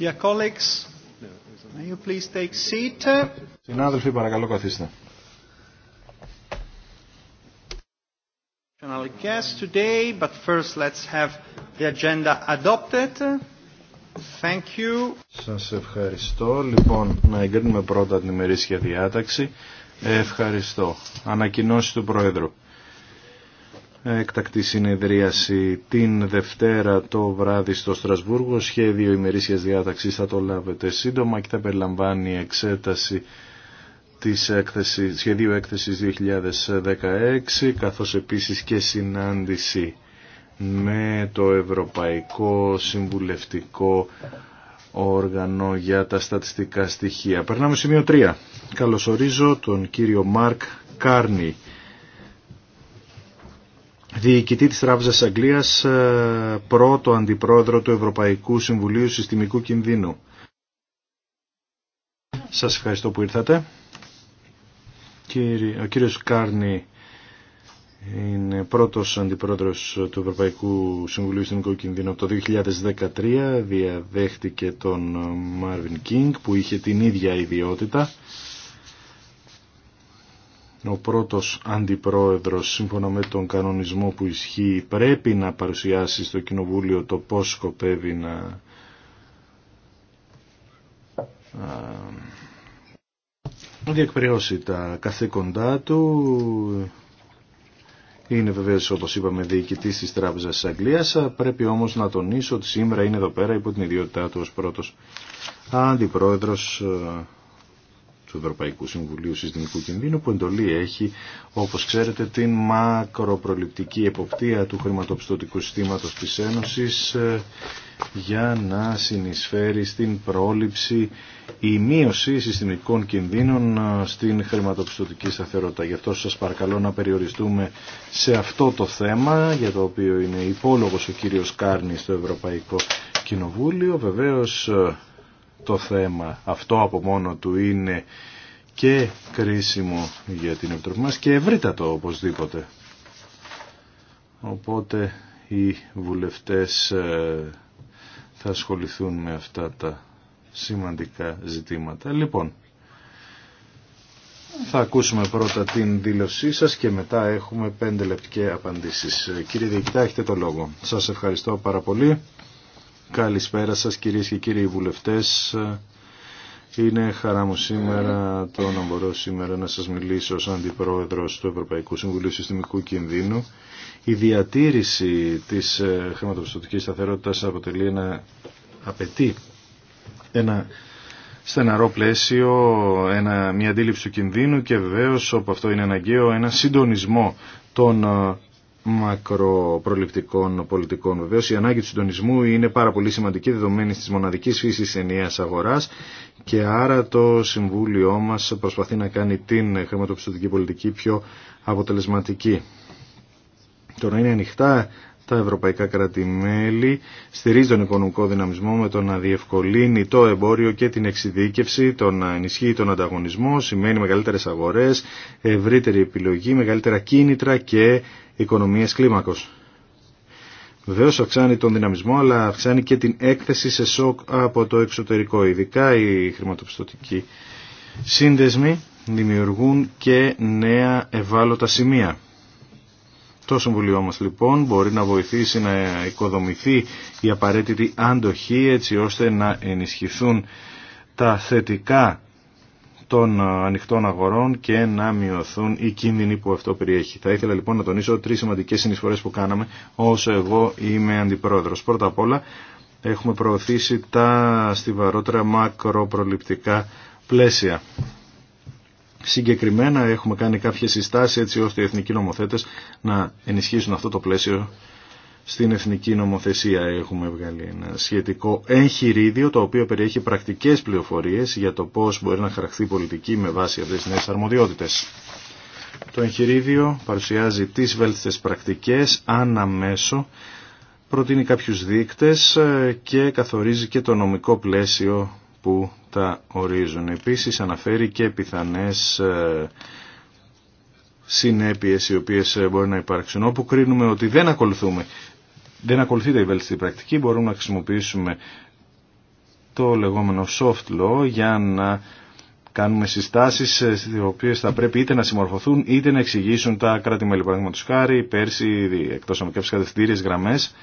Dear colleagues, may you please take seat. Συνάδελφοι, παρακαλώ καθίστε. guest today, but first let's have the agenda adopted. Thank you. Σας ευχαριστώ. Λοιπόν, να εγκρίνουμε πρώτα την ημερήσια διάταξη. Ευχαριστώ. Ανακοινώσει του Πρόεδρου εκτακτή συνεδρίαση την Δευτέρα το βράδυ στο Στρασβούργο. Σχέδιο ημερήσια διάταξη θα το λάβετε σύντομα και θα περιλαμβάνει εξέταση της έκθεση, σχεδίου έκθεσης 2016 καθώς επίσης και συνάντηση με το Ευρωπαϊκό Συμβουλευτικό Όργανο για τα Στατιστικά Στοιχεία. Περνάμε σημείο 3. Καλωσορίζω τον κύριο Μάρκ Κάρνη διοικητή της Τράπεζας Αγγλίας, ε, πρώτο αντιπρόεδρο του Ευρωπαϊκού Συμβουλίου Συστημικού Κινδύνου. Σας ευχαριστώ που ήρθατε. Ο κύριος Κάρνη είναι πρώτος αντιπρόεδρος του Ευρωπαϊκού Συμβουλίου Συστημικού Κινδύνου από το 2013. Διαδέχτηκε τον Μάρβιν Κίνγκ που είχε την ίδια ιδιότητα ο πρώτος αντιπρόεδρος σύμφωνα με τον κανονισμό που ισχύει πρέπει να παρουσιάσει στο Κοινοβούλιο το πώς σκοπεύει να διεκπαιρεώσει τα καθήκοντά του. Είναι βεβαίως όπως είπαμε διοικητής της Τράπεζας της Αγγλίας, πρέπει όμως να τονίσω ότι σήμερα είναι εδώ πέρα υπό την ιδιότητά του ως πρώτος αντιπρόεδρος του Ευρωπαϊκού Συμβουλίου Συστημικού Κινδύνου που εντολή έχει, όπως ξέρετε, την μακροπροληπτική εποπτεία του χρηματοπιστωτικού συστήματος της Ένωσης ε, για να συνεισφέρει στην πρόληψη η μείωση συστημικών κινδύνων ε, στην χρηματοπιστωτική σταθερότητα. Γι' αυτό σας παρακαλώ να περιοριστούμε σε αυτό το θέμα για το οποίο είναι υπόλογος ο κύριος Κάρνη στο Ευρωπαϊκό Κοινοβούλιο. Βεβαίως ε, το θέμα αυτό από μόνο του είναι και κρίσιμο για την Επιτροπή μας και ευρύτατο οπωσδήποτε. Οπότε οι βουλευτές ε, θα ασχοληθούν με αυτά τα σημαντικά ζητήματα. Λοιπόν, θα ακούσουμε πρώτα την δήλωσή σας και μετά έχουμε πέντε λεπτικές απαντήσεις. Κύριε Διοικητά, έχετε το λόγο. Σας ευχαριστώ πάρα πολύ. Καλησπέρα σας κυρίες και κύριοι βουλευτές. Είναι χαρά μου σήμερα το να μπορώ σήμερα να σας μιλήσω ως Αντιπρόεδρος του Ευρωπαϊκού Συμβουλίου Συστημικού Κινδύνου. Η διατήρηση της ε, χρηματοπιστωτικής σταθερότητας αποτελεί ένα, απαιτεί ένα στεναρό πλαίσιο, ένα, μια αντίληψη του κινδύνου και βεβαίω όπου αυτό είναι αναγκαίο ένα συντονισμό των ε, μακροπροληπτικών πολιτικών. Βεβαίως η ανάγκη του συντονισμού είναι πάρα πολύ σημαντική δεδομένη της μοναδικής φύσης ενιαίας αγοράς και άρα το Συμβούλιο μας προσπαθεί να κάνει την χρηματοπιστωτική πολιτική πιο αποτελεσματική. Τώρα είναι ανοιχτά τα ευρωπαϊκά κράτη-μέλη στηρίζει τον οικονομικό δυναμισμό με το να διευκολύνει το εμπόριο και την εξειδίκευση, το να ενισχύει τον ανταγωνισμό, σημαίνει μεγαλύτερες αγορές, ευρύτερη επιλογή, μεγαλύτερα κίνητρα και οικονομίες κλίμακος. Βεβαίω αυξάνει τον δυναμισμό αλλά αυξάνει και την έκθεση σε σοκ από το εξωτερικό, ειδικά οι χρηματοπιστωτικοί σύνδεσμοι δημιουργούν και νέα ευάλωτα σημεία. Το Συμβουλίο μας λοιπόν μπορεί να βοηθήσει να οικοδομηθεί η απαραίτητη αντοχή έτσι ώστε να ενισχυθούν τα θετικά των ε, ανοιχτών αγορών και να μειωθούν οι κίνδυνοι που αυτό περιέχει. Θα ήθελα λοιπόν να τονίσω τρει σημαντικέ συνεισφορέ που κάναμε όσο εγώ είμαι αντιπρόεδρο. Πρώτα απ' όλα, έχουμε προωθήσει τα στιβαρότερα μακροπροληπτικά πλαίσια. Συγκεκριμένα έχουμε κάνει κάποιες συστάσεις έτσι ώστε οι εθνικοί νομοθέτες να ενισχύσουν αυτό το πλαίσιο στην εθνική νομοθεσία. Έχουμε βγάλει ένα σχετικό εγχειρίδιο το οποίο περιέχει πρακτικές πληροφορίες για το πώς μπορεί να χαραχθεί πολιτική με βάση αυτές τις νέες αρμοδιότητες. Το εγχειρίδιο παρουσιάζει τις βέλτιστες πρακτικές αναμέσω, προτείνει κάποιους δείκτες ε, και καθορίζει και το νομικό πλαίσιο που τα ορίζουν. Επίσης αναφέρει και πιθανές ε, συνέπειες οι οποίες ε, μπορεί να υπάρξουν. Όπου κρίνουμε ότι δεν ακολουθούμε, δεν ακολουθείται η βέλτιστη πρακτική, μπορούμε να χρησιμοποιήσουμε το λεγόμενο soft law για να κάνουμε συστάσεις ε, στις οποίες θα πρέπει είτε να συμμορφωθούν είτε να εξηγήσουν τα κράτη-μέλη. Παραδείγματος χάρη, πέρσι, εκτός από κάποιες κατευθυντήριες γραμμές,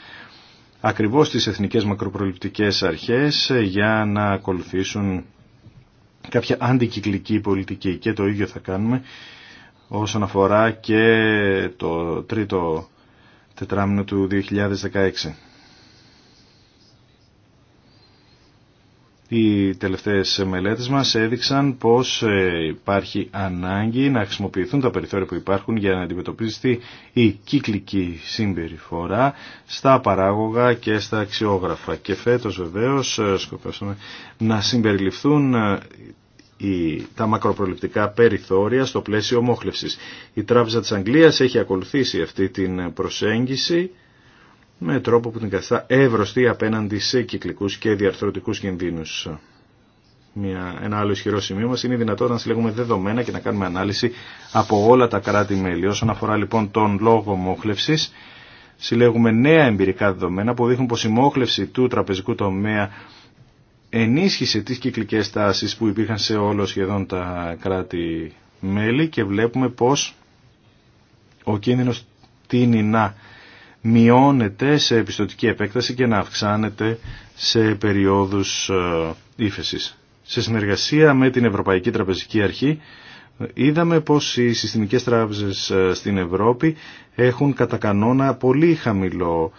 ακριβώς τις εθνικές μακροπροληπτικές αρχές για να ακολουθήσουν κάποια αντικυκλική πολιτική και το ίδιο θα κάνουμε όσον αφορά και το τρίτο τετράμινο του 2016. Οι τελευταίες μελέτες μας έδειξαν πως ε, υπάρχει ανάγκη να χρησιμοποιηθούν τα περιθώρια που υπάρχουν για να αντιμετωπίστηκε η κύκλικη συμπεριφορά στα παράγωγα και στα αξιόγραφα. Και φέτος βεβαίως ε, σκοπεύσαμε να συμπεριληφθούν ε, τα μακροπροληπτικά περιθώρια στο πλαίσιο ομόχλευσης. Η Τράπεζα της Αγγλίας έχει ακολουθήσει αυτή την προσέγγιση με τρόπο που την καθιστά εύρωστη απέναντι σε κυκλικούς και διαρθρωτικούς κινδύνους. Μια, ένα άλλο ισχυρό σημείο μας είναι η δυνατότητα να συλλέγουμε δεδομένα και να κάνουμε ανάλυση από όλα τα κράτη-μέλη. Όσον αφορά λοιπόν τον λόγο μόχλευσης, συλλέγουμε νέα εμπειρικά δεδομένα που δείχνουν πως η μόχλευση του τραπεζικού τομέα ενίσχυσε τις κυκλικές τάσεις που υπήρχαν σε όλο σχεδόν τα κράτη-μέλη και βλέπουμε πως ο κίνδυνος τίνει να μειώνεται σε επιστοτική επέκταση και να αυξάνεται σε περιόδους ε, ύφεσης. Σε συνεργασία με την Ευρωπαϊκή Τραπεζική Αρχή είδαμε πως οι συστημικές τράπεζες ε, στην Ευρώπη έχουν κατά κανόνα πολύ χαμηλό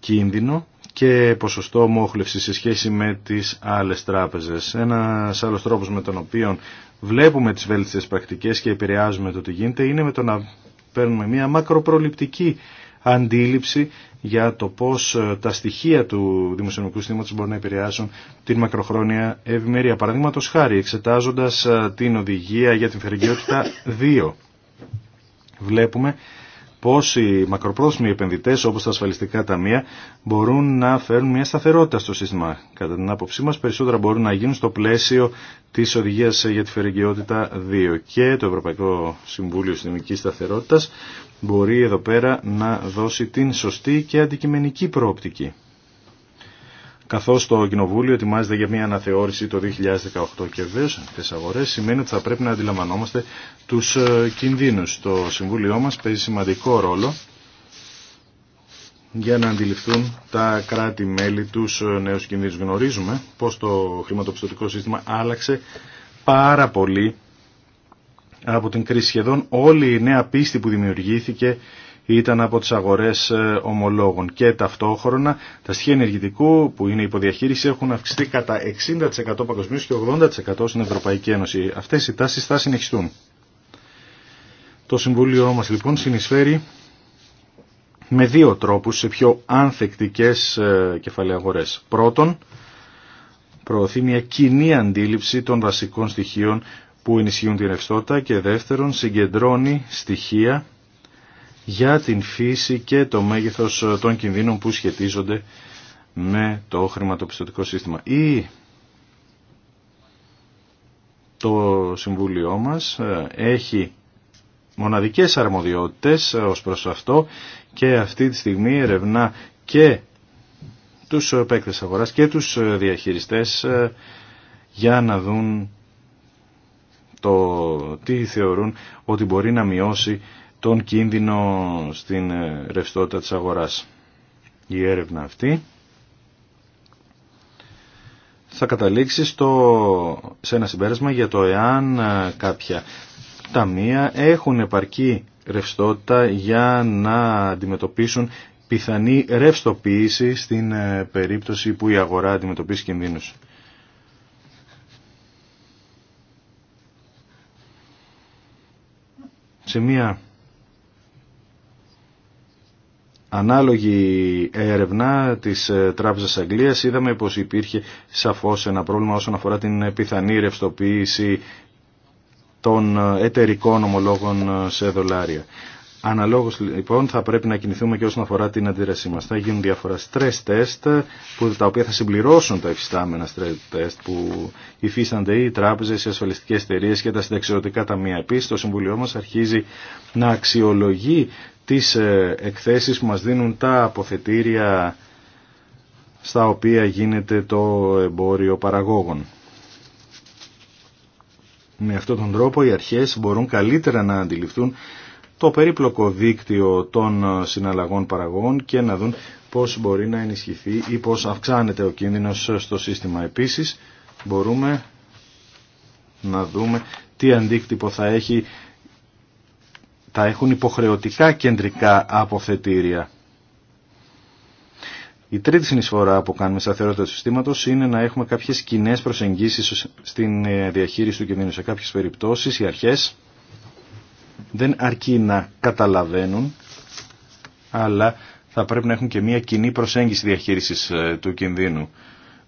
κίνδυνο και ποσοστό μόχλευση σε σχέση με τις άλλες τράπεζες. Ένας άλλος τρόπος με τον οποίο βλέπουμε τις βέλτιστες πρακτικές και επηρεάζουμε το τι γίνεται είναι με το να παίρνουμε μια μακροπροληπτική αντίληψη για το πώς ε, τα στοιχεία του δημοσιονομικού συστήματος μπορούν να επηρεάσουν την μακροχρόνια ευημερία. Παραδείγματο χάρη, εξετάζοντας ε, την οδηγία για την φερικαιότητα 2, βλέπουμε πώς οι μακροπρόθεσμοι επενδυτές όπως τα ασφαλιστικά ταμεία μπορούν να φέρουν μια σταθερότητα στο σύστημα. Κατά την άποψή μας περισσότερα μπορούν να γίνουν στο πλαίσιο της οδηγίας για τη φερεγγιότητα 2 και το Ευρωπαϊκό Συμβούλιο Συνδημικής Σταθερότητας μπορεί εδώ πέρα να δώσει την σωστή και αντικειμενική προοπτική καθώς το Κοινοβούλιο ετοιμάζεται για μια αναθεώρηση το 2018 και βεβαίω τι αγορές σημαίνει ότι θα πρέπει να αντιλαμβανόμαστε τους ε, κινδύνους. Το Συμβούλιο μας παίζει σημαντικό ρόλο για να αντιληφθούν τα κράτη-μέλη τους ε, νέους κινδύνους. Γνωρίζουμε πως το χρηματοπιστωτικό σύστημα άλλαξε πάρα πολύ από την κρίση σχεδόν όλη η νέα πίστη που δημιουργήθηκε ήταν από τις αγορές ε, ομολόγων και ταυτόχρονα τα στοιχεία ενεργητικού που είναι υποδιαχείριση έχουν αυξηθεί κατά 60% παγκοσμίω και 80% στην Ευρωπαϊκή Ένωση. Αυτές οι τάσεις θα συνεχιστούν. Το Συμβούλιο μας λοιπόν συνεισφέρει με δύο τρόπους σε πιο ανθεκτικές ε, κεφαλαιαγορές. αγορέ. Πρώτον, προωθεί μια κοινή αντίληψη των βασικών στοιχείων που ενισχύουν την ρευστότητα και δεύτερον συγκεντρώνει στοιχεία για την φύση και το μέγεθος των κινδύνων που σχετίζονται με το χρηματοπιστωτικό σύστημα. Ή το Συμβούλιο μας ε, έχει μοναδικές αρμοδιότητες ως προς αυτό και αυτή τη στιγμή ερευνά και τους επέκτες αγοράς και τους διαχειριστές ε, για να δουν το τι θεωρούν ότι μπορεί να μειώσει τον κίνδυνο στην ε, ρευστότητα της αγοράς. Η έρευνα αυτή θα καταλήξει στο, σε ένα συμπέρασμα για το εάν ε, κάποια ταμεία έχουν επαρκή ρευστότητα για να αντιμετωπίσουν πιθανή ρευστοποίηση στην ε, περίπτωση που η αγορά αντιμετωπίσει κινδύνους. Σε μία ανάλογη έρευνα της ε, Τράπεζας Αγγλίας είδαμε πως υπήρχε σαφώς ένα πρόβλημα όσον αφορά την πιθανή ρευστοποίηση των ε, εταιρικών ομολόγων ε, σε δολάρια. Αναλόγως λοιπόν θα πρέπει να κινηθούμε και όσον αφορά την αντίδρασή μας. Θα γίνουν διάφορα stress test που, τα οποία θα συμπληρώσουν τα υφιστάμενα stress test που υφίστανται οι τράπεζες, οι ασφαλιστικές εταιρείε και τα συνταξιδοτικά ταμεία. Επίσης το Συμβουλίο μας αρχίζει να αξιολογεί τις ε, εκθέσεις που μας δίνουν τα αποθετήρια στα οποία γίνεται το εμπόριο παραγόγων. Με αυτόν τον τρόπο οι αρχές μπορούν καλύτερα να αντιληφθούν το περίπλοκο δίκτυο των συναλλαγών παραγόγων και να δουν πώς μπορεί να ενισχυθεί ή πώς αυξάνεται ο κίνδυνος στο σύστημα. Επίσης μπορούμε να δούμε τι αντίκτυπο θα έχει θα έχουν υποχρεωτικά κεντρικά αποθετήρια. Η τρίτη συνεισφορά που κάνουμε θεωρία του συστήματος είναι να έχουμε κάποιες κοινέ προσεγγίσεις στην ε, διαχείριση του κινδύνου. Σε κάποιες περιπτώσεις οι αρχές δεν αρκεί να καταλαβαίνουν, αλλά θα πρέπει να έχουν και μια κοινή προσέγγιση διαχείρισης ε, του κινδύνου.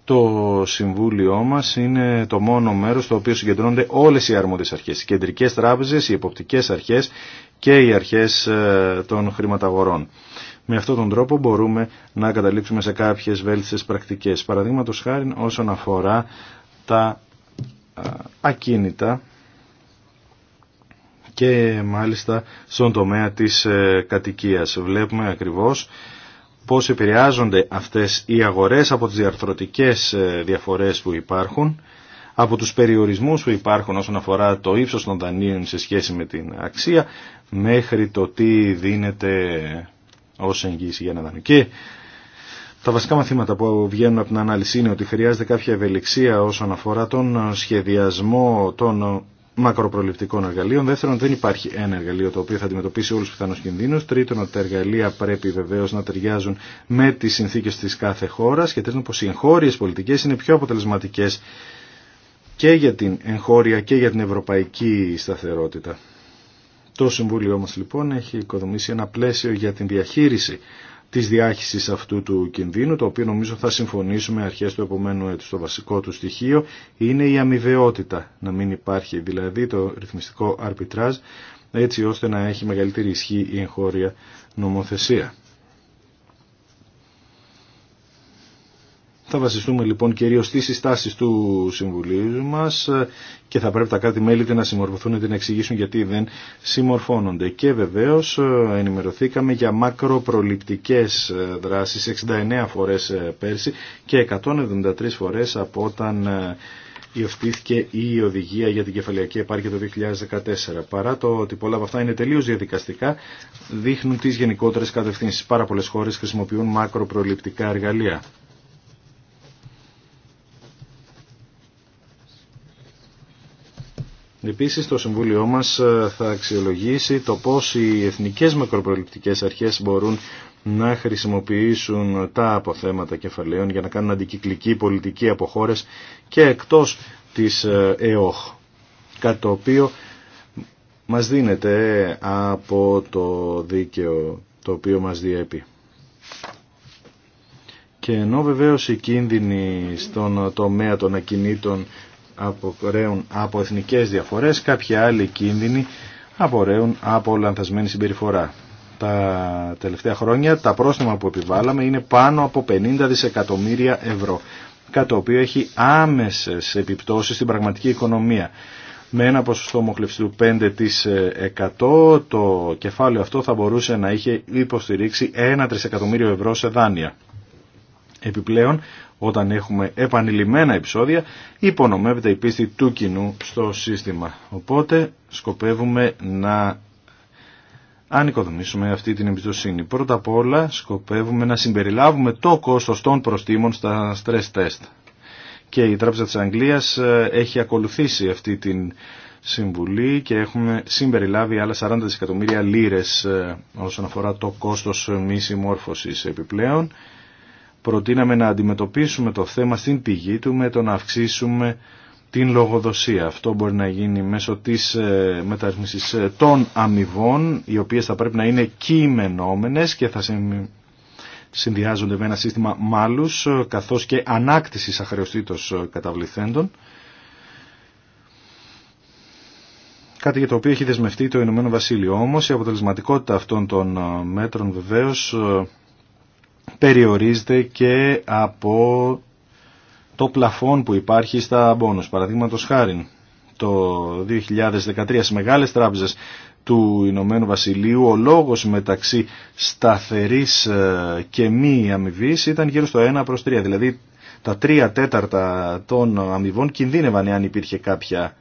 Το Συμβούλιο μας είναι το μόνο μέρος στο οποίο συγκεντρώνονται όλες οι αρμόδιες αρχές. Οι κεντρικές τράπεζες, οι εποπτικές αρχές, και οι αρχές ε, των χρηματαγορών. Με αυτόν τον τρόπο μπορούμε να καταλήξουμε σε κάποιες βέλτιστες πρακτικές. Παραδείγματο χάρη όσον αφορά τα ε, ακίνητα και μάλιστα στον τομέα της ε, κατοικίας. Βλέπουμε ακριβώς πώς επηρεάζονται αυτές οι αγορές από τις διαρθρωτικές διαφορές που υπάρχουν, από τους περιορισμούς που υπάρχουν όσον αφορά το ύψος των δανείων σε σχέση με την αξία μέχρι το τι δίνεται ως εγγύηση για να δάνει. τα βασικά μαθήματα που βγαίνουν από την ανάλυση είναι ότι χρειάζεται κάποια ευελιξία όσον αφορά τον σχεδιασμό των μακροπροληπτικών εργαλείων. Δεύτερον, δεν υπάρχει ένα εργαλείο το οποίο θα αντιμετωπίσει όλου του πιθανού κινδύνου. Τρίτον, ότι τα εργαλεία πρέπει βεβαίω να ταιριάζουν με τι συνθήκε τη κάθε χώρα. Και τρίτον, πω οι εγχώριε πολιτικέ είναι πιο αποτελεσματικέ και για την εγχώρια και για την ευρωπαϊκή σταθερότητα. Το Συμβούλιο μας λοιπόν έχει οικοδομήσει ένα πλαίσιο για την διαχείριση της διάχυσης αυτού του κινδύνου, το οποίο νομίζω θα συμφωνήσουμε αρχές του επομένου έτους. Το βασικό του στοιχείο είναι η αμοιβαιότητα, να μην υπάρχει δηλαδή το ρυθμιστικό αρπιτράζ, έτσι ώστε να έχει μεγαλύτερη ισχύ η εγχώρια νομοθεσία. Θα βασιστούμε λοιπόν κυρίω στι συστάσει του Συμβουλίου μα και θα πρέπει τα κάτι μέλη να συμμορφωθούν και να εξηγήσουν γιατί δεν συμμορφώνονται. Και βεβαίω ε, ενημερωθήκαμε για μακροπροληπτικές ε, δράσει, 69 φορέ ε, πέρσι και 173 φορέ από όταν υιοθετήθηκε η οδηγία για την κεφαλαιακή επάρκεια το 2014. Παρά το ότι πολλά από αυτά είναι τελείω διαδικαστικά, δείχνουν τι γενικότερε κατευθύνσει. Πάρα πολλέ χώρε χρησιμοποιούν μακροπροληπτικά εργαλεία. Επίση, το Συμβούλιο μας ε, θα αξιολογήσει το πώς οι εθνικές μακροπροληπτικές αρχές μπορούν να χρησιμοποιήσουν τα αποθέματα κεφαλαίων για να κάνουν αντικυκλική πολιτική από χώρε και εκτός της ε, ΕΟΧ. Κάτι το οποίο μας δίνεται από το δίκαιο το οποίο μας διέπει. Και ενώ βεβαίω οι κίνδυνοι στον τομέα των ακινήτων απορρέουν από εθνικές διαφορές, κάποιοι άλλοι κίνδυνοι απορρέουν από λανθασμένη συμπεριφορά. Τα τελευταία χρόνια τα πρόστιμα που επιβάλαμε είναι πάνω από 50 δισεκατομμύρια ευρώ, κάτι το οποίο έχει άμεσες επιπτώσεις στην πραγματική οικονομία. Με ένα ποσοστό του 5% το κεφάλαιο αυτό θα μπορούσε να είχε υποστηρίξει 1 τρισεκατομμύριο ευρώ σε δάνεια. Επιπλέον, όταν έχουμε επανειλημμένα επεισόδια, υπονομεύεται η πίστη του κοινού στο σύστημα. Οπότε, σκοπεύουμε να ανοικοδομήσουμε αυτή την εμπιστοσύνη. Πρώτα απ' όλα, σκοπεύουμε να συμπεριλάβουμε το κόστος των προστήμων στα stress test. Και η Τράπεζα της Αγγλίας ε, έχει ακολουθήσει αυτή την συμβουλή και έχουμε συμπεριλάβει άλλα 40 δισεκατομμύρια λίρες ε, όσον αφορά το κόστος μη συμμόρφωσης επιπλέον προτείναμε να αντιμετωπίσουμε το θέμα στην πηγή του με το να αυξήσουμε την λογοδοσία. Αυτό μπορεί να γίνει μέσω της ε, μεταρρύθμισης ε, των αμοιβών, οι οποίες θα πρέπει να είναι κειμενόμενες και θα συνδυάζονται με ένα σύστημα μάλους, ε, καθώς και ανάκτησης αχρεωστήτως καταβληθέντων. κάτι για το οποίο έχει δεσμευτεί το Ηνωμένο Βασίλειο. Όμως η αποτελεσματικότητα αυτών των μέτρων βεβαίως περιορίζεται και από το πλαφόν που υπάρχει στα μπόνους. Παραδείγματος χάρη, το 2013 στις μεγάλες τράπεζες του Ηνωμένου Βασιλείου ο λόγος μεταξύ σταθερής ε, και μη αμοιβή ήταν γύρω στο 1 προς 3. Δηλαδή τα 3 τέταρτα των αμοιβών κινδύνευαν εάν υπήρχε κάποια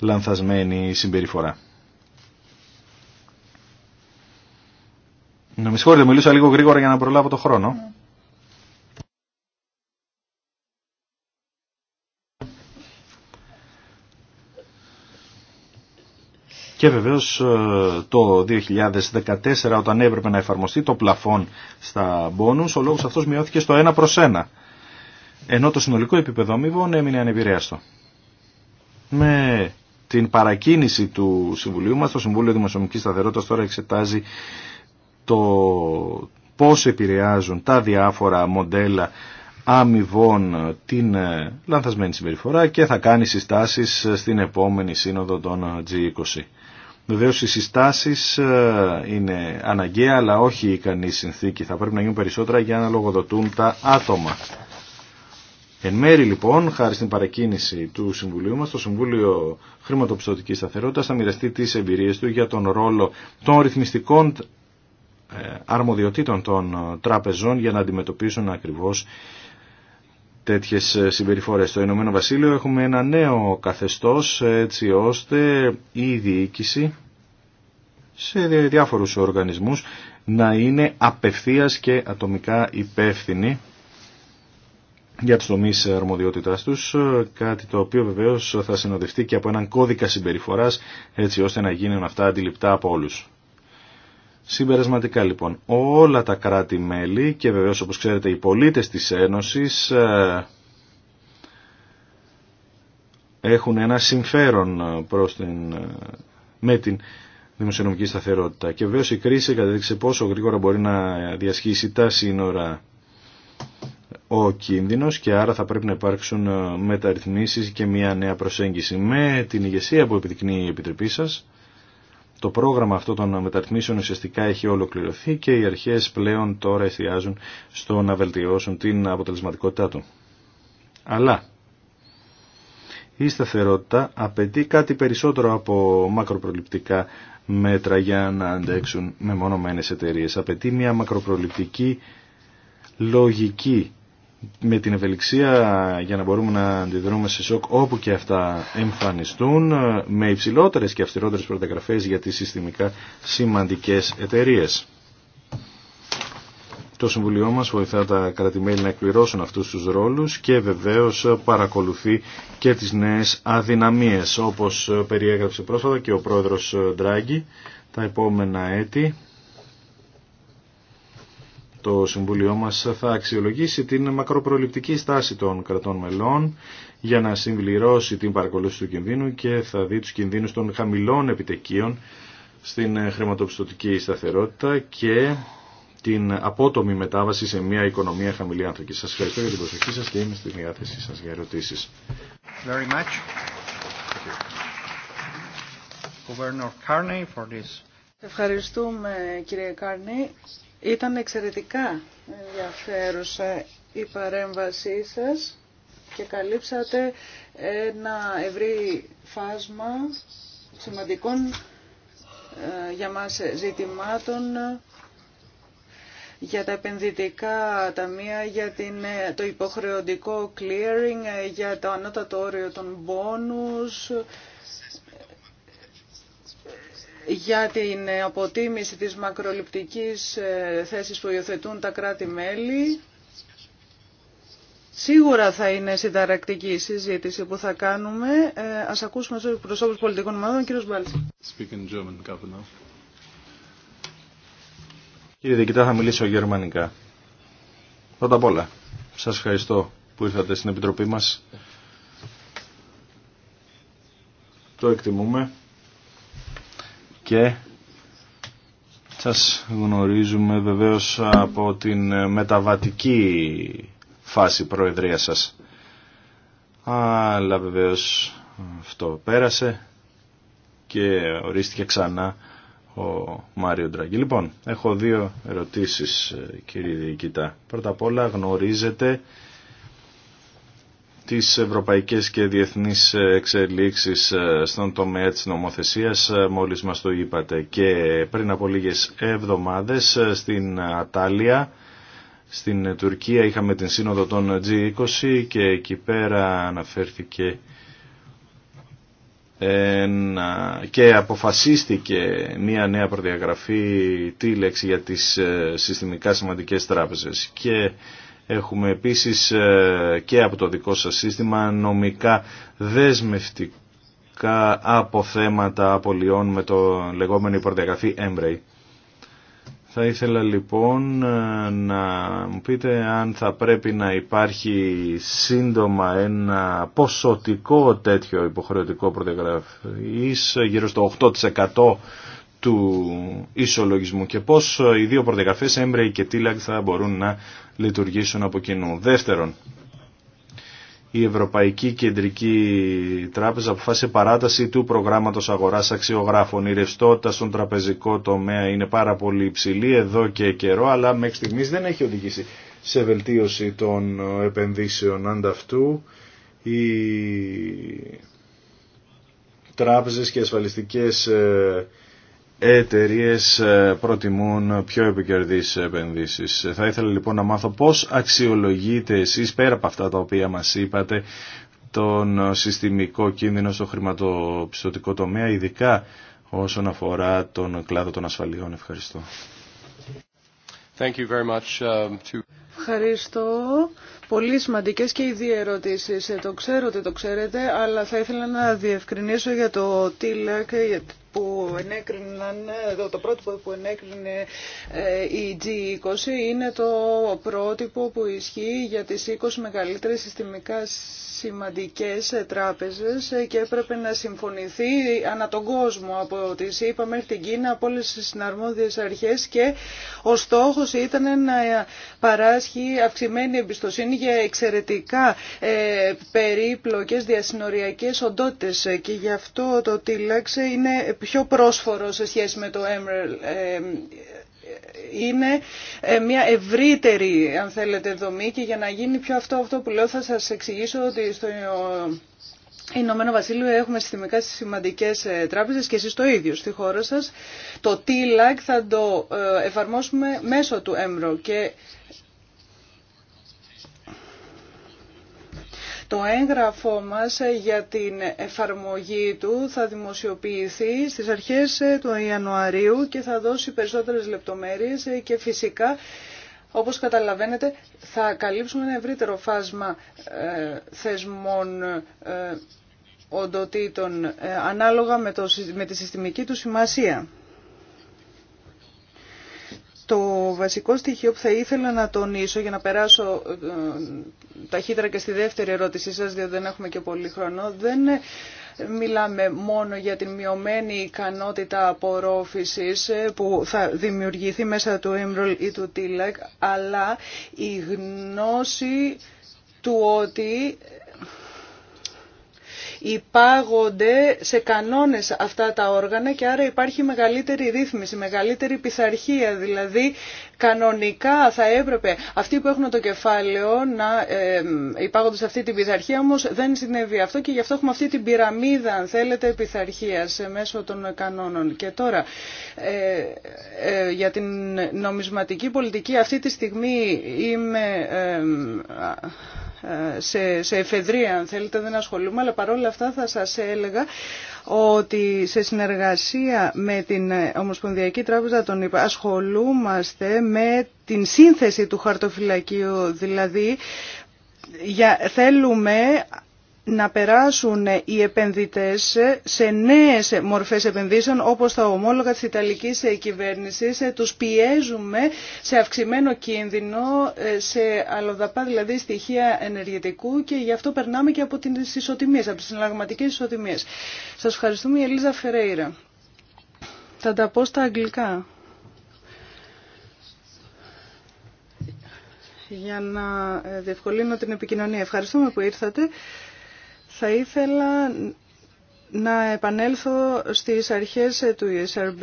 λανθασμένη συμπεριφορά. Να με συγχωρείτε, μιλούσα λίγο γρήγορα για να προλάβω το χρόνο. Και βεβαίω ε, το 2014 όταν έπρεπε να εφαρμοστεί το πλαφόν στα μπόνους, ο λόγος αυτός μειώθηκε στο 1 προς 1. Ενώ το συνολικό επίπεδο αμοιβών έμεινε ανεπηρέαστο. Με την παρακίνηση του Συμβουλίου μας, το Συμβούλιο Δημοσιονομικής Σταθερότητας τώρα εξετάζει το πώς επηρεάζουν τα διάφορα μοντέλα αμοιβών την ε, λανθασμένη συμπεριφορά και θα κάνει συστάσεις ε, στην επόμενη σύνοδο των ε, G20. Βεβαίω οι συστάσεις είναι αναγκαία αλλά όχι ικανή συνθήκη. Θα πρέπει να γίνουν περισσότερα για να λογοδοτούν τα άτομα. Εν μέρη λοιπόν, χάρη στην παρακίνηση του Συμβουλίου μας, το Συμβούλιο Χρηματοπιστωτικής Σταθερότητας θα μοιραστεί τις εμπειρίες του για τον ρόλο των ρυθμιστικών ε, αρμοδιοτήτων των ε, τραπεζών για να αντιμετωπίσουν ακριβώς τέτοιες ε, συμπεριφορές. Στο Ηνωμένο Βασίλειο έχουμε ένα νέο καθεστώς έτσι ώστε η διοίκηση σε διάφορους οργανισμούς να είναι απευθείας και ατομικά υπεύθυνη για τους τομείς αρμοδιότητάς τους, κάτι το οποίο βεβαίως θα συνοδευτεί και από έναν κώδικα συμπεριφοράς έτσι ώστε να γίνουν αυτά αντιληπτά από όλους. Συμπερασματικά λοιπόν, όλα τα κράτη-μέλη και βεβαίως όπως ξέρετε οι πολίτες της Ένωσης ε, έχουν ένα συμφέρον προς την, ε, με την δημοσιονομική σταθερότητα. Και βεβαίως η κρίση κατέδειξε πόσο γρήγορα μπορεί να διασχίσει τα σύνορα ο κίνδυνος και άρα θα πρέπει να υπάρξουν ε, μεταρρυθμίσεις και μια νέα προσέγγιση με την ηγεσία που επιδεικνύει η Επιτροπή σας το πρόγραμμα αυτό των μεταρρυθμίσεων ουσιαστικά έχει ολοκληρωθεί και οι αρχές πλέον τώρα εστιάζουν στο να βελτιώσουν την αποτελεσματικότητά του. Αλλά η σταθερότητα απαιτεί κάτι περισσότερο από μακροπροληπτικά μέτρα για να αντέξουν μεμονωμένες εταιρείες. Απαιτεί μια μακροπροληπτική λογική με την ευελιξία για να μπορούμε να αντιδρούμε σε σοκ όπου και αυτά εμφανιστούν με υψηλότερες και αυστηρότερες προταγραφές για τις συστημικά σημαντικές εταιρείες. Το Συμβουλίο μας βοηθά τα κρατημέλη να εκπληρώσουν αυτούς τους ρόλους και βεβαίως παρακολουθεί και τις νέες αδυναμίες όπως περιέγραψε πρόσφατα και ο πρόεδρος Ντράγκη τα επόμενα έτη το Συμβούλιο μας θα αξιολογήσει την μακροπροληπτική στάση των κρατών μελών για να συμπληρώσει την παρακολούθηση του κινδύνου και θα δει τους κινδύνους των χαμηλών επιτεκείων στην ε, χρηματοπιστωτική σταθερότητα και την απότομη μετάβαση σε μια οικονομία χαμηλή άνθρωπη. Σας ευχαριστώ για την προσοχή σας και είμαι στη διάθεσή σας για ερωτήσεις. Ευχαριστούμε κύριε Κάρνη ήταν εξαιρετικά ενδιαφέρουσα η παρέμβασή σας και καλύψατε ένα ευρύ φάσμα σημαντικών ε, για μας ζητημάτων για τα επενδυτικά ταμεία, για την, ε, το υποχρεωτικό clearing, ε, για το ανώτατο όριο των πόνους, για την αποτίμηση της μακροληπτικής ε, θέσης που υιοθετούν τα κράτη-μέλη. Σίγουρα θα είναι συνταρακτική η συζήτηση που θα κάνουμε. Ε, ας ακούσουμε τους προσώπους πολιτικών ομάδων, κύριος Κύριε Διοικητά, θα μιλήσω γερμανικά. Πρώτα απ' όλα, σας ευχαριστώ που ήρθατε στην Επιτροπή μας. Το εκτιμούμε και σας γνωρίζουμε βεβαίως από την μεταβατική φάση προεδρία σας. Αλλά βεβαίως αυτό πέρασε και ορίστηκε ξανά ο Μάριο Ντραγκή. Λοιπόν, έχω δύο ερωτήσεις ε, κύριε Διοικητά. Πρώτα απ' όλα γνωρίζετε τις ευρωπαϊκές και διεθνείς εξελίξεις ε, στον τομέα της νομοθεσίας ε, μόλις μας το είπατε και πριν από λίγες εβδομάδες ε, στην Ατάλια στην Τουρκία είχαμε την σύνοδο των G20 και εκεί πέρα αναφέρθηκε και αποφασίστηκε μία νέα προδιαγραφή τη λέξη για τις συστημικά σημαντικές τράπεζες και Έχουμε επίσης ε, και από το δικό σας σύστημα νομικά δεσμευτικά αποθέματα απολειών με το λεγόμενο υπορδιαγραφή Embrae. Θα ήθελα λοιπόν ε, να μου πείτε αν θα πρέπει να υπάρχει σύντομα ένα ποσοτικό τέτοιο υποχρεωτικό προδιαγραφής ε, γύρω στο 8% του ισολογισμού και πώς ε, οι δύο πρωτεγραφές Έμπρεϊ και Τίλαγκ θα μπορούν να λειτουργήσουν από κοινού. Δεύτερον, η Ευρωπαϊκή Κεντρική Τράπεζα αποφάσισε παράταση του προγράμματος αγοράς αξιογράφων. Η ρευστότητα στον τραπεζικό τομέα είναι πάρα πολύ υψηλή εδώ και καιρό, αλλά μέχρι στιγμής δεν έχει οδηγήσει σε βελτίωση των ε, επενδύσεων ανταυτού. Οι τράπεζες και ασφαλιστικές ε, εταιρείε ε, προτιμούν πιο επικερδείς επενδύσεις. Ε, θα ήθελα λοιπόν να μάθω πώς αξιολογείτε εσείς πέρα από αυτά τα οποία μας είπατε τον ε, συστημικό κίνδυνο στο χρηματοπιστωτικό τομέα, ειδικά όσον αφορά τον κλάδο των ασφαλιών. Ευχαριστώ. Um, Ευχαριστώ. Πολύ σημαντικές και οι δύο ερωτήσεις. Το ξέρω ότι το ξέρετε, αλλά θα ήθελα να διευκρινίσω για το TILAC, που ενέκριναν, το πρότυπο που ενέκρινε ε, η G20 είναι το πρότυπο που ισχύει για τις 20 μεγαλύτερες συστημικά σημαντικές τράπεζες και έπρεπε να συμφωνηθεί ανά τον κόσμο από τη ΣΥΠΑ μέχρι την Κίνα από όλες τις συναρμόδιες αρχές και ο στόχος ήταν να παράσχει αυξημένη εμπιστοσύνη για εξαιρετικά ε, περίπλοκες διασυνοριακές οντότητες και γι' αυτό το τίλαξε είναι πιο πρόσφορο σε σχέση με το Emerald ε, είναι ε, μια ευρύτερη αν θέλετε δομή και για να γίνει πιο αυτό, αυτό που λέω θα σας εξηγήσω ότι στο Ηνωμένο Βασίλειο έχουμε συστημικά σημαντικές ε, τράπεζες και εσείς το ίδιο στη χώρα σας. Το T-Lag θα το εφαρμόσουμε μέσω του Emerald και Το έγγραφό μας για την εφαρμογή του θα δημοσιοποιηθεί στις αρχές του Ιανουαρίου και θα δώσει περισσότερες λεπτομέρειες και φυσικά όπως καταλαβαίνετε θα καλύψουμε ένα ευρύτερο φάσμα ε, θεσμών ε, οντοτήτων ε, ανάλογα με, το, με τη συστημική του σημασία. Το βασικό στοιχείο που θα ήθελα να τονίσω για να περάσω ταχύτερα και στη δεύτερη ερώτησή σας, διότι δεν έχουμε και πολύ χρόνο. Δεν μιλάμε μόνο για την μειωμένη ικανότητα απορρόφησης που θα δημιουργηθεί μέσα του Emerald ή του τιλεκ αλλά η γνώση του ότι υπάγονται σε κανόνες αυτά τα όργανα και άρα υπάρχει μεγαλύτερη ρύθμιση, μεγαλύτερη πειθαρχία, δηλαδή Κανονικά θα έπρεπε αυτοί που έχουν το κεφάλαιο να ε, υπάγονται σε αυτή την πειθαρχία, όμως δεν συνέβη αυτό και γι' αυτό έχουμε αυτή την πυραμίδα, αν θέλετε, πειθαρχία μέσω των κανόνων. Και τώρα, ε, ε, για την νομισματική πολιτική, αυτή τη στιγμή είμαι σε, σε εφεδρεία αν θέλετε δεν ασχολούμαι αλλά παρόλα αυτά θα σας έλεγα ότι σε συνεργασία με την Ομοσπονδιακή Τράπεζα των ασχολούμαστε με την σύνθεση του χαρτοφυλακίου, δηλαδή για, θέλουμε να περάσουν οι επενδυτές σε νέες μορφές επενδύσεων όπως τα ομόλογα της Ιταλικής κυβέρνησης. Τους πιέζουμε σε αυξημένο κίνδυνο, σε αλλοδαπά δηλαδή στοιχεία ενεργητικού και γι' αυτό περνάμε και από τις ισοτιμίες, από τις συναλλαγματικές ισοτιμίες. Σας ευχαριστούμε η Ελίζα Φερέιρα. Θα τα πω στα αγγλικά. για να διευκολύνω την επικοινωνία. Ευχαριστούμε που ήρθατε. Θα ήθελα να επανέλθω στις αρχές του ESRB.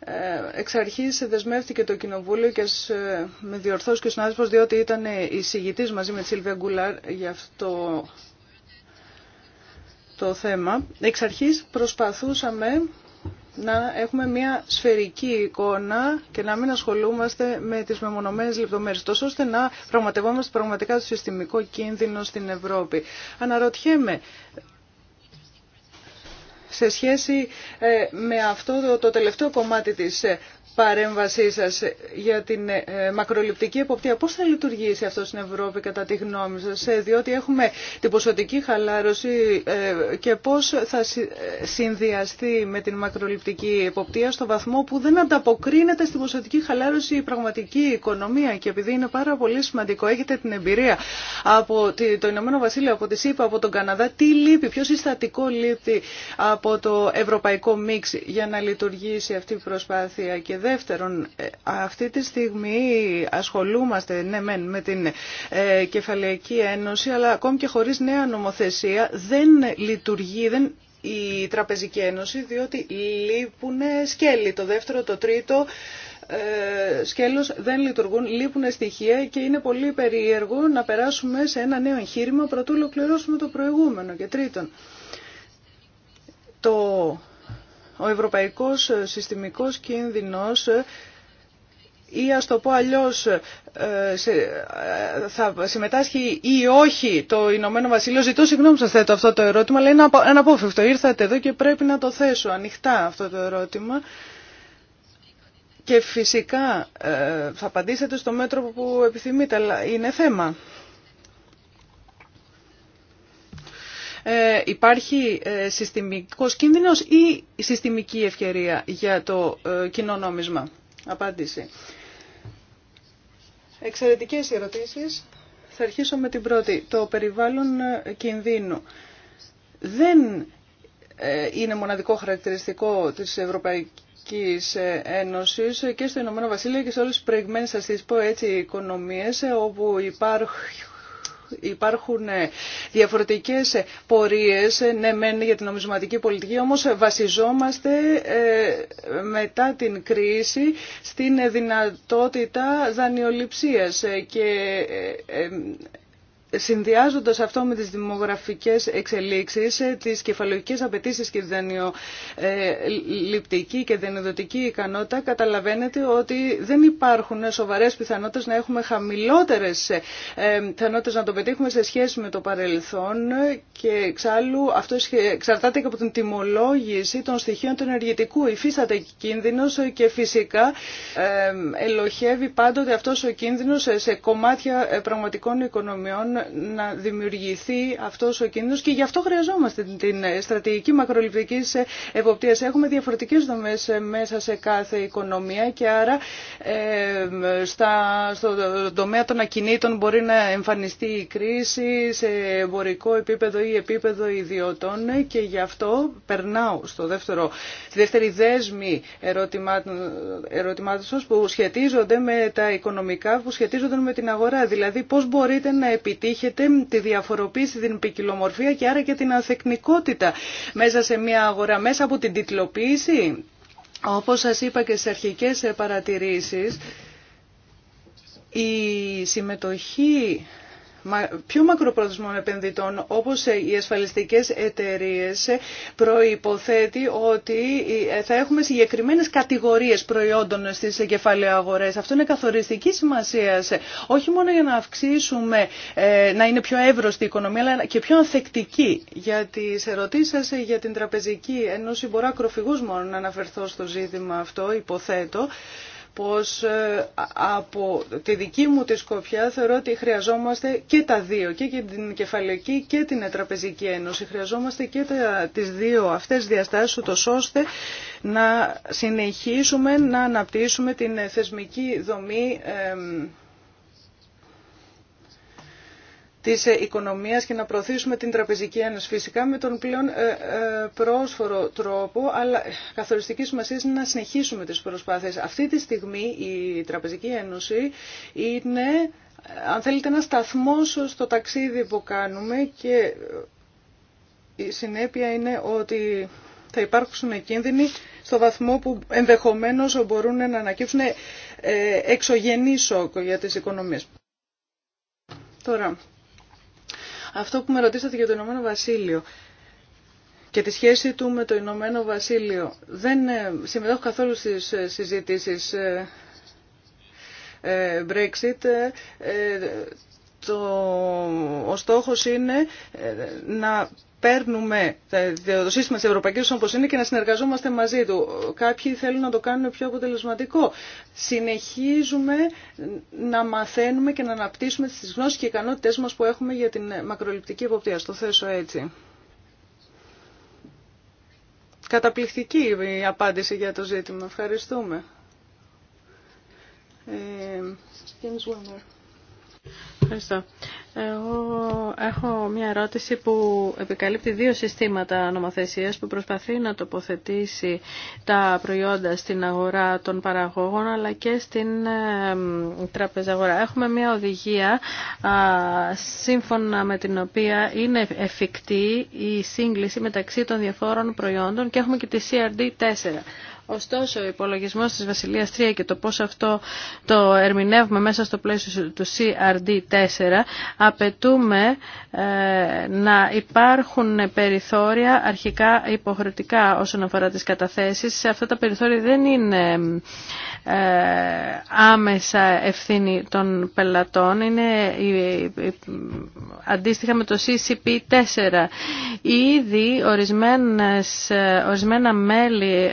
Ε, εξ αρχής δεσμεύτηκε το Κοινοβούλιο και ε, με διορθώσει και ο συνάδελφος διότι ήταν εισηγητής μαζί με τη Σίλβια Γκουλάρ για αυτό το θέμα. Εξ αρχής προσπαθούσαμε να έχουμε μια σφαιρική εικόνα και να μην ασχολούμαστε με τις μεμονωμένες λεπτομέρειες, τόσο ώστε να πραγματευόμαστε πραγματικά το συστημικό κίνδυνο στην Ευρώπη. Αναρωτιέμαι, σε σχέση ε, με αυτό το τελευταίο κομμάτι της ε, παρέμβασή σας για την ε, μακροληπτική εποπτεία. Πώς θα λειτουργήσει αυτό στην Ευρώπη κατά τη γνώμη σας, ε, διότι έχουμε την ποσοτική χαλάρωση ε, και πώς θα συνδυαστεί με την μακροληπτική εποπτεία στο βαθμό που δεν ανταποκρίνεται στην ποσοτική χαλάρωση η πραγματική οικονομία και επειδή είναι πάρα πολύ σημαντικό, έχετε την εμπειρία από το Ηνωμένο Βασίλειο, από τη ΣΥΠΑ, από τον Καναδά, τι λείπει, ποιο συστατικό λείπει από το ευρωπαϊκό μίξ για να λειτουργήσει αυτή η προσπάθεια Δεύτερον, ε, αυτή τη στιγμή ασχολούμαστε ναι, με, με την ε, Κεφαλαϊκή Ένωση, αλλά ακόμη και χωρίς νέα νομοθεσία δεν λειτουργεί, δεν η Τραπεζική Ένωση, διότι λείπουν σκέλη. Το δεύτερο, το τρίτο, ε, σκέλος δεν λειτουργούν, λείπουν στοιχεία και είναι πολύ περίεργο να περάσουμε σε ένα νέο εγχείρημα πρωτού ολοκληρώσουμε το προηγούμενο. Και τρίτον, το ο ευρωπαϊκός ε, συστημικός κίνδυνος ε, ή ας το πω αλλιώς ε, θα συμμετάσχει ή όχι το Ηνωμένο Βασίλειο. Ζητώ συγγνώμη σας θέτω αυτό το ερώτημα, αλλά είναι αναπόφευκτο. Ήρθατε εδώ και πρέπει να το θέσω ανοιχτά αυτό το ερώτημα. Και φυσικά θα απαντήσετε στο μέτρο που επιθυμείτε, αλλά είναι θέμα Ε, υπάρχει ε, συστημικός κίνδυνος ή συστημική ευκαιρία για το ε, κοινό νόμισμα. Απάντηση. Εξαιρετικές ερωτήσεις. Θα αρχίσω με την πρώτη. Το περιβάλλον κινδύνου. Δεν είναι μοναδικό χαρακτηριστικό της Ευρωπαϊκής Ένωσης και στο Ηνωμένο Βασίλειο και σε όλες τις προηγμένες σας πω έτσι όπου υπάρχουν υπάρχουν ε, διαφορετικές ε, πορείες ε, ναι μεν για την νομισματική πολιτική όμως βασιζόμαστε μετά την κρίση στην δυνατότητα δανειοληψίας και Συνδυάζοντας αυτό με τις δημογραφικές εξελίξεις, ε, τις κεφαλογικές απαιτήσεις και τη δανειοληπτική ε, και δανειοδοτική ικανότητα, καταλαβαίνετε ότι δεν υπάρχουν σοβαρές πιθανότητες να έχουμε χαμηλότερες ε, πιθανότητες να το πετύχουμε σε σχέση με το παρελθόν και εξάλλου αυτό εξαρτάται και από την τιμολόγηση των στοιχείων του ενεργητικού. Υφίσταται κίνδυνος και φυσικά ελοχεύει πάντοτε αυτός ο κίνδυνος σε κομμάτια πραγματικών οικονομιών να δημιουργηθεί αυτός ο κίνδυνος και γι' αυτό χρειαζόμαστε την στρατηγική μακροληπτικής εποπτείας. Έχουμε διαφορετικές δομές μέσα σε κάθε οικονομία και άρα ε, στα, στο τομέα των ακινήτων μπορεί να εμφανιστεί η κρίση σε εμπορικό επίπεδο ή επίπεδο ιδιωτών και γι' αυτό περνάω στο δεύτερο, στη δεύτερη δέσμη ερωτημάτων, που σχετίζονται με τα οικονομικά, που σχετίζονται με την αγορά. Δηλαδή πώς μπορείτε να επιτύχετε Είχετε τη διαφοροποίηση, την ποικιλομορφία και άρα και την αθεκνικότητα μέσα σε μια αγορά, μέσα από την τιτλοποίηση. Όπως σας είπα και στις αρχικές παρατηρήσεις, η συμμετοχή πιο μακροπρόθεσμων επενδυτών όπως ε, οι ασφαλιστικές εταιρείες ε, προϋποθέτει ότι ε, θα έχουμε συγκεκριμένες κατηγορίες προϊόντων στις κεφαλαίες αγορές. Αυτό είναι καθοριστική σημασία όχι μόνο για να αυξήσουμε, να είναι πιο εύρωστη η οικονομία αλλά και πιο ανθεκτική. Για τις ερωτήσεις για την Τραπεζική Ένωση μπορώ ακροφυγούς μόνο να αναφερθώ στο ζήτημα αυτό, υποθέτω πως ε, από τη δική μου τη σκοπιά θεωρώ ότι χρειαζόμαστε και τα δύο, και την κεφαλαιοκή και την τραπεζική ένωση. Χρειαζόμαστε και τα, τις δύο αυτές διαστάσεις, ούτως ώστε να συνεχίσουμε να αναπτύσσουμε την θεσμική δομή Τη ε, οικονομία και να προωθήσουμε την Τραπεζική Ένωση φυσικά με τον πλέον ε, ε πρόσφορο τρόπο, αλλά ε, καθοριστική σημασία είναι να συνεχίσουμε τι προσπάθειες. Αυτή τη στιγμή η Τραπεζική Ένωση είναι, αν θέλετε, ένα σταθμό στο ταξίδι που κάνουμε και η συνέπεια είναι ότι θα υπάρξουν κίνδυνοι στο βαθμό που ενδεχομένως μπορούν να ανακύψουν εξωγενή σοκ για τις οικονομίες. Τώρα, αυτό που με ρωτήσατε για το Ηνωμένο Βασίλειο και τη σχέση του με το Ηνωμένο Βασίλειο. Δεν ε, συμμετέχω καθόλου στις ε, συζητήσεις ε, Brexit. Το... Ο στόχος είναι να παίρνουμε το σύστημα της Ευρωπαϊκή όπω είναι και να συνεργαζόμαστε μαζί του. Κάποιοι θέλουν να το κάνουν πιο αποτελεσματικό. Συνεχίζουμε να μαθαίνουμε και να αναπτύσσουμε τις γνώσει και ικανότητέ μα που έχουμε για την μακροληπτική εποπτεία. Στο θέσω έτσι. Καταπληκτική η απάντηση για το ζήτημα. Ευχαριστούμε. Ε, Ευχαριστώ. Εγώ έχω μια ερώτηση που επικαλύπτει δύο συστήματα νομοθεσίας που προσπαθεί να τοποθετήσει τα προϊόντα στην αγορά των παραγωγών αλλά και στην τραπεζαγορά. Έχουμε μια οδηγία σύμφωνα με την οποία είναι εφικτή η σύγκληση μεταξύ των διαφόρων προϊόντων και έχουμε και τη CRD 4. Ωστόσο, ο υπολογισμό τη Βασιλεία 3 και το πώ αυτό το ερμηνεύουμε μέσα στο πλαίσιο του CRD4, απαιτούμε ε, να υπάρχουν περιθώρια αρχικά υποχρεωτικά όσον αφορά τι καταθέσει. Αυτά τα περιθώρια δεν είναι ε, άμεσα ευθύνη των πελατών, είναι ε, αντίστοιχα με το CCP4. Ήδη ορισμένα μέλη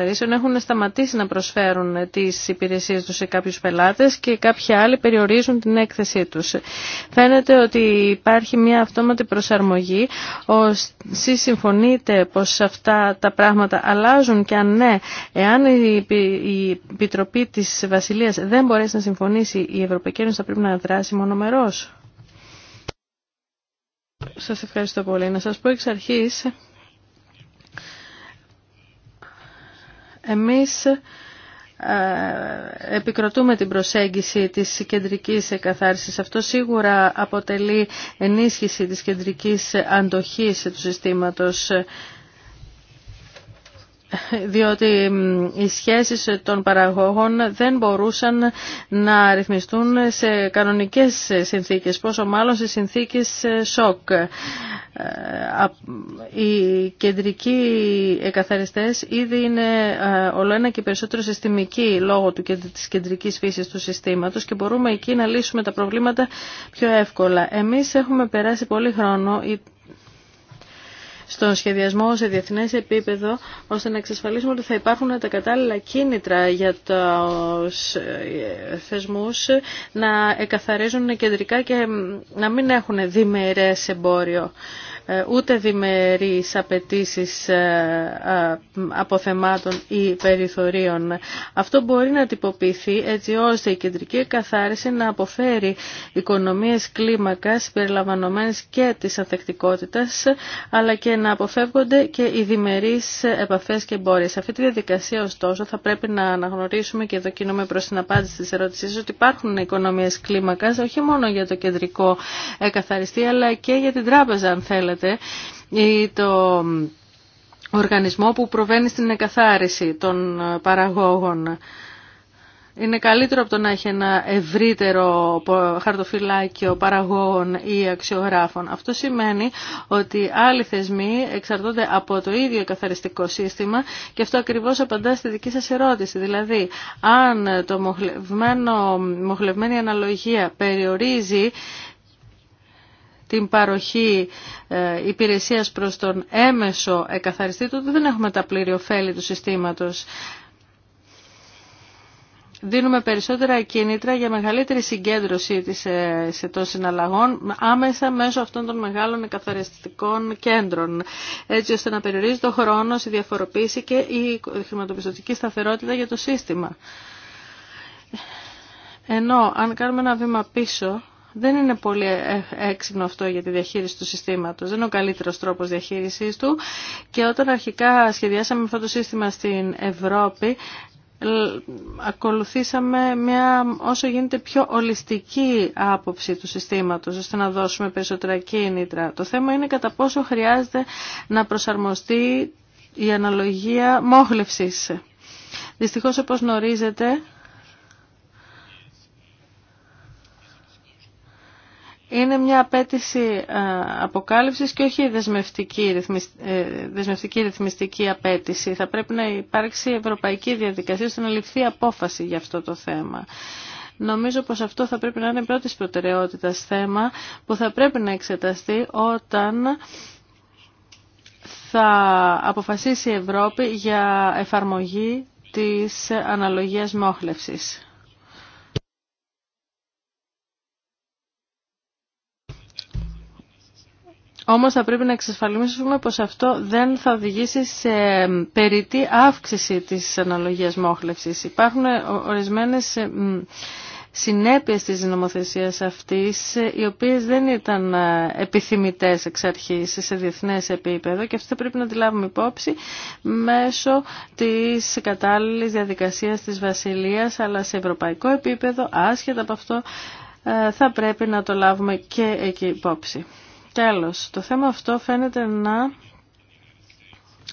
καθαρίσεων έχουν σταματήσει να προσφέρουν τις υπηρεσίες τους σε κάποιους πελάτες και κάποιοι άλλοι περιορίζουν την έκθεσή τους. Φαίνεται ότι υπάρχει μια αυτόματη προσαρμογή. Όσοι συμφωνείτε πως αυτά τα πράγματα αλλάζουν και αν ναι, εάν η Επιτροπή της Βασιλείας δεν μπορέσει να συμφωνήσει, η Ευρωπαϊκή Ένωση θα πρέπει να δράσει μονομερός. Σας ευχαριστώ πολύ. Να σας πω εξ Εμείς ε, επικροτούμε την προσέγγιση της κεντρικής εκαθάρισης. Αυτό σίγουρα αποτελεί ενίσχυση της κεντρικής αντοχής του συστήματος διότι οι σχέσεις των παραγωγών δεν μπορούσαν να ρυθμιστούν σε κανονικές συνθήκες, πόσο μάλλον σε συνθήκες ε, σοκ. Ε, οι κεντρικοί εκαθαριστές ήδη είναι ολοένα ε, και περισσότερο συστημικοί λόγω του, της κεντρικής φύσης του συστήματος και μπορούμε εκεί να λύσουμε τα προβλήματα πιο εύκολα. Εμείς έχουμε περάσει πολύ χρόνο στον σχεδιασμό σε διεθνέ επίπεδο, ώστε να εξασφαλίσουμε ότι θα υπάρχουν τα κατάλληλα κίνητρα για τους ε, θεσμούς να εκαθαρίζουν κεντρικά και να μην έχουν διμερές εμπόριο. Ε, ούτε διμερείς απαιτήσει ε, αποθεμάτων ή περιθωρίων. Αυτό μπορεί να τυποποιηθεί έτσι ώστε η κεντρική καθάριση να αποφέρει οικονομίες κλίμακας περιλαμβανομένες και της ανθεκτικότητας αλλά και να αποφεύγονται και οι διμερείς επαφές και εμπόρειες. Σε αυτή τη διαδικασία ωστόσο θα πρέπει να αναγνωρίσουμε και εδώ κινούμε προς την απάντηση της ερώτησής ότι υπάρχουν οικονομίες κλίμακας όχι μόνο για το κεντρικό καθαριστή αλλά και για την τράπεζα αν θέλετε ή το οργανισμό που προβαίνει στην εκαθάριση των παραγόγων. Είναι καλύτερο από το να έχει ένα ευρύτερο χαρτοφυλάκιο παραγόγων ή αξιογράφων. Αυτό σημαίνει ότι άλλοι θεσμοί εξαρτώνται από το ίδιο καθαριστικό σύστημα και αυτό ακριβώς απαντά στη δική σας ερώτηση. Δηλαδή, αν το μοχλευμένο, μοχλευμένη αναλογία περιορίζει την παροχή ε, υπηρεσίας προς τον έμεσο εκαθαριστή, του δεν έχουμε τα πλήρη ωφέλη του συστήματος. Δίνουμε περισσότερα κίνητρα για μεγαλύτερη συγκέντρωση της, ε, σε των συναλλαγών άμεσα μέσω αυτών των μεγάλων εκαθαριστικών κέντρων, έτσι ώστε να περιορίζει το χρόνο, η διαφοροποίηση και η χρηματοπιστωτική σταθερότητα για το σύστημα. Ενώ αν κάνουμε ένα βήμα πίσω, δεν είναι πολύ ε- έξυπνο αυτό για τη διαχείριση του συστήματος. Δεν είναι ο καλύτερος τρόπος διαχείρισης του. Και όταν αρχικά σχεδιάσαμε αυτό το σύστημα στην Ευρώπη, ακολουθήσαμε μια όσο γίνεται πιο ολιστική άποψη του συστήματος ώστε να δώσουμε περισσότερα κίνητρα. Το θέμα είναι κατά πόσο χρειάζεται να προσαρμοστεί η αναλογία μόχλευσης. Δυστυχώς όπως γνωρίζετε είναι μια απέτηση ε, αποκάλυψης και όχι δεσμευτική, ε, δεσμευτική ρυθμιστική απέτηση. Θα πρέπει να υπάρξει ευρωπαϊκή διαδικασία ώστε να ληφθεί απόφαση για αυτό το θέμα. Νομίζω πως αυτό θα πρέπει να είναι πρώτης προτεραιότητας θέμα που θα πρέπει να εξεταστεί όταν θα αποφασίσει η Ευρώπη για εφαρμογή της αναλογίας μόχλευσης. Όμως θα πρέπει να εξασφαλίσουμε πως αυτό δεν θα οδηγήσει σε περίτη αύξηση της αναλογίας μόχλευσης. Υπάρχουν ε, ορισμένες ε, συνέπειες της νομοθεσίας αυτής, ε, οι οποίες δεν ήταν επιθυμητές εξ αρχής σε διεθνές επίπεδο και αυτό θα πρέπει να τη λάβουμε υπόψη μέσω της κατάλληλης διαδικασίας της Βασιλείας, αλλά σε ευρωπαϊκό επίπεδο, άσχετα από αυτό, θα πρέπει να το λάβουμε και εκεί υπόψη. Τέλος, το θέμα αυτό φαίνεται να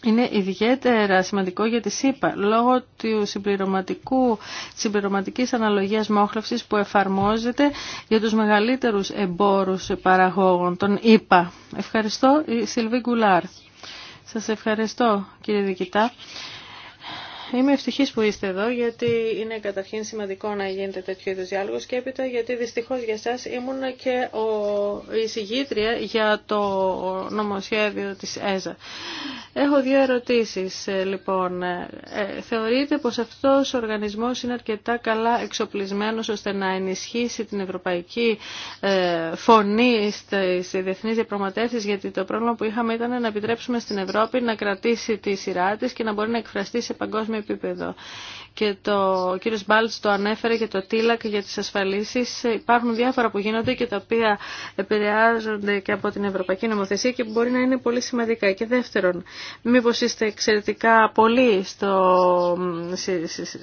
είναι ιδιαίτερα σημαντικό για τη ΣΥΠΑ λόγω του συμπληρωματικού, συμπληρωματικής αναλογίας μόχλευσης που εφαρμόζεται για τους μεγαλύτερους εμπόρους παραγόγων, τον ΙΠΑ. Ευχαριστώ, η Σιλβί Γκουλάρ. Σας ευχαριστώ, κύριε Δικητά. Είμαι ευτυχή που είστε εδώ γιατί είναι καταρχήν σημαντικό να γίνεται τέτοιο είδου διάλογο και έπειτα γιατί δυστυχώ για εσά ήμουν και ο, η συγγήτρια για το νομοσχέδιο τη ΕΖΑ. Έχω δύο ερωτήσει, ε, λοιπόν. Ε, ε, θεωρείτε πω αυτό ο οργανισμό είναι αρκετά καλά εξοπλισμένο, ώστε να ενισχύσει την ευρωπαϊκή φωνή στις διεθνείς διαπραγματεύσεις γιατί το πρόβλημα που είχαμε ήταν να επιτρέψουμε στην Ευρώπη να κρατήσει τη σειρά και να μπορεί να εκφραστεί σε παγκόσμια επίπεδο. Και το ο κύριος Μπάλτς το ανέφερε και το τίλακ για τις ασφαλίσεις. Υπάρχουν διάφορα που γίνονται και τα οποία επηρεάζονται και από την Ευρωπαϊκή Νομοθεσία και μπορεί να είναι πολύ σημαντικά. Και δεύτερον, μήπως είστε εξαιρετικά πολύ στο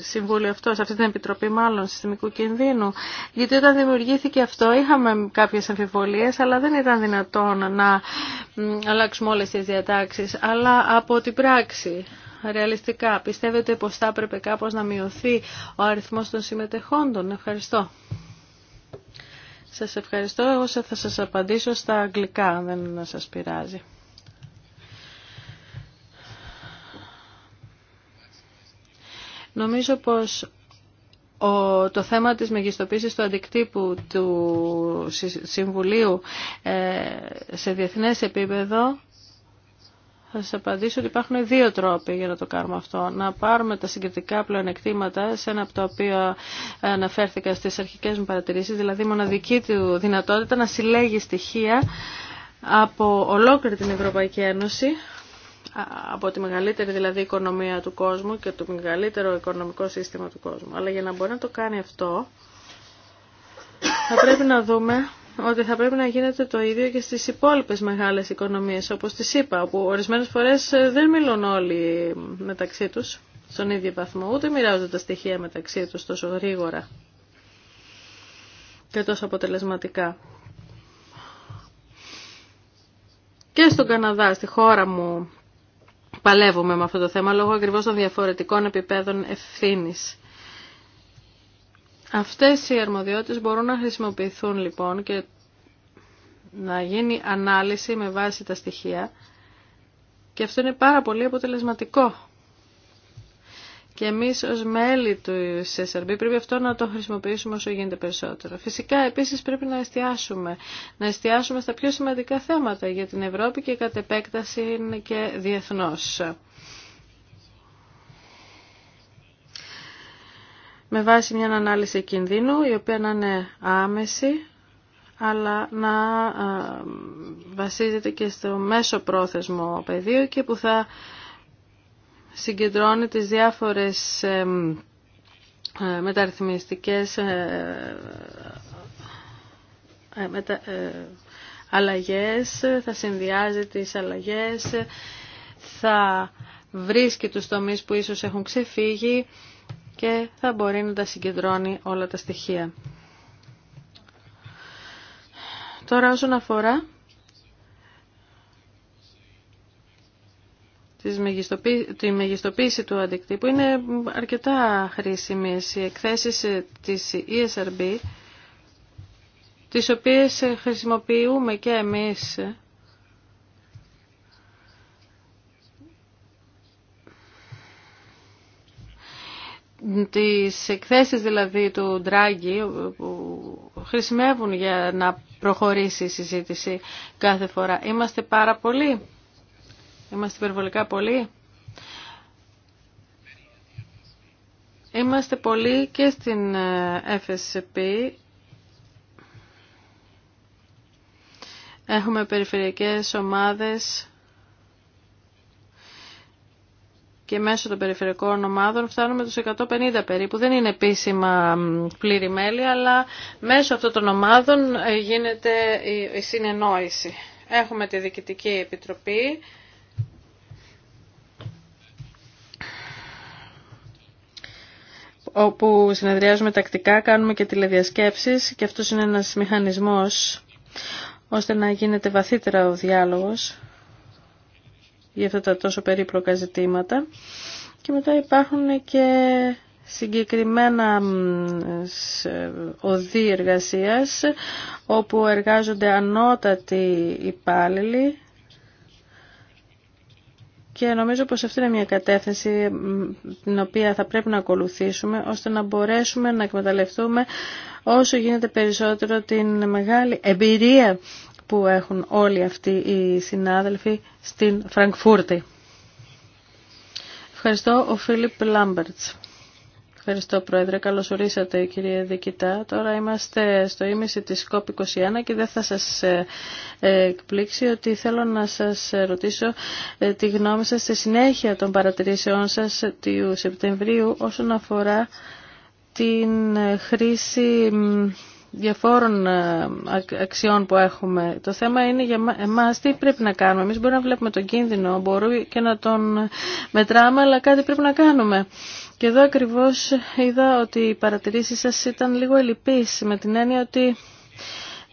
Συμβούλιο αυτό, σε αυτή την Επιτροπή μάλλον Συστημικού Κινδύνου. Γιατί όταν δημιουργήθηκε αυτό είχαμε κάποιες αμφιβολίες, αλλά δεν ήταν δυνατόν να αλλάξουμε όλες τις διατάξεις, αλλά από την πράξη ρεαλιστικά. Πιστεύετε πως θα έπρεπε κάπως να μειωθεί ο αριθμός των συμμετεχόντων. Ευχαριστώ. Σας ευχαριστώ. Εγώ θα σας απαντήσω στα αγγλικά, αν δεν σας πειράζει. Νομίζω πως το θέμα της μεγιστοποίησης του αντικτύπου του Συμβουλίου ε, σε διεθνές επίπεδο θα σας απαντήσω ότι υπάρχουν δύο τρόποι για να το κάνουμε αυτό. Να πάρουμε τα συγκριτικά πλεονεκτήματα σε ένα από τα οποία αναφέρθηκα στις αρχικές μου παρατηρήσεις, δηλαδή μοναδική του δυνατότητα να συλλέγει στοιχεία από ολόκληρη την Ευρωπαϊκή Ένωση, από τη μεγαλύτερη δηλαδή οικονομία του κόσμου και το μεγαλύτερο οικονομικό σύστημα του κόσμου. Αλλά για να μπορεί να το κάνει αυτό, θα πρέπει να δούμε ότι θα πρέπει να γίνεται το ίδιο και στις υπόλοιπες μεγάλες οικονομίες, όπως τις είπα, όπου ορισμένες φορές ε, δεν μιλούν όλοι μεταξύ τους στον ίδιο βαθμό, ούτε μοιράζονται τα στοιχεία μεταξύ τους τόσο γρήγορα και τόσο αποτελεσματικά. Και στον Καναδά, στη χώρα μου, παλεύουμε με αυτό το θέμα λόγω ακριβώς των διαφορετικών επιπέδων ευθύνης. Αυτές οι αρμοδιότητες μπορούν να χρησιμοποιηθούν λοιπόν και να γίνει ανάλυση με βάση τα στοιχεία και αυτό είναι πάρα πολύ αποτελεσματικό. Και εμείς ως μέλη του SRB πρέπει αυτό να το χρησιμοποιήσουμε όσο γίνεται περισσότερο. Φυσικά επίσης πρέπει να εστιάσουμε, να εστιάσουμε στα πιο σημαντικά θέματα για την Ευρώπη και κατ' επέκταση και διεθνώς. με βάση μια ανάλυση κινδύνου η οποία να είναι άμεση αλλά να ε, βασίζεται και στο μέσο πρόθεσμο πεδίο και που θα συγκεντρώνει τις διάφορες ε, ε, μεταρρυθμιστικές αλλαγές, θα συνδυάζει τις αλλαγές, θα βρίσκει τους τομείς που ίσως έχουν ξεφύγει και θα μπορεί να τα συγκεντρώνει όλα τα στοιχεία. Τώρα όσον αφορά τη μεγιστοποίηση του αντικτύπου είναι αρκετά χρήσιμες οι εκθέσεις ε, της ESRB τις οποίες ε, χρησιμοποιούμε και εμείς ε, τις εκθέσεις δηλαδή του Ντράγκη που χρησιμεύουν για να προχωρήσει η συζήτηση κάθε φορά. Είμαστε πάρα πολλοί. Είμαστε υπερβολικά πολλοί. Είμαστε πολλοί και στην ε, FSP. Έχουμε περιφερειακές ομάδες και μέσω των περιφερειακών ομάδων φτάνουμε τους 150 περίπου. Δεν είναι επίσημα πλήρη μέλη, αλλά μέσω αυτών των ομάδων ε, γίνεται η συνεννόηση. Έχουμε τη Διοικητική Επιτροπή. όπου συνεδριάζουμε τακτικά, κάνουμε και τηλεδιασκέψεις και αυτός είναι ένας μηχανισμός ώστε να γίνεται βαθύτερα ο διάλογος για αυτά τα τόσο περίπλοκα ζητήματα. Και μετά υπάρχουν και συγκεκριμένα οδοί εργασίας όπου εργάζονται ανώτατοι υπάλληλοι και νομίζω πως αυτή είναι μια κατεύθυνση την οποία θα πρέπει να ακολουθήσουμε ώστε να μπορέσουμε να εκμεταλλευτούμε όσο γίνεται περισσότερο την μεγάλη εμπειρία που έχουν όλοι αυτοί οι συνάδελφοι στην Φραγκφούρτη. Ευχαριστώ ο Φίλιπ Λάμπερτς. Ευχαριστώ Πρόεδρε. Καλώς ορίσατε κύριε Δικητά. Τώρα είμαστε στο ίμιση της COP21 και δεν θα σας ε, ε, εκπλήξει ότι θέλω να σας ρωτήσω ε, τη γνώμη σας στη συνέχεια των παρατηρήσεών σας του Σεπτεμβρίου όσον αφορά την χρήση διαφόρων ε, αξιών που έχουμε. Το θέμα είναι για εμάς τι πρέπει να κάνουμε. Εμείς μπορούμε να βλέπουμε τον κίνδυνο, μπορούμε και να τον μετράμε, αλλά κάτι πρέπει να κάνουμε. Και εδώ ακριβώς είδα ότι οι παρατηρήσεις σας ήταν λίγο ελλειπείς, με την έννοια ότι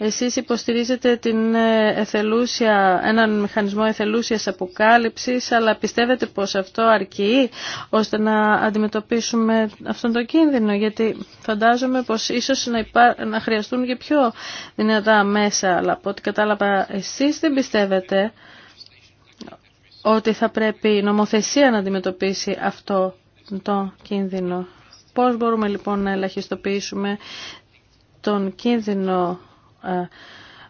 εσείς υποστηρίζετε την ε, εθελούσια, έναν μηχανισμό εθελούσιας αποκάλυψης, αλλά πιστεύετε πως αυτό αρκεί ώστε να αντιμετωπίσουμε αυτόν τον κίνδυνο, γιατί φαντάζομαι πως ίσως να, να χρειαστούν και πιο δυνατά μέσα, αλλά από ό,τι κατάλαβα εσείς δεν πιστεύετε ότι θα πρέπει η νομοθεσία να αντιμετωπίσει αυτό το κίνδυνο. Πώς μπορούμε λοιπόν να ελαχιστοποιήσουμε τον κίνδυνο ε,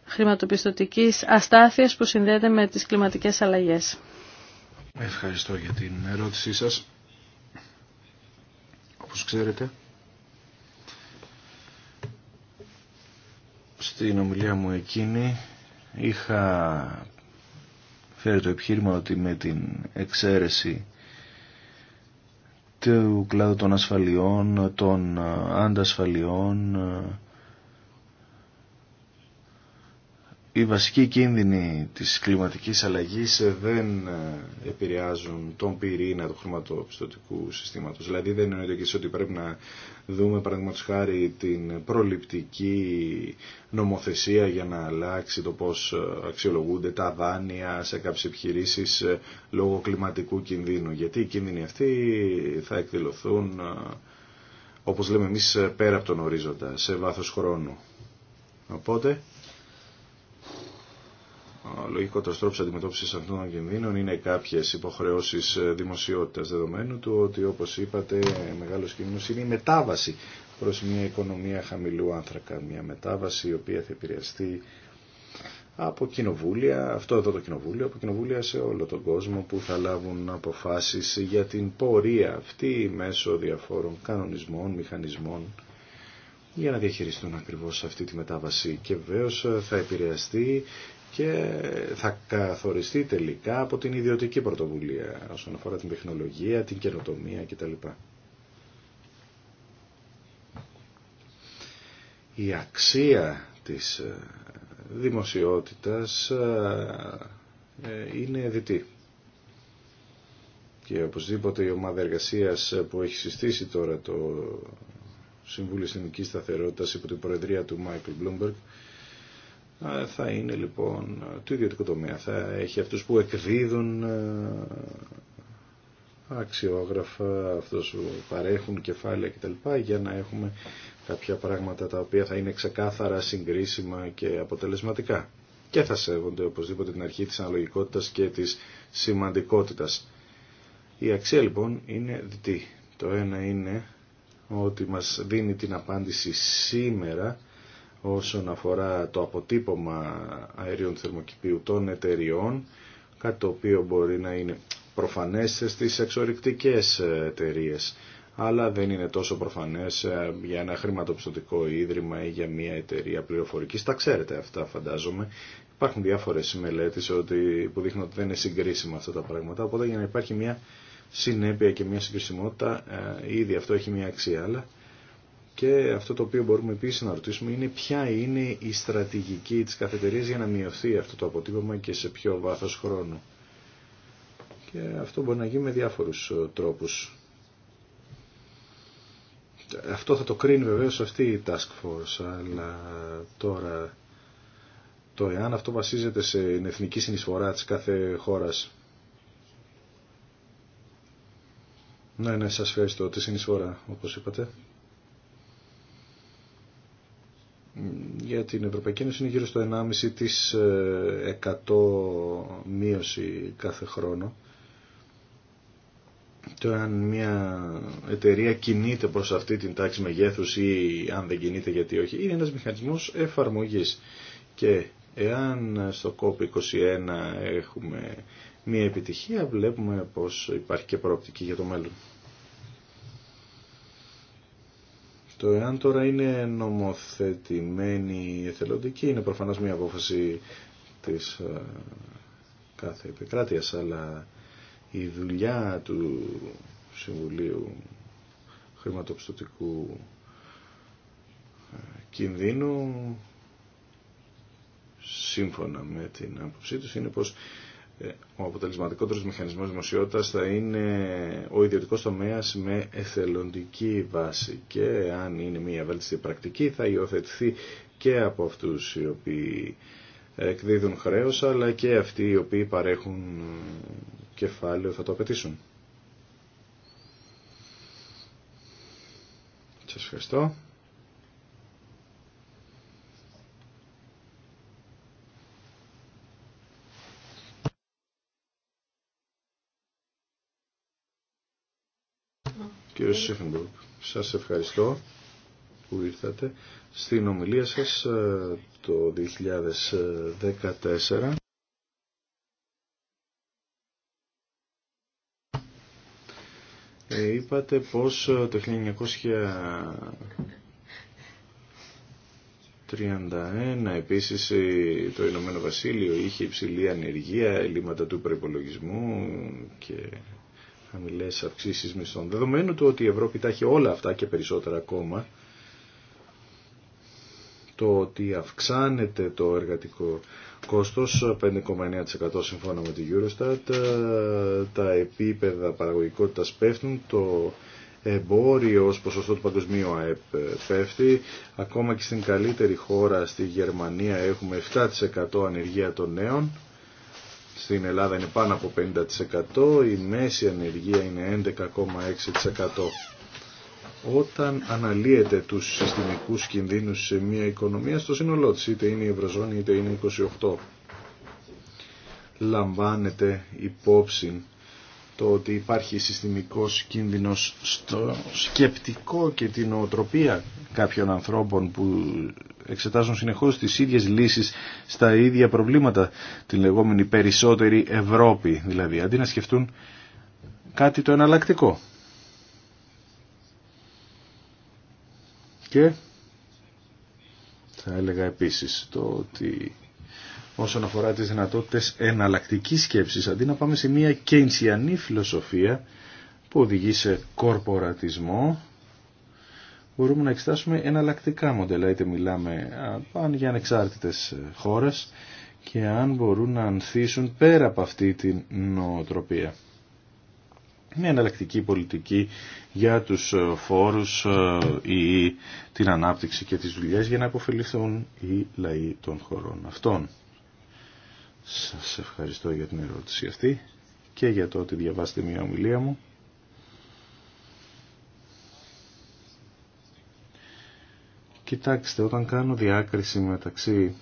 χρηματοπιστωτικής αστάθειας που συνδέεται με τις κλιματικές αλλαγές. Ευχαριστώ για την ερώτησή σας. Όπως ξέρετε, στην ομιλία μου εκείνη είχα φέρει το επιχείρημα ότι με την εξαίρεση του κλάδου των ασφαλιών, των αντασφαλιών, οι βασικοί κίνδυνοι της κλιματικής αλλαγής δεν ε, επηρεάζουν τον πυρήνα του χρηματοπιστωτικού συστήματος. Δηλαδή δεν εννοείται και ότι πρέπει να δούμε παραδείγματος χάρη την προληπτική νομοθεσία για να αλλάξει το πώς ε, αξιολογούνται τα δάνεια σε κάποιες επιχειρήσεις ε, λόγω κλιματικού κινδύνου. Γιατί οι κίνδυνοι αυτοί θα εκδηλωθούν όπως λέμε εμείς πέρα από τον ορίζοντα, σε βάθος χρόνου. Οπότε λογικό τρόπο αντιμετώπιση αυτών των κινδύνων είναι κάποιε υποχρεώσει ε, δημοσιότητα. δεδομένου του ότι όπω είπατε μεγάλο κίνδυνος είναι η μετάβαση προ μια οικονομία χαμηλού άνθρακα. Μια μετάβαση η οποία θα επηρεαστεί από κοινοβούλια, αυτό εδώ το κοινοβούλιο, από κοινοβούλια σε όλο τον κόσμο που θα λάβουν αποφάσεις για την πορεία αυτή μέσω διαφόρων κανονισμών, μηχανισμών για να διαχειριστούν ακριβώς αυτή τη μετάβαση και βεβαίω θα επηρεαστεί και θα καθοριστεί τελικά από την ιδιωτική πρωτοβουλία όσον αφορά την τεχνολογία, την καινοτομία κτλ. Η αξία της ε, δημοσιότητας ε, είναι δυτή. Και οπωσδήποτε η ομάδα εργασίας που έχει συστήσει τώρα το Συμβούλιο Συνδικής Σταθερότητας υπό την Προεδρία του Μάικλ Bloomberg θα είναι λοιπόν του ιδιωτικού τομέα. Θα έχει αυτούς που εκδίδουν ε, αξιόγραφα, αυτούς που παρέχουν κεφάλαια κτλ. για να έχουμε κάποια πράγματα τα οποία θα είναι ξεκάθαρα συγκρίσιμα και αποτελεσματικά. Και θα σέβονται οπωσδήποτε την αρχή της αναλογικότητας και της σημαντικότητας. Η αξία λοιπόν είναι δυτή. Το ένα είναι ότι μας δίνει την απάντηση σήμερα όσον αφορά το αποτύπωμα αερίων θερμοκηπίου των εταιριών, κάτι το οποίο μπορεί να είναι προφανές στις εξορρυκτικές εταιρείε, αλλά δεν είναι τόσο προφανές ε, για ένα χρηματοπιστωτικό ίδρυμα ή για μια εταιρεία πληροφορικής. Τα ξέρετε αυτά φαντάζομαι. Υπάρχουν διάφορες μελέτες ότι, που δείχνουν ότι δεν είναι συγκρίσιμα αυτά τα πράγματα, οπότε για να υπάρχει μια συνέπεια και μια συγκρισιμότητα, ε, ήδη αυτό έχει μια αξία, αλλά και αυτό το οποίο μπορούμε επίσης να ρωτήσουμε είναι ποια είναι η στρατηγική της καφετερίας για να μειωθεί αυτό το αποτύπωμα και σε πιο βάθος χρόνου. Και αυτό μπορεί να γίνει με διάφορους ε, τρόπους. Αυτό θα το κρίνει βεβαίως αυτή η task force, αλλά τώρα το εάν αυτό βασίζεται σε εθνική συνεισφορά της κάθε χώρας. Ναι, ναι, σας ευχαριστώ. Τη συνεισφορά, όπως είπατε για την Ευρωπαϊκή Ένωση είναι γύρω στο 1,5% της 100 ε, μείωση κάθε χρόνο. Το αν μια εταιρεία κινείται προς αυτή την τάξη μεγέθους ή αν δεν κινείται γιατί όχι, είναι ένας μηχανισμός εφαρμογής. Και εάν στο COP21 έχουμε μια επιτυχία, βλέπουμε πως υπάρχει και προοπτική για το μέλλον. Το εάν τώρα είναι νομοθετημένη η εθελοντική είναι προφανώς μια απόφαση της ε, κάθε επικράτειας, αλλά η δουλειά του Συμβουλίου Χρηματοπιστωτικού ε, Κινδύνου σύμφωνα με την άποψή τους είναι πως ε, ο αποτελεσματικότερος μηχανισμό δημοσιότητας θα είναι ο ιδιωτικό τομέας με εθελοντική βάση και αν είναι μια βέλτιστη πρακτική θα υιοθετηθεί και από αυτού οι οποίοι εκδίδουν χρέο αλλά και αυτοί οι οποίοι παρέχουν κεφάλαιο θα το απαιτήσουν. Σας ευχαριστώ. Κύριε Σίχνμπουργκ, σας ευχαριστώ που ήρθατε. Στην ομιλία σας ε, το 2014 ε, είπατε πως ε, το 1931 επίσης το Ηνωμένο Βασίλειο είχε υψηλή ανεργία, ελλείμματα του προπολογισμού και χαμηλές αυξήσεις μισθών. Δεδομένου του ότι η Ευρώπη τα έχει όλα αυτά και περισσότερα ακόμα, το ότι αυξάνεται το εργατικό κόστος 5,9% σύμφωνα με τη Eurostat, ε, τα επίπεδα παραγωγικότητας πέφτουν, το εμπόριο ως ποσοστό του παγκοσμίου ΑΕΠ ε, πέφτει, ακόμα και στην καλύτερη χώρα στη Γερμανία έχουμε 7% ανεργία των νέων, στην Ελλάδα είναι πάνω από 50%, η μέση ανεργία είναι 11,6%. Όταν αναλύεται τους συστημικούς κινδύνους σε μια οικονομία στο σύνολό της, είτε είναι η Ευρωζώνη είτε είναι 28, λαμβάνεται υπόψη το ότι υπάρχει συστημικός κίνδυνος στο σκεπτικό και την οτροπία κάποιων ανθρώπων που εξετάζουν συνεχώς τις ίδιες λύσεις στα ίδια προβλήματα, την λεγόμενη περισσότερη Ευρώπη δηλαδή, αντί να σκεφτούν κάτι το εναλλακτικό. Και θα έλεγα επίσης το ότι όσον αφορά τις δυνατότητες εναλλακτική σκέψης, αντί να πάμε σε μια κεντσιανή φιλοσοφία που οδηγεί σε κορπορατισμό, μπορούμε να εξετάσουμε εναλλακτικά μοντέλα, είτε μιλάμε αν για ανεξάρτητες ε, χώρες και αν μπορούν να ανθίσουν πέρα από αυτή την νοοτροπία. Μια εναλλακτική πολιτική για τους ε, φόρους ε, ή την ανάπτυξη και τις δουλειές για να υποφεληθούν οι λαοί των χωρών αυτών. Σας ευχαριστώ για την ερώτηση αυτή και για το ότι διαβάσετε μια ομιλία μου. Κοιτάξτε, όταν κάνω διάκριση μεταξύ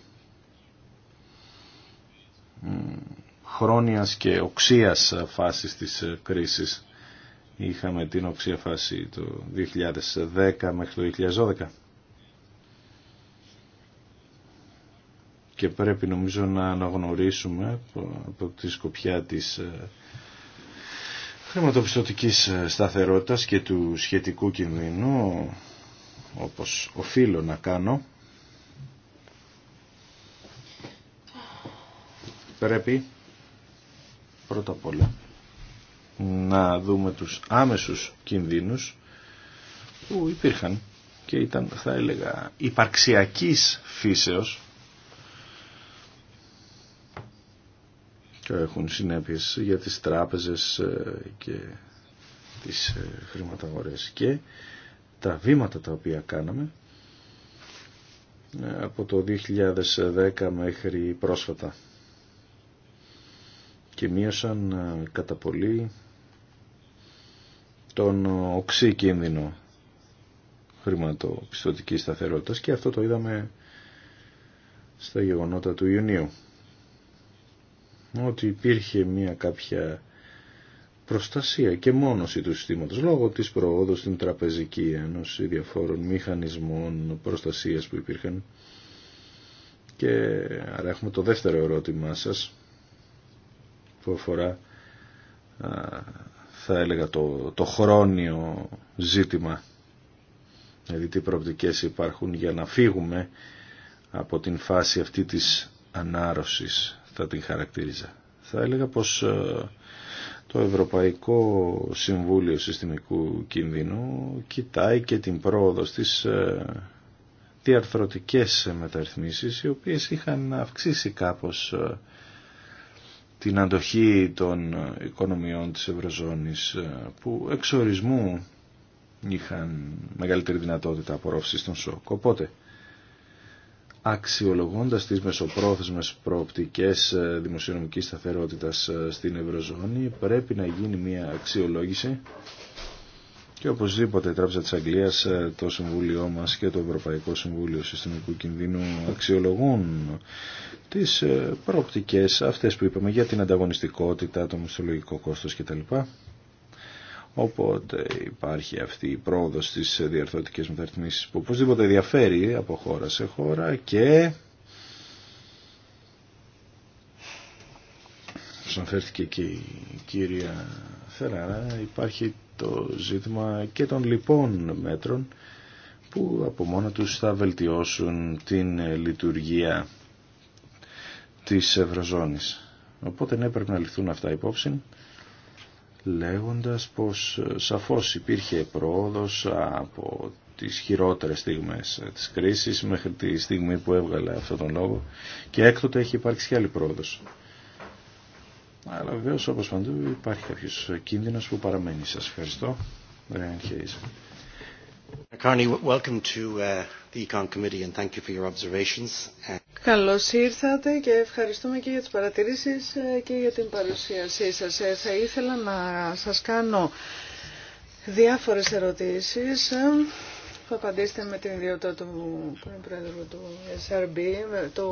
χρόνιας και οξίας φάσης της ε, κρίσης, είχαμε την οξία φάση το 2010 μέχρι το 2012. Και πρέπει νομίζω να αναγνωρίσουμε από τη σκοπιά της ε, χρηματοπιστωτικής ε, σταθερότητας και του σχετικού κινδύνου όπως οφείλω να κάνω, πρέπει πρώτα απ' όλα να δούμε τους άμεσους κινδύνους που υπήρχαν και ήταν θα έλεγα υπαρξιακής φύσεως και έχουν συνέπειες για τις τράπεζες ε, και τις ε, χρηματαγορές και τα βήματα τα οποία κάναμε ε, από το 2010 μέχρι πρόσφατα και μείωσαν ε, κατά πολύ τον οξύ κίνδυνο χρηματοπιστωτικής σταθερότητας και αυτό το είδαμε στα γεγονότα του Ιουνίου ότι υπήρχε μια κάποια προστασία και μόνωση του συστήματος λόγω της προόδου στην Τραπεζική Ένωση διαφόρων μηχανισμών προστασίας που υπήρχαν. Και άρα έχουμε το δεύτερο ερώτημά σας που αφορά θα έλεγα το, το χρόνιο ζήτημα δηλαδή τι προοπτικές υπάρχουν για να φύγουμε από την φάση αυτή της ανάρρωσης θα την χαρακτηρίζα. Θα έλεγα πως ε, το Ευρωπαϊκό Συμβούλιο Συστημικού Κινδύνου κοιτάει και την πρόοδο στις ε, διαρθρωτικές μεταρρυθμίσεις οι οποίες είχαν αυξήσει κάπως ε, την αντοχή των οικονομιών της Ευρωζώνης ε, που εξορισμού είχαν μεγαλύτερη δυνατότητα απορρόφησης των σοκ. Οπότε αξιολογώντας τις μεσοπρόθεσμες προοπτικές ε, δημοσιονομικής σταθερότητας ε, στην Ευρωζώνη πρέπει να γίνει μια αξιολόγηση και οπωσδήποτε η Τράπεζα της Αγγλίας, ε, το Συμβούλιο μας και το Ευρωπαϊκό Συμβούλιο Συστημικού Κινδύνου αξιολογούν τις προοπτικές αυτές που είπαμε για την ανταγωνιστικότητα, το μισθολογικό κόστος κτλ. Οπότε υπάρχει αυτή η πρόοδος στις διαρθρωτικές μεταρρυθμίσεις που οπωσδήποτε διαφέρει από χώρα σε χώρα και όπως αναφέρθηκε και η κύρια Φεράρα υπάρχει το ζήτημα και των λοιπών μέτρων που από μόνα τους θα βελτιώσουν την λειτουργία της Ευρωζώνης. Οπότε ναι πρέπει να ληφθούν αυτά υπόψη λέγοντας πως ε, σαφώς υπήρχε πρόοδος από τις χειρότερες στιγμές ε, της κρίσης μέχρι τη στιγμή που έβγαλε αυτόν τον λόγο και έκτοτε έχει υπάρξει και άλλη πρόοδος. Αλλά βεβαίως όπως παντού υπάρχει κάποιος κίνδυνος που παραμένει. Σας ευχαριστώ. Ε, Καλώς ήρθατε και ευχαριστούμε και για τις παρατηρήσεις ε, και για την παρουσίασή σας. Ε, θα ήθελα να σας κάνω διάφορες ερωτήσεις. Ε θα απαντήσετε με την ιδιότητα του πρώην πρόεδρου του SRB. Το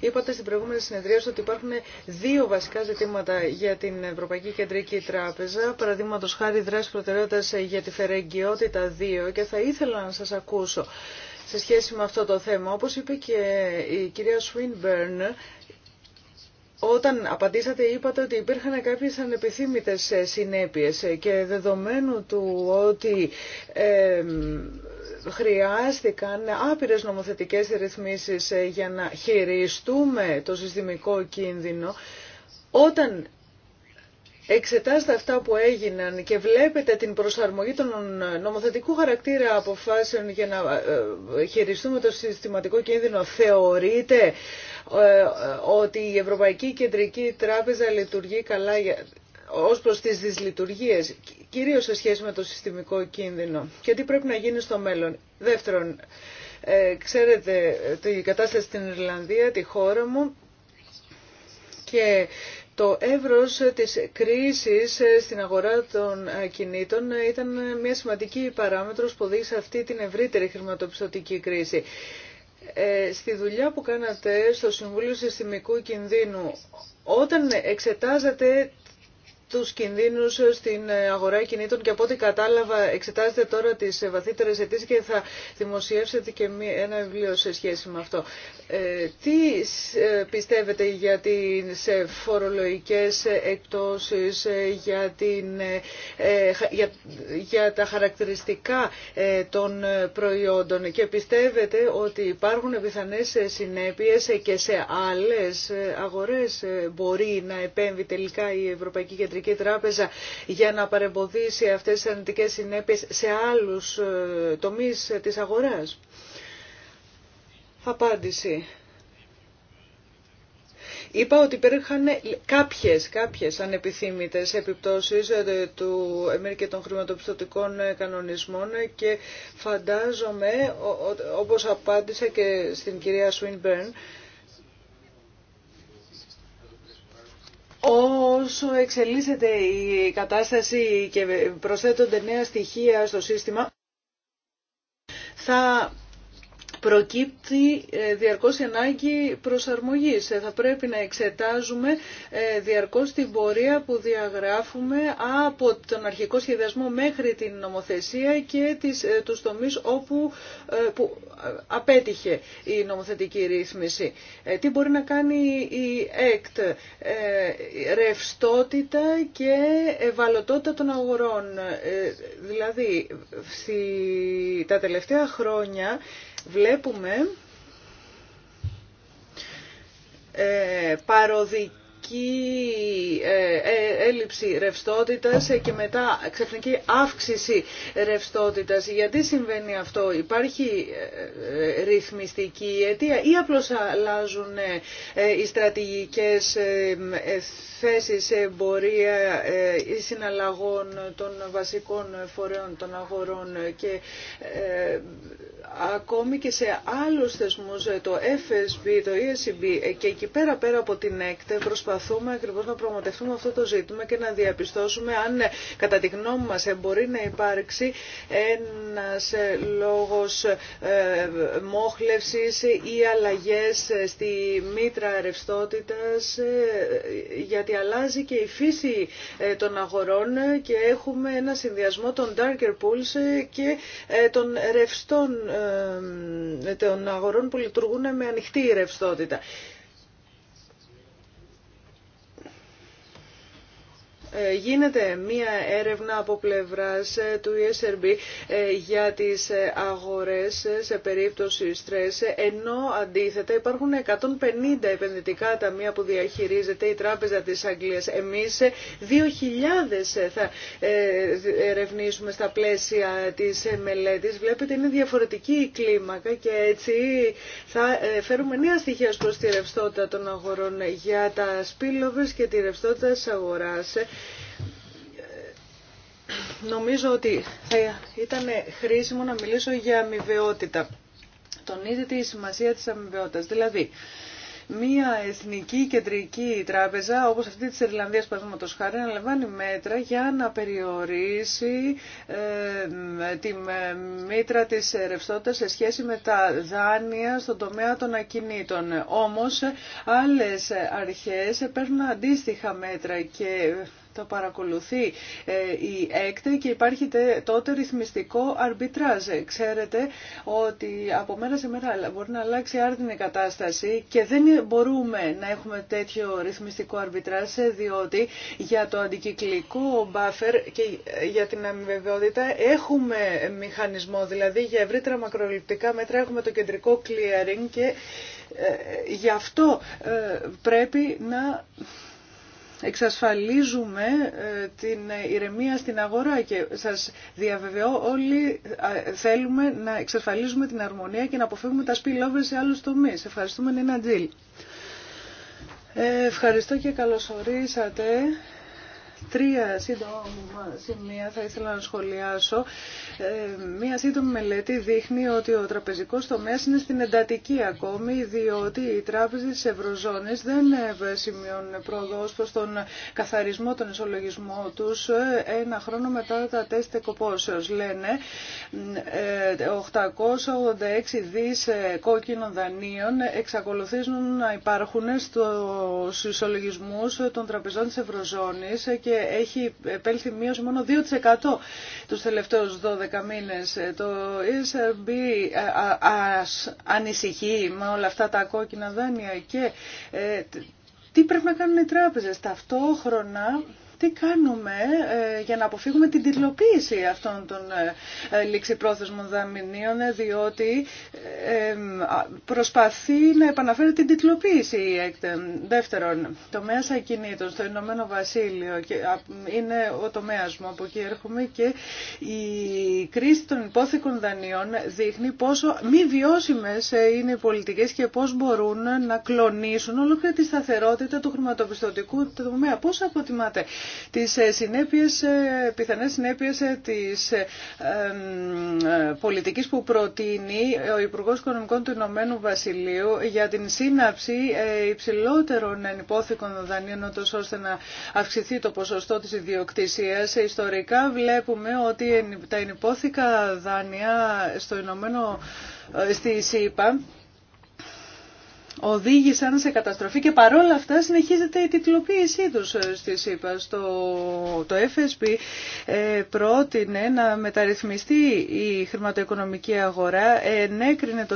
είπατε στην προηγούμενη συνεδρία ότι υπάρχουν δύο βασικά ζητήματα για την Ευρωπαϊκή Κεντρική Τράπεζα. Παραδείγματο χάρη δράση προτεραιότητα για τη φερεγγιότητα 2 και θα ήθελα να σα ακούσω σε σχέση με αυτό το θέμα. Όπως είπε και η κυρία Σουίνμπερν, όταν απαντήσατε είπατε ότι υπήρχαν κάποιες ανεπιθύμητες συνέπειες και δεδομένου του ότι χρειάστηκαν άπειρες νομοθετικές ρυθμίσεις ε, για να χειριστούμε το συστημικό κίνδυνο. Όταν εξετάζετε αυτά που έγιναν και βλέπετε την προσαρμογή των νομοθετικού χαρακτήρα αποφάσεων για να ε, ε, χειριστούμε το συστηματικό κίνδυνο, θεωρείτε ότι η Ευρωπαϊκή Κεντρική Τράπεζα λειτουργεί καλά ως προς τις δυσλειτουργίες, κυρίως σε σχέση με το συστημικό κίνδυνο και τι πρέπει να γίνει στο μέλλον. Δεύτερον, ε, ξέρετε ε, τη κατάσταση στην Ιρλανδία, τη χώρα μου και το εύρος της κρίσης ε, στην αγορά των ε, κινήτων ήταν μια σημαντική παράμετρος που οδήγησε αυτή την ευρύτερη χρηματοπιστωτική κρίση. Ε, στη δουλειά που κάνατε στο Συμβούλιο Συστημικού Κινδύνου, όταν εξετάζατε τους κινδύνους στην αγορά κινήτων και από ό,τι κατάλαβα εξετάζετε τώρα τις βαθύτερες αιτήσεις και θα δημοσιεύσετε και ένα βιβλίο σε σχέση με αυτό. Ε, τι ε, πιστεύετε για τις ε, φορολογικές εκτόσεις, για, την, για, τα χαρακτηριστικά των προϊόντων και πιστεύετε ότι υπάρχουν πιθανές συνέπειες και σε άλλες αγορές μπορεί να επέμβει τελικά η Ευρωπαϊκή Κεντρική η Τράπεζα για να παρεμποδίσει αυτές τις αρνητικές συνέπειες σε άλλους ε, τομείς της αγοράς. Απάντηση. Είπα ότι υπήρχαν κάποιες, κάποιες ανεπιθύμητες επιπτώσεις ε, του ΕΜΕΡ και των χρηματοπιστωτικών ε, κανονισμών και φαντάζομαι, όπως απάντησα και στην κυρία Σουίνμπερν, Όσο εξελίσσεται η κατάσταση και προσθέτονται νέα στοιχεία στο σύστημα, θα προκύπτει ε, διαρκώς η ανάγκη προσαρμογής. Ε, θα πρέπει να εξετάζουμε ε, διαρκώς την πορεία που διαγράφουμε από τον αρχικό σχεδιασμό μέχρι την νομοθεσία και τις, τους τομείς όπου που απέτυχε η νομοθετική ρύθμιση. Τι μπορεί να κάνει η ΕΚΤ, ρευστότητα και ευαλωτότητα των αγορών. Δηλαδή, τα τελευταία χρόνια βλέπουμε ε, παροδική ε, ε, έλλειψη ρευστότητας ε, και μετά ξαφνική αύξηση ρευστότητας. Γιατί συμβαίνει αυτό, υπάρχει ρυθμιστική αιτία ή απλώς αλλάζουν οι στρατηγικές θέσεις εμπορία ή συναλλαγών των βασικών φορέων των αγορών και ακόμη και σε άλλους θεσμούς, ε, το FSB, το ESB ε, και εκεί πέρα πέρα από την ΕΚΤΕ προσπαθούμε ακριβώς να πραγματευτούμε αυτό το ζήτημα και να διαπιστώσουμε αν ε, κατά τη γνώμη μας μπορεί να υπάρξει ένας λόγος μόχλευσης ή αλλαγές στη μήτρα ρευστότητας γιατί αλλάζει και η φύση των αγορών και έχουμε ένα συνδυασμό των darker pools και των ρευστών ε, των αγορών που λειτουργούν με ανοιχτή ρευστότητα. Ε, γίνεται μία έρευνα από πλευράς ε, του ESRB ε, για τις αγορές σε περίπτωση στρες, ενώ αντίθετα υπάρχουν 150 επενδυτικά ταμεία που διαχειρίζεται η Τράπεζα της Αγγλίας. Εμείς 2.000 θα ερευνήσουμε στα πλαίσια της μελέτης. Βλέπετε είναι διαφορετική η κλίμακα και έτσι θα φέρουμε νέα στοιχεία προς τη ρευστότητα των αγορών για τα σπίλοβες και τη ρευστότητα της αγοράς νομίζω ότι θα ήταν χρήσιμο να μιλήσω για αμοιβαιότητα. Τονίζεται η σημασία της αμοιβαιότητας. Δηλαδή, μια εθνική κεντρική τράπεζα, όπως αυτή της Ιρλανδίας παραδείγματος χάρη, να λαμβάνει μέτρα για να περιορίσει ε, τη ε, μήτρα της ρευστότητας σε σχέση με τα δάνεια στον τομέα των ακινήτων. Όμως, άλλες αρχές παίρνουν αντίστοιχα μέτρα και το παρακολουθεί ε, η ΕΚΤΕ και υπάρχει τότε ρυθμιστικό αρμπιτράζ. Ε, ξέρετε ότι από μέρα σε μέρα μπορεί να αλλάξει άρδινη κατάσταση και δεν ε, μπορούμε να έχουμε τέτοιο ρυθμιστικό αρμπιτράζ διότι για το αντικυκλικό buffer και για την αμοιβαιότητα έχουμε μηχανισμό, δηλαδή για ευρύτερα μακροληπτικά μέτρα έχουμε το κεντρικό clearing και γι' αυτό πρέπει να εξασφαλίζουμε ε, την ηρεμία στην αγορά και σας διαβεβαιώ όλοι θέλουμε να εξασφαλίζουμε την αρμονία και να αποφεύγουμε τα spillover σε άλλους τομείς. Ευχαριστούμε Νίνα Τζιλ. Ε, ευχαριστώ και καλωσορίσατε Τρία σύντομα σημεία θα ήθελα να σχολιάσω. Ε, μία σύντομη μελέτη δείχνει ότι ο τραπεζικός τομέας είναι στην εντατική ακόμη, διότι οι τράπεζες της Ευρωζώνης δεν σημειώνουν πρόοδο προς τον καθαρισμό, τον ισολογισμό τους ε, ένα χρόνο μετά τα τεστ εκοπόσεως. Λένε 886 ε, δις κόκκινων δανείων εξακολουθήσουν να υπάρχουν στους ισολογισμούς των τραπεζών της Ευρωζώνης και έχει επέλθει μείωση μόνο 2% τους τελευταίους 12 μήνες. Ε, το ESRB ε, ανησυχεί με όλα αυτά τα κόκκινα δάνεια και ε, τι πρέπει να κάνουν οι τράπεζες. Ταυτόχρονα τι κάνουμε ε, για να αποφύγουμε την τυπλοποίηση αυτών των ε, ε, ληξιπρόθεσμων δαμηνίων, διότι προσπαθεί να επαναφέρει την τυπλοποίηση η ΕΚΤ. Δεύτερον, τομέας ακινήτων στο Ηνωμένο Βασίλειο είναι ο τομέας μου, από εκεί έρχομαι και η κρίση των υπόθηκων δανείων δείχνει πόσο μη βιώσιμες είναι οι πολιτικές και πώς μπορούν να κλονίσουν ολόκληρη τη σταθερότητα του χρηματοπιστωτικού τομέα. Πώ αποτιμάτε τις ε, συνέπειες, ε, πιθανές συνέπειες ε, της πολιτικής που προτείνει ο Υπουργός Οικονομικών του Ηνωμένου Βασιλείου για την σύναψη υψηλότερων ενυπόθηκων δανείων ώστε να αυξηθεί το ποσοστό της ιδιοκτησίας. Ιστορικά βλέπουμε ότι τα ενυπόθηκα δάνεια στο Ηνωμένο στη ΣΥΠΑ οδήγησαν σε καταστροφή και παρόλα αυτά συνεχίζεται η τιτλοποίησή τους ε, στη ΣΥΠΑ. Στο, το FSB ε, πρότεινε να μεταρρυθμιστεί η χρηματοοικονομική αγορά, ενέκρινε το,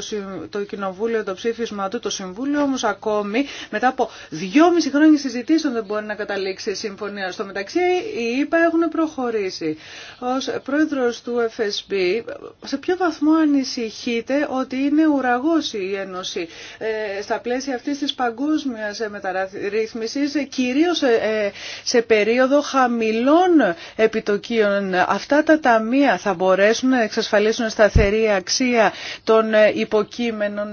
το Κοινοβούλιο το ψήφισμα του, το Συμβούλιο όμως ακόμη μετά από δυόμιση χρόνια συζητήσεων δεν μπορεί να καταλήξει η συμφωνία. Στο μεταξύ οι ΥΠΑ έχουν προχωρήσει. Ως πρόεδρος του FSB, σε ποιο βαθμό ανησυχείτε ότι είναι ουραγός η Ένωση ε, στα πλαίσια αυτής της παγκόσμιας ε, μεταρρύθμισης, ε, κυρίως ε, σε περίοδο χαμηλών επιτοκίων. Αυτά τα ταμεία θα μπορέσουν να εξασφαλίσουν σταθερή αξία των υποκείμενων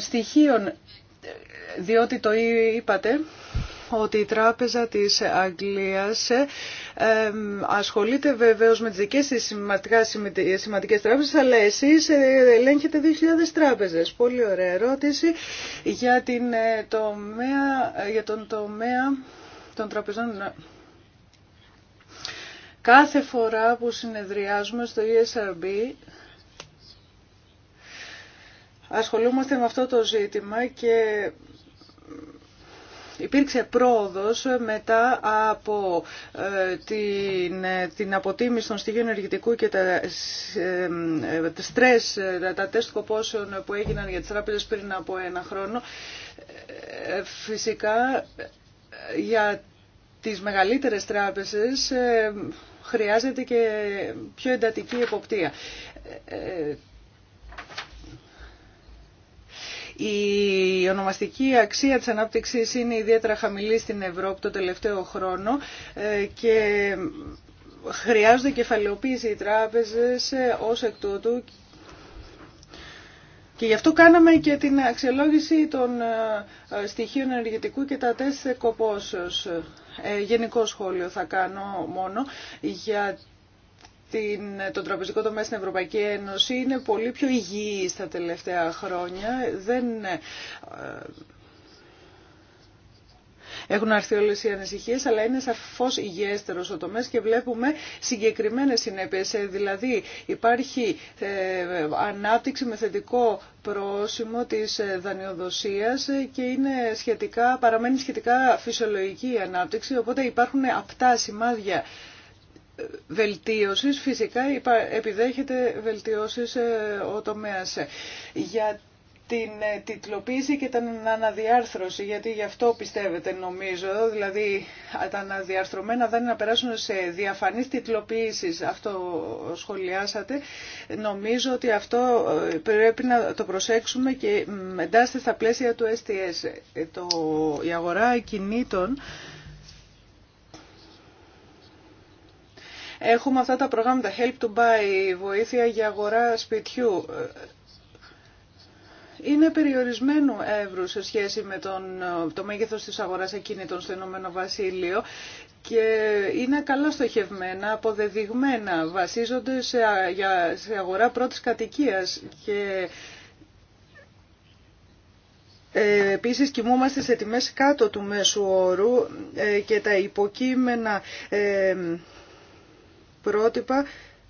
στοιχείων, διότι το είπατε ότι η Τράπεζα της Αγγλίας ασχολείται βεβαίως με τις δικές της σημαντικά, σημαντικές τράπεζες, αλλά εσείς ε, ελέγχετε 2.000 τράπεζες. Πολύ ωραία ερώτηση για, την, ε, τομέα, ε, για τον τομέα των τραπεζών. Κάθε φορά που συνεδριάζουμε στο ESRB ασχολούμαστε με αυτό το ζήτημα και Υπήρξε πρόοδος μετά από ε, την, ε, την αποτίμηση των στοιχείων ενεργητικού και τα ε, στρες, τα τεστ κοπόσεων που έγιναν για τις τράπεζες πριν από ένα χρόνο. Φυσικά για τις μεγαλύτερες τράπεζες χρειάζεται και πιο εντατική εποπτεία. Η ονομαστική αξία της ανάπτυξης είναι ιδιαίτερα χαμηλή στην Ευρώπη το τελευταίο χρόνο ε, και χρειάζονται κεφαλαιοποίηση οι τράπεζες ε, ως εκ τούτου και γι' αυτό κάναμε και την αξιολόγηση των ε, στοιχείων ενεργητικού και τα τεστ κοπόσεως. γενικό σχόλιο θα κάνω μόνο για το τραπεζικό τομέα στην Ευρωπαϊκή Ένωση είναι πολύ πιο υγιή στα τελευταία χρόνια. Δεν ε, έχουν αρθεί όλε οι ανησυχίε, αλλά είναι σαφώς υγιέστερος ο τομέας και βλέπουμε συγκεκριμένε συνέπειες. Ε, δηλαδή, υπάρχει ε, ανάπτυξη με θετικό πρόσημο τη δανειοδοσία και είναι σχετικά, παραμένει σχετικά φυσιολογική η ανάπτυξη, οπότε υπάρχουν απτά σημάδια βελτίωσης. Φυσικά επιδέχεται βελτιώσεις ε, ο τομέας. Για την ε, τιτλοποίηση και την αναδιάρθρωση, γιατί γι' αυτό πιστεύετε νομίζω, δηλαδή τα αναδιαρθρωμένα δεν να περάσουν σε διαφανείς τιτλοποίησεις, αυτό σχολιάσατε, νομίζω ότι αυτό ε, πρέπει να το προσέξουμε και εντάσσεται στα πλαίσια του STS. Το, η αγορά κινήτων Έχουμε αυτά τα προγράμματα Help to Buy, βοήθεια για αγορά σπιτιού. Είναι περιορισμένου εύρου σε σχέση με τον, το μέγεθος της αγοράς ακίνητων στο Ηνωμένο Βασίλειο και είναι καλά στοχευμένα, αποδεδειγμένα, βασίζονται σε, για, σε αγορά πρώτης κατοικίας και ε, επίσης κοιμούμαστε σε τιμές κάτω του μέσου όρου ε, και τα υποκείμενα ε, πρότυπα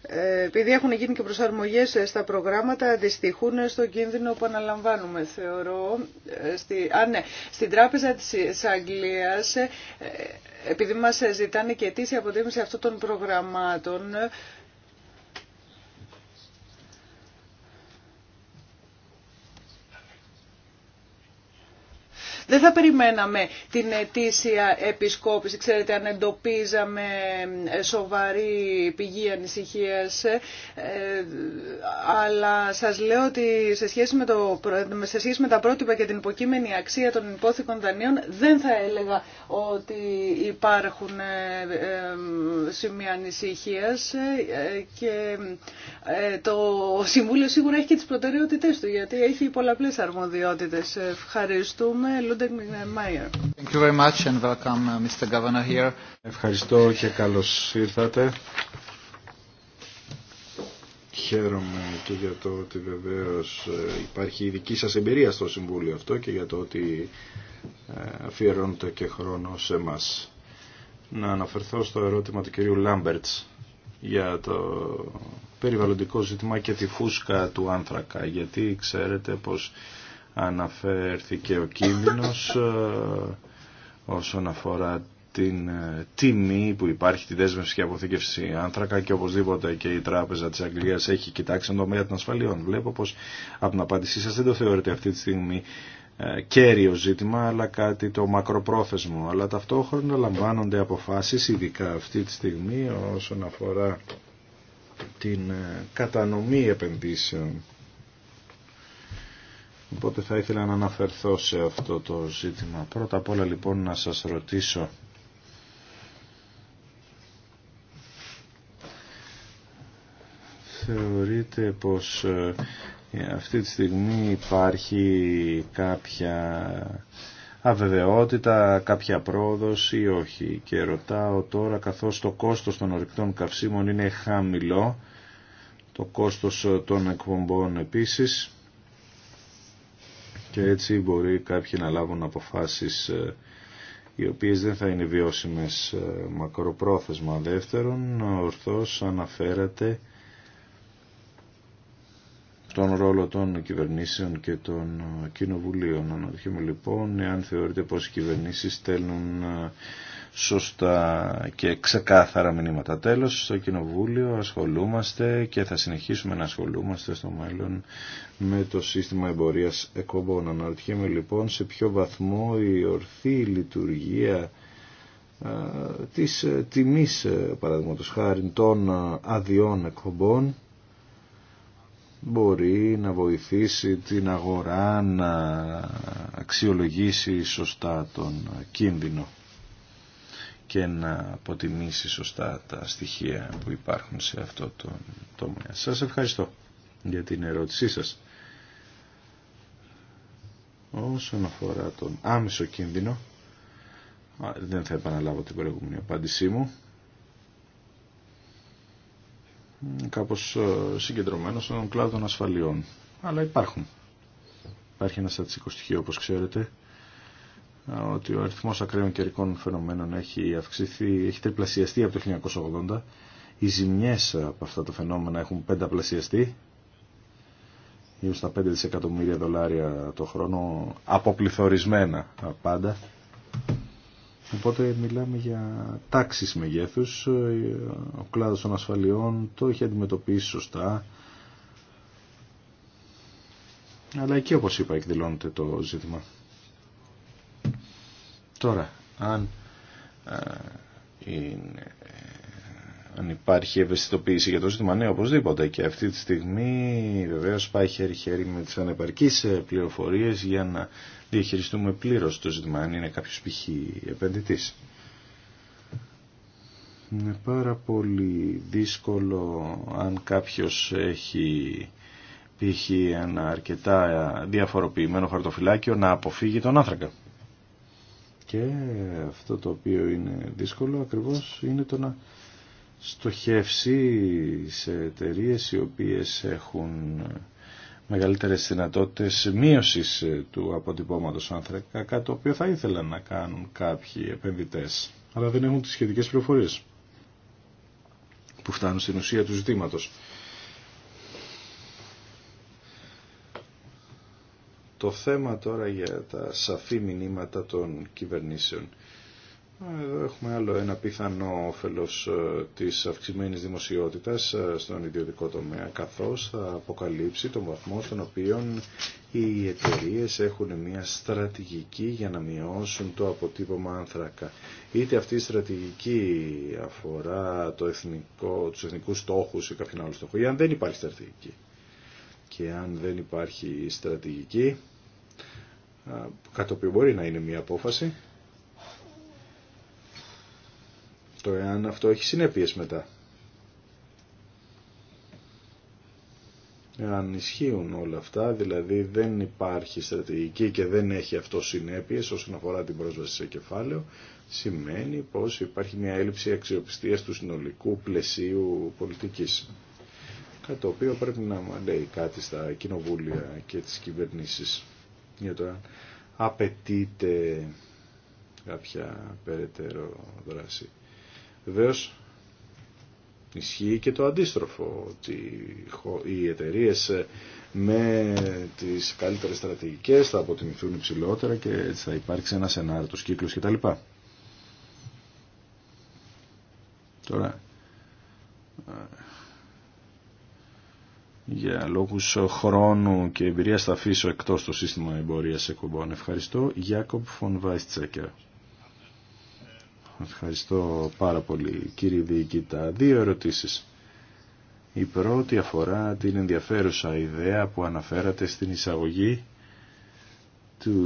ε, επειδή έχουν γίνει και προσαρμογές ε, στα προγράμματα, αντιστοιχούν στο κίνδυνο που αναλαμβάνουμε, θεωρώ. Ε, στη, α, ναι, στην Τράπεζα της Αγγλίας, επειδή μας ζητάνε και αιτήσια αποτίμηση αυτών των προγραμμάτων, Δεν θα περιμέναμε την ετήσια επισκόπηση, ξέρετε, αν εντοπίζαμε ε, σοβαρή πηγή ανησυχίας, ε, αλλά σας λέω ότι σε σχέση με, το, σε σχέση με τα πρότυπα και την υποκείμενη αξία των υπόθηκων δανείων, δεν θα έλεγα ότι υπάρχουν ε, σημεία ανησυχίας και το Συμβούλιο σίγουρα έχει και τις προτεραιότητες του, γιατί έχει πολλαπλέ αρμοδιότητε. Ευχαριστούμε. Ευχαριστώ και καλώς ήρθατε. Χαίρομαι και για το ότι βεβαίως ε, υπάρχει η δική σας εμπειρία στο Συμβούλιο αυτό και για το ότι ε, αφιερώνεται και χρόνο σε μας. Να αναφερθώ στο ερώτημα του κυρίου Λάμπερτς για το περιβαλλοντικό ζήτημα και τη φούσκα του άνθρακα γιατί ξέρετε πως αναφέρθηκε ο κίνδυνος ε, όσον αφορά την ε, τιμή που υπάρχει, τη δέσμευση και αποθήκευση άνθρακα και οπωσδήποτε και η Τράπεζα της Αγγλίας έχει κοιτάξει τον τομέα των ασφαλιών. Βλέπω πως από την απάντησή σας δεν το θεωρείτε αυτή τη στιγμή ε, κέριο ζήτημα αλλά κάτι το μακροπρόθεσμο αλλά ταυτόχρονα λαμβάνονται αποφάσεις ειδικά αυτή τη στιγμή όσον αφορά την κατανομή επενδύσεων Οπότε θα ήθελα να αναφερθώ σε αυτό το ζήτημα. Πρώτα απ' όλα λοιπόν να σας ρωτήσω θεωρείτε πως ε, αυτή τη στιγμή υπάρχει κάποια αβεβαιότητα, κάποια πρόοδος ή όχι. Και ρωτάω τώρα καθώς το κόστος των ορυκτών καυσίμων είναι χαμηλό, το κόστος των εκπομπών επίσης, και έτσι μπορεί κάποιοι να λάβουν αποφάσεις ε, οι οποίες δεν θα είναι βιώσιμες ε, μακροπρόθεσμα. Δεύτερον, ορθώς αναφέρατε τον ρόλο των κυβερνήσεων και των ε, κοινοβουλίων. Αναρωτιέμαι λοιπόν εάν θεωρείτε πως οι κυβερνήσεις στέλνουν σωστά και ξεκάθαρα μηνύματα. Τέλος, στο Κοινοβούλιο ασχολούμαστε και θα συνεχίσουμε να ασχολούμαστε στο μέλλον με το σύστημα εμπορίας εκπομπών. Αναρωτιέμαι λοιπόν σε ποιο βαθμό η ορθή λειτουργία α, της ε, τιμής, ε, παραδείγματος χάρη, των ε, αδειών εκπομπών μπορεί να βοηθήσει την αγορά να αξιολογήσει σωστά τον κίνδυνο και να αποτιμήσει σωστά τα στοιχεία που υπάρχουν σε αυτό το τομέα. Σας ευχαριστώ για την ερώτησή σας. Όσον αφορά τον άμεσο κίνδυνο, δεν θα επαναλάβω την προηγούμενη απάντησή μου, κάπως ε, συγκεντρωμένο στον κλάδο των ασφαλιών. Αλλά υπάρχουν. Υπάρχει ένα στατιστικό στοιχείο, όπως ξέρετε, ότι ο αριθμός ακραίων καιρικών φαινομένων έχει αυξηθεί, έχει τριπλασιαστεί από το 1980. Οι ζημιές από αυτά τα φαινόμενα έχουν πενταπλασιαστεί, γύρω στα 5 δισεκατομμύρια δολάρια το χρόνο, αποπληθωρισμένα πάντα. Οπότε μιλάμε για τάξεις μεγέθους. Ο κλάδος των ασφαλιών το είχε αντιμετωπίσει σωστά. Αλλά εκεί όπως είπα εκδηλώνεται το ζήτημα. Τώρα, αν, ε, ε, αν υπάρχει ευαισθητοποίηση για το ζήτημα, ναι, οπωσδήποτε. Και αυτή τη στιγμή βεβαίως πάει χέρι-χέρι με τις ανεπαρκείς ε, πληροφορίες για να διαχειριστούμε πλήρως το ζήτημα, αν είναι κάποιος π.χ. επενδυτής. Είναι πάρα πολύ δύσκολο αν κάποιος έχει π.χ. ένα αρκετά διαφοροποιημένο χαρτοφυλάκιο να αποφύγει τον άνθρακα. Και αυτό το οποίο είναι δύσκολο ακριβώς είναι το να στοχεύσει σε εταιρείε οι οποίες έχουν μεγαλύτερες δυνατότητες μείωσης του αποτυπώματος άνθρακα, κάτι το οποίο θα ήθελαν να κάνουν κάποιοι επενδυτές, αλλά δεν έχουν τις σχετικές πληροφορίες που φτάνουν στην ουσία του ζητήματος. Το θέμα τώρα για τα σαφή μηνύματα των κυβερνήσεων. Ε, εδώ έχουμε άλλο ένα πιθανό όφελος ε, της αυξημένης δημοσιότητας ε, στον ιδιωτικό τομέα, καθώς θα αποκαλύψει τον βαθμό στον οποίο οι εταιρείε έχουν μια στρατηγική για να μειώσουν το αποτύπωμα άνθρακα. Είτε αυτή η στρατηγική αφορά το εθνικό, τους εθνικούς στόχους ή κάποιον άλλο στόχο, αν δεν υπάρχει στρατηγική και αν δεν υπάρχει στρατηγική, κατόπιν μπορεί να είναι μια απόφαση, το εάν αυτό έχει συνέπειες μετά. αν ισχύουν όλα αυτά, δηλαδή δεν υπάρχει στρατηγική και δεν έχει αυτό συνέπειες όσον αφορά την πρόσβαση σε κεφάλαιο, σημαίνει πως υπάρχει μια έλλειψη αξιοπιστίας του συνολικού πλαισίου πολιτικής το οποίο πρέπει να λέει κάτι στα κοινοβούλια και τις κυβερνήσεις για το αν απαιτείται κάποια περαιτέρω δράση. Βεβαίω ισχύει και το αντίστροφο ότι οι εταιρείε ε, με τις καλύτερες στρατηγικές θα αποτιμηθούν υψηλότερα και έτσι θα υπάρξει ένας και κύκλος κτλ. Τώρα, για λόγους χρόνου και εμπειρίας θα αφήσω εκτός το σύστημα εμπορίας εκπομπών. Ευχαριστώ. Γιάκοπ Φον Βάιστσέκερ. Ευχαριστώ πάρα πολύ κύριε Διοικητά. Δύο ερωτήσεις. Η πρώτη αφορά την ενδιαφέρουσα ιδέα που αναφέρατε στην εισαγωγή του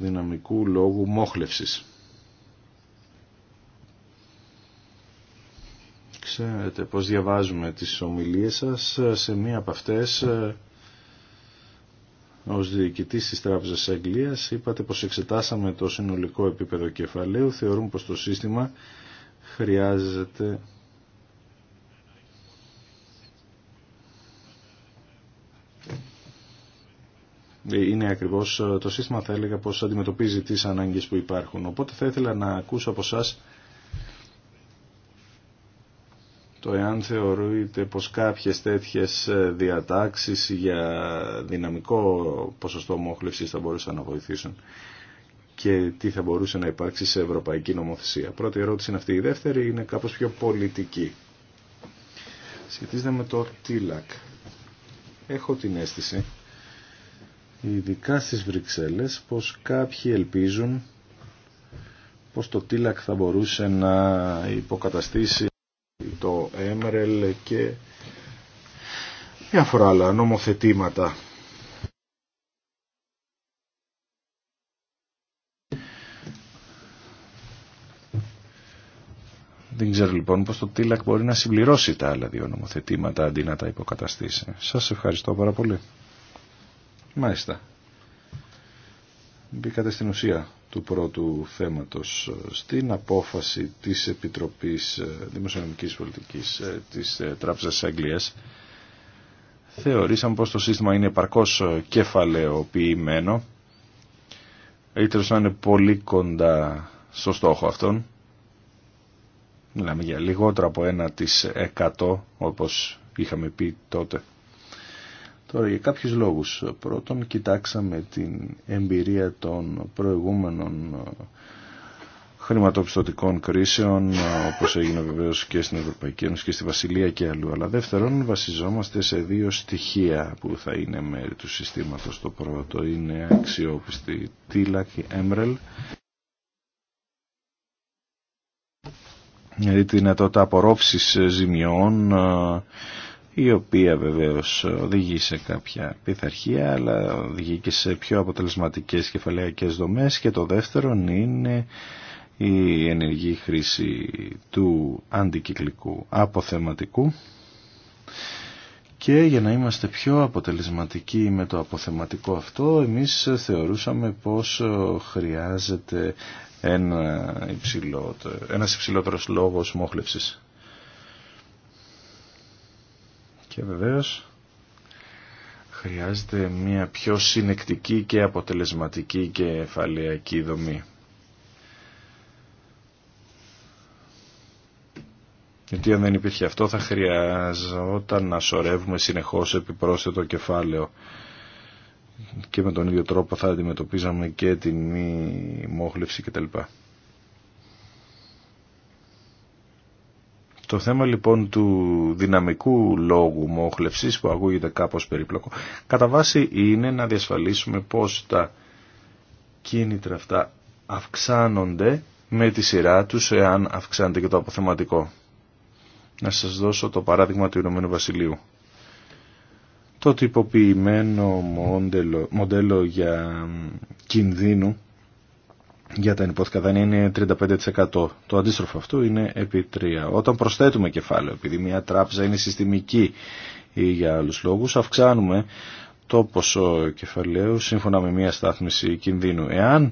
δυναμικού λόγου μόχλευσης. ξέρετε πώς διαβάζουμε τις ομιλίες σας. Σε μία από αυτές, ε, ως διοικητής της Τράπεζας Αγγλίας, είπατε πως εξετάσαμε το συνολικό επίπεδο κεφαλαίου. Θεωρούμε πως το σύστημα χρειάζεται είναι ακριβώς ε, το σύστημα θα έλεγα πως αντιμετωπίζει τις ανάγκες που υπάρχουν. Οπότε θα ήθελα να ακούσω από σας το εάν θεωρείτε πως κάποιες τέτοιες ε, διατάξεις για δυναμικό ποσοστό μόχλευσης θα μπορούσαν να βοηθήσουν και τι θα μπορούσε να υπάρξει σε ευρωπαϊκή νομοθεσία. Πρώτη ερώτηση είναι αυτή. Η δεύτερη είναι κάπως πιο πολιτική. Σχετίζεται με το TILAC. Έχω την αίσθηση, ειδικά στις Βρυξέλλες, πως κάποιοι ελπίζουν πως το ΤΙΛΑΚ θα μπορούσε να υποκαταστήσει το ΕΜΡΕΛ και διάφορα άλλα νομοθετήματα. Δεν ξέρω λοιπόν πως το ΤΙΛΑΚ μπορεί να συμπληρώσει τα άλλα δύο νομοθετήματα αντί να τα υποκαταστήσει. Σας ευχαριστώ πάρα πολύ. Μάλιστα. Μπήκατε στην ουσία του πρώτου θέματος ε, στην απόφαση της Επιτροπής ε, Δημοσιονομικής Πολιτικής ε, της Τράπεζας Αγγλίας θεωρήσαμε πως το σύστημα είναι επαρκώς κεφαλαιοποιημένο ή να είναι πολύ κοντά στο στόχο αυτόν μιλάμε για λιγότερο από 1% όπως είχαμε πει τότε Τώρα για κάποιους λόγους. Πρώτον κοιτάξαμε την εμπειρία των προηγούμενων ε, χρηματοπιστωτικών κρίσεων ε, όπως έγινε βεβαίως και στην Ευρωπαϊκή Ένωση και στη Βασιλεία και αλλού. Αλλά δεύτερον βασιζόμαστε σε δύο στοιχεία που θα είναι μέρη του συστήματος. Το πρώτο είναι αξιόπιστη TILAC και EMREL. Δηλαδή τη δυνατότητα απορρόφησης ε, ζημιών η οποία βεβαίως οδηγεί σε κάποια πειθαρχία αλλά οδηγεί και σε πιο αποτελεσματικές κεφαλαιακές δομές και το δεύτερο είναι η ενεργή χρήση του αντικυκλικού αποθεματικού και για να είμαστε πιο αποτελεσματικοί με το αποθεματικό αυτό εμείς θεωρούσαμε πως χρειάζεται ένα υψηλότερο, ένας υψηλότερος λόγος μόχλευσης. Και βεβαίως χρειάζεται μια πιο συνεκτική και αποτελεσματική και δομή. Γιατί αν δεν υπήρχε αυτό θα χρειαζόταν να σωρεύουμε συνεχώς επιπρόσθετο κεφάλαιο και με τον ίδιο τρόπο θα αντιμετωπίζαμε και την μη μόχλευση κτλ. Το θέμα λοιπόν του δυναμικού λόγου μόχλευσης που αγούγεται κάπως περίπλοκο κατά βάση είναι να διασφαλίσουμε πως τα κίνητρα αυτά αυξάνονται με τη σειρά τους εάν αυξάνεται και το αποθεματικό. Να σας δώσω το παράδειγμα του Ηνωμένου Βασιλείου. Το τυποποιημένο μοντέλο, μοντέλο για κινδύνου για τα ενυπόθηκα δάνεια είναι 35%. Το αντίστροφο αυτού είναι επί 3. Όταν προσθέτουμε κεφάλαιο, επειδή μια τράπεζα είναι συστημική ή για άλλους λόγους, αυξάνουμε το ποσό κεφαλαίου σύμφωνα με μια στάθμιση κινδύνου. Εάν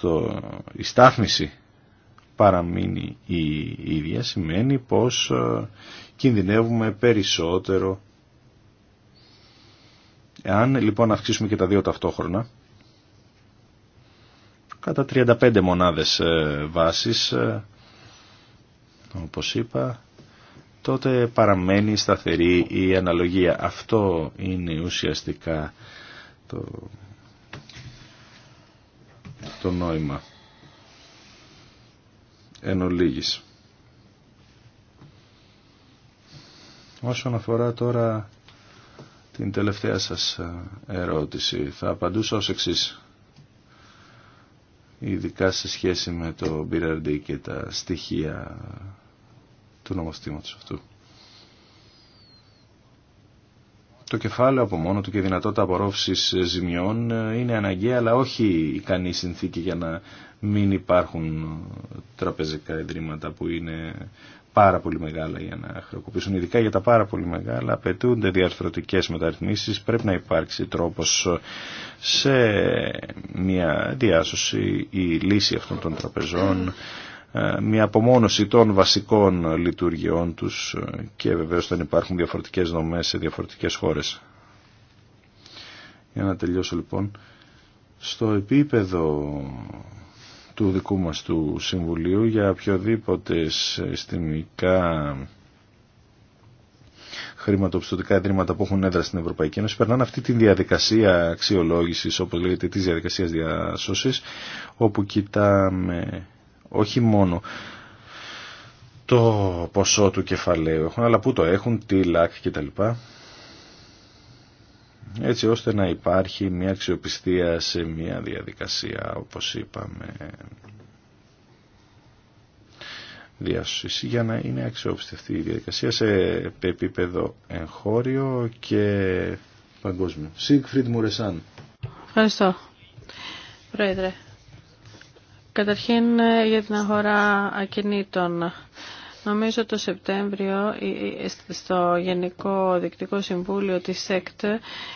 το, η στάθμιση παραμείνει η ίδια, σημαίνει πως ε, κινδυνεύουμε περισσότερο. Εάν λοιπόν αυξήσουμε και τα δύο ταυτόχρονα, κατά 35 μονάδες ε, βάσης, ε, όπως είπα, τότε παραμένει σταθερή η αναλογία. Αυτό είναι ουσιαστικά το, το νόημα εν ολίγης. Όσον αφορά τώρα την τελευταία σας ε, ερώτηση, θα απαντούσα ως εξής ειδικά σε σχέση με το BRD και τα στοιχεία του νομοστήματος αυτού. Το κεφάλαιο από μόνο του και η δυνατότητα απορρόφησης ζημιών είναι αναγκαία αλλά όχι ικανή συνθήκη για να μην υπάρχουν τραπεζικά ιδρύματα που είναι πάρα πολύ μεγάλα για να χρεοκοπήσουν. Ειδικά για τα πάρα πολύ μεγάλα απαιτούνται διαρθρωτικές μεταρρυθμίσεις. Πρέπει να υπάρξει τρόπος σε μια διάσωση ή λύση αυτών των τραπεζών ε, μια απομόνωση των βασικών λειτουργιών τους ε, και βεβαίως δεν υπάρχουν διαφορετικές δομές σε διαφορετικές χώρες. Για να τελειώσω λοιπόν, στο επίπεδο του δικού μας του Συμβουλίου για οποιοδήποτε συστημικά χρηματοπιστωτικά ιδρύματα που έχουν έδρα στην Ευρωπαϊκή Ένωση περνάνε αυτή τη διαδικασία αξιολόγησης, όπως λέγεται, της διαδικασίας διασώσης, όπου κοιτάμε όχι μόνο το ποσό του κεφαλαίου έχουν, αλλά πού το έχουν, τι λακ κτλ έτσι ώστε να υπάρχει μια αξιοπιστία σε μια διαδικασία όπως είπαμε διάσωσης για να είναι αξιόπιστη η διαδικασία σε επίπεδο εγχώριο και παγκόσμιο. Σίγκφριντ Μουρεσάν. Ευχαριστώ. Πρόεδρε, καταρχήν ε, για την αγορά ακινήτων. Νομίζω το Σεπτέμβριο στο Γενικό Δικτικό Συμβούλιο της ΣΕΚΤ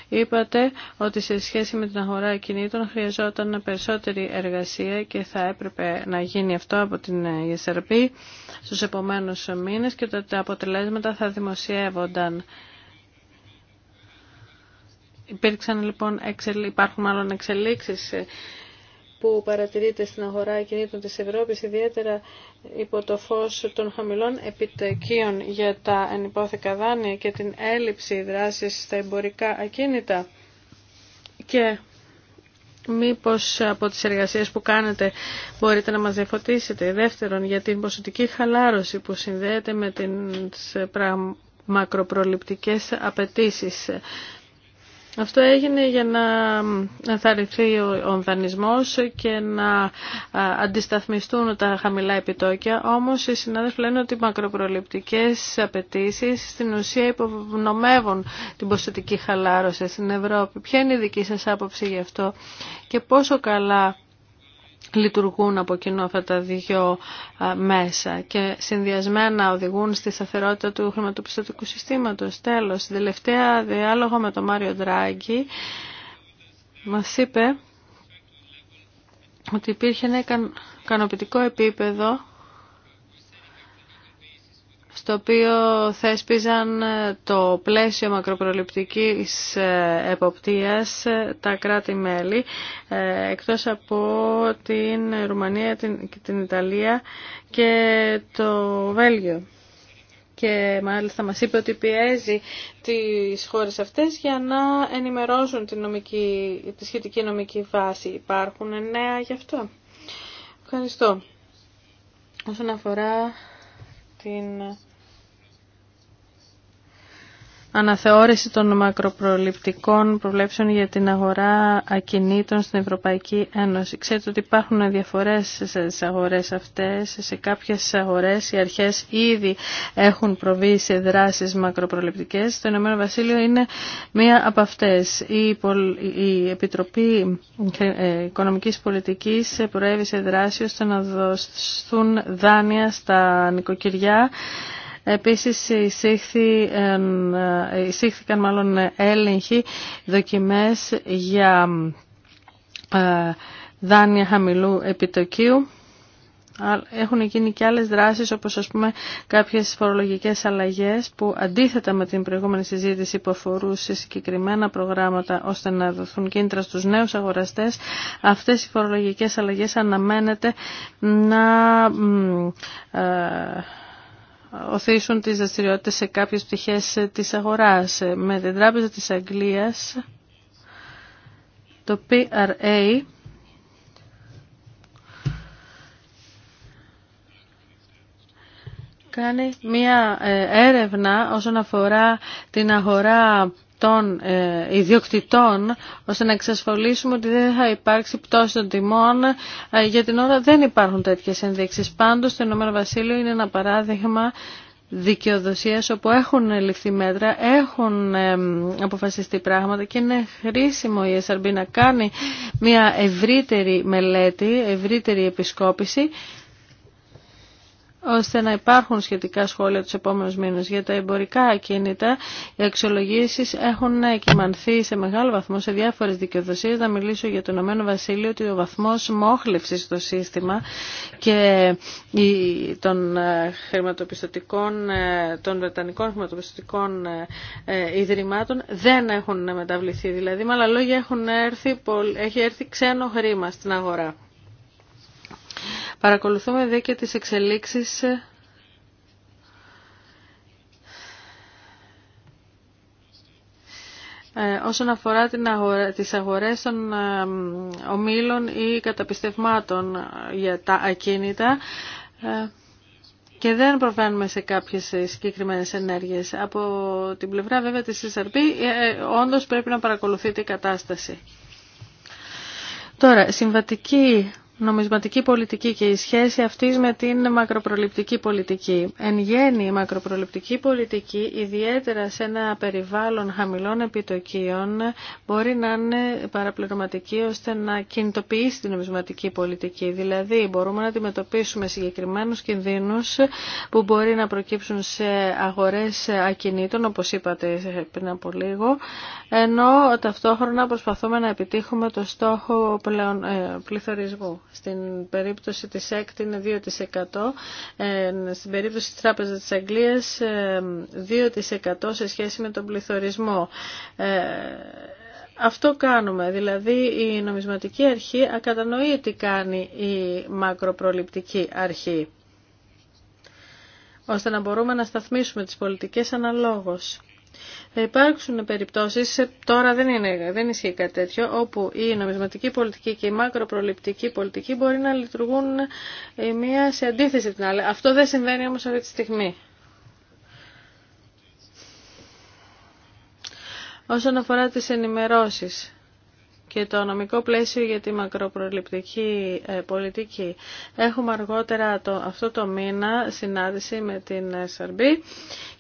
είπατε ότι σε σχέση με την αγορά κινήτων χρειαζόταν περισσότερη εργασία και θα έπρεπε να γίνει αυτό από την ΕΣΡΠ στους επόμενους μήνες και τα αποτελέσματα θα δημοσιεύονταν. Υπήρξαν λοιπόν, υπάρχουν μάλλον εξελίξεις που παρατηρείται στην αγορά κινήτων της Ευρώπης, ιδιαίτερα υπό το φως των χαμηλών επιτεκίων για τα ενυπόθηκα δάνεια και την έλλειψη δράσης στα εμπορικά ακίνητα. Και μήπως από τις εργασίες που κάνετε μπορείτε να μας διαφωτίσετε. Δεύτερον, για την ποσοτική χαλάρωση που συνδέεται με τις μακροπροληπτικές απαιτήσεις αυτό έγινε για να ενθαρρυνθεί ο δανεισμός και να αντισταθμιστούν τα χαμηλά επιτόκια. Όμως οι συνάδελφοι λένε ότι οι μακροπροληπτικές απαιτήσει στην ουσία υπονομεύουν την ποσοτική χαλάρωση στην Ευρώπη. Ποια είναι η δική σας άποψη γι' αυτό και πόσο καλά λειτουργούν από κοινού αυτά τα δύο μέσα και συνδυασμένα οδηγούν στη σταθερότητα του χρηματοπιστωτικού συστήματος. Τέλος, στην τελευταία διάλογο με τον Μάριο Ντράγκη μας είπε ότι υπήρχε ένα ικανοποιητικό επίπεδο στο οποίο θέσπιζαν ε, το πλαίσιο μακροπροληπτικής ε, εποπτείας ε, τα κράτη-μέλη, εκτός από την Ρουμανία, και την Ιταλία και το Βέλγιο. Και μάλιστα μας είπε ότι πιέζει τις χώρες αυτές για να ενημερώσουν την νομική, τη σχετική νομική βάση. Υπάρχουν νέα γι' αυτό. Ευχαριστώ. Όσον αφορά την αναθεώρηση των μακροπροληπτικών προβλέψεων για την αγορά ακινήτων στην Ευρωπαϊκή Ένωση. Ξέρετε ότι υπάρχουν διαφορές στις αγορές αυτές. Σε κάποιες αγορές οι αρχές ήδη έχουν προβεί σε δράσεις μακροπροληπτικές. Το Ηνωμένο Βασίλειο είναι μία από αυτές. Η Επιτροπή Οικονομικής Πολιτικής προέβησε δράση ώστε να δοθούν δάνεια στα νοικοκυριά Επίσης εισήχθη, εισήχθηκαν μάλλον έλεγχοι δοκιμές για ε, δάνεια χαμηλού επιτοκίου. Έχουν γίνει και άλλες δράσεις όπως ας πούμε κάποιες φορολογικές αλλαγές που αντίθετα με την προηγούμενη συζήτηση που αφορούσε συγκεκριμένα προγράμματα ώστε να δοθούν κίνητρα στους νέους αγοραστές αυτές οι φορολογικές αλλαγές αναμένεται να ε, οθήσουν τις δραστηριότητες σε κάποιες πτυχές της αγοράς. Με την Τράπεζα της Αγγλίας, το PRA, κάνει μία ε, έρευνα όσον αφορά την αγορά των ε, ιδιοκτητών ώστε να εξασφαλίσουμε ότι δεν θα υπάρξει πτώση των τιμών. Ε, για την ώρα δεν υπάρχουν τέτοιες ενδείξεις. Πάντως το Ηνωμένο Βασίλειο είναι ένα παράδειγμα δικαιοδοσίας όπου έχουν ληφθεί μέτρα, έχουν ε, αποφασιστεί πράγματα και είναι χρήσιμο η SRB να κάνει μια ευρύτερη μελέτη, ευρύτερη επισκόπηση ώστε να υπάρχουν σχετικά σχόλια τους επόμενους μήνες. Για τα εμπορικά ακίνητα, οι αξιολογήσεις έχουν κυμανθεί σε μεγάλο βαθμό σε διάφορες δικαιοδοσίες. Να μιλήσω για το Ηνωμένο Βασίλειο ότι ο βαθμός μόχλευσης στο σύστημα και των ε, χρηματοπιστωτικών, ε, των βρετανικών χρηματοπιστωτικών ε, ιδρυμάτων δεν έχουν μεταβληθεί. Δηλαδή, με άλλα λόγια, έχουν έρθει, έχει έρθει ξένο χρήμα στην αγορά. Παρακολουθούμε δε και τις εξελίξεις ε, ε, όσον αφορά την αγορά, τις αγορές των ε, ομίλων ή καταπιστευμάτων για τα ακίνητα και δεν προβαίνουμε σε κάποιες συγκεκριμένες ενέργειες. Από την πλευρά βέβαια της SRP όντως πρέπει να παρακολουθείτε η κατάσταση. Τώρα, συμβατική νομισματική πολιτική και η σχέση αυτής με την μακροπροληπτική πολιτική. Εν γέννη, η μακροπροληπτική πολιτική, ιδιαίτερα σε ένα περιβάλλον χαμηλών επιτοκίων, μπορεί να είναι παραπληρωματική ώστε να κινητοποιήσει την νομισματική πολιτική. Δηλαδή, μπορούμε να αντιμετωπίσουμε συγκεκριμένους κινδύνους που μπορεί να προκύψουν σε αγορές ακινήτων, όπως είπατε πριν από λίγο, ενώ ταυτόχρονα προσπαθούμε να επιτύχουμε το στόχο ε, πληθωρισμού. Στην περίπτωση της ΕΚΤ είναι 2%. στην περίπτωση της Τράπεζας της Αγγλίας 2% ε, σε σχέση με τον πληθωρισμό. Ε, αυτό κάνουμε, δηλαδή η νομισματική αρχή ακατανοεί τι κάνει η μακροπροληπτική αρχή, ώστε να μπορούμε να σταθμίσουμε τις πολιτικές αναλόγως. Θα υπάρξουν περιπτώσεις, τώρα δεν, είναι, δεν ισχύει κάτι τέτοιο, όπου η νομισματική πολιτική και η μακροπροληπτική πολιτική μπορεί να λειτουργούν η ε, μία σε αντίθεση την άλλη. Αυτό δεν συμβαίνει όμως αυτή τη στιγμή. Όσον αφορά τις ενημερώσεις, και το νομικό πλαίσιο για τη μακροπροληπτική ε, πολιτική. Έχουμε αργότερα το, αυτό το μήνα συνάντηση με την SRB ε,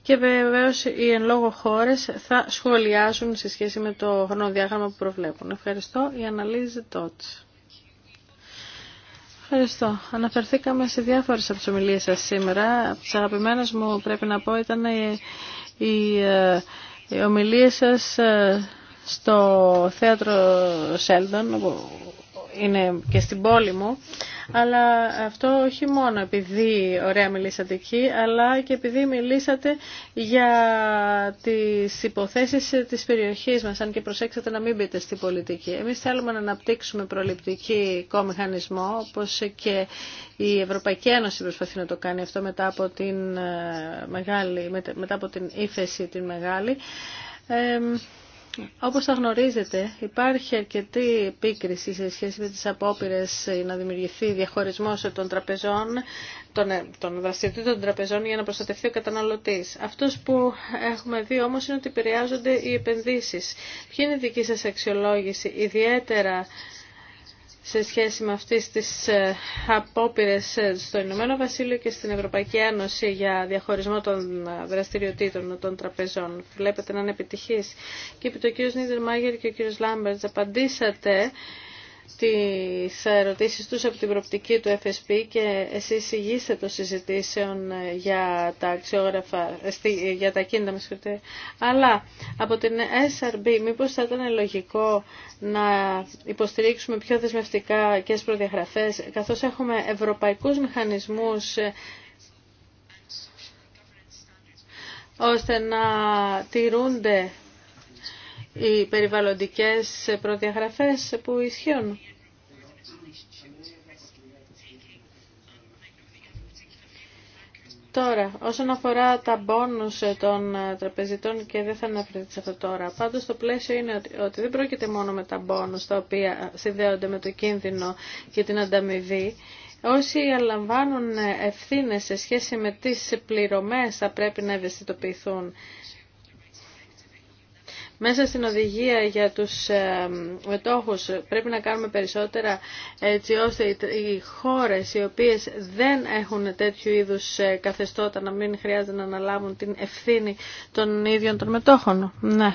και βεβαίως οι εν λόγω χώρες θα σχολιάσουν σε σχέση με το χρονοδιάγραμμα που προβλέπουν. Ευχαριστώ. Η αναλύση τότε. Ευχαριστώ. Αναφερθήκαμε σε διάφορες από τις ομιλίες σας σήμερα. Από τις μου πρέπει να πω ήταν οι, οι, ε, οι ομιλίες σας στο θέατρο Σέλντον είναι και στην πόλη μου, αλλά αυτό όχι μόνο επειδή ωραία μιλήσατε εκεί, αλλά και επειδή μιλήσατε για τις υποθέσεις της περιοχής μας, αν και προσέξατε να μην μπείτε στην πολιτική. Εμείς θέλουμε να αναπτύξουμε προληπτική κομμηχανισμό, όπως και η Ευρωπαϊκή Ένωση προσπαθεί να το κάνει αυτό μετά από την, ε, μεγάλη, μετά από την ύφεση την μεγάλη. Ε, όπως θα γνωρίζετε, υπάρχει αρκετή επίκριση σε σχέση με τις απόπειρες να δημιουργηθεί διαχωρισμός των τραπεζών, των, ε, των δραστηριοτήτων των τραπεζών για να προστατευτεί ο καταναλωτής. Αυτός που έχουμε δει όμως είναι ότι επηρεάζονται οι επενδύσεις. Ποια είναι η δική σας αξιολόγηση, ιδιαίτερα σε σχέση με αυτές τις ε, απόπειρες ε, στο Ηνωμένο Βασίλειο και στην Ευρωπαϊκή Ένωση για διαχωρισμό των ε, δραστηριοτήτων των τραπεζών. Βλέπετε να είναι επιτυχής. Και επί το κύριο Νίδερ Μάγερ και ο κύριος Λάμπερτς απαντήσατε τις ερωτήσεις τους από την προπτική του FSP και εσείς ηγείστε το συζητήσεων ε, για τα αξιόγραφα, ε, ε, για τα κίνητα, με Αλλά από την SRB μήπως θα ήταν λογικό να υποστηρίξουμε πιο δεσμευτικά και τις προδιαγραφές, καθώς έχουμε ευρωπαϊκούς μηχανισμούς ώστε να τηρούνται οι περιβαλλοντικές προδιαγραφές που ισχύουν. Τώρα, όσον αφορά τα μπόνους των τραπεζιτών και δεν θα αναφερθεί σε αυτό τώρα, πάντως το πλαίσιο είναι ότι, δεν πρόκειται μόνο με τα μπόνους τα οποία συνδέονται με το κίνδυνο και την ανταμοιβή. Όσοι αναλαμβάνουν ευθύνες σε σχέση με τις πληρωμές θα πρέπει να ευαισθητοποιηθούν μέσα στην οδηγία για τους ε, μετόχους πρέπει να κάνουμε περισσότερα έτσι ώστε οι χώρες οι οποίες δεν έχουν τέτοιου είδους ε, καθεστώτα να μην χρειάζεται να αναλάβουν την ευθύνη των ίδιων των μετόχων. Ναι.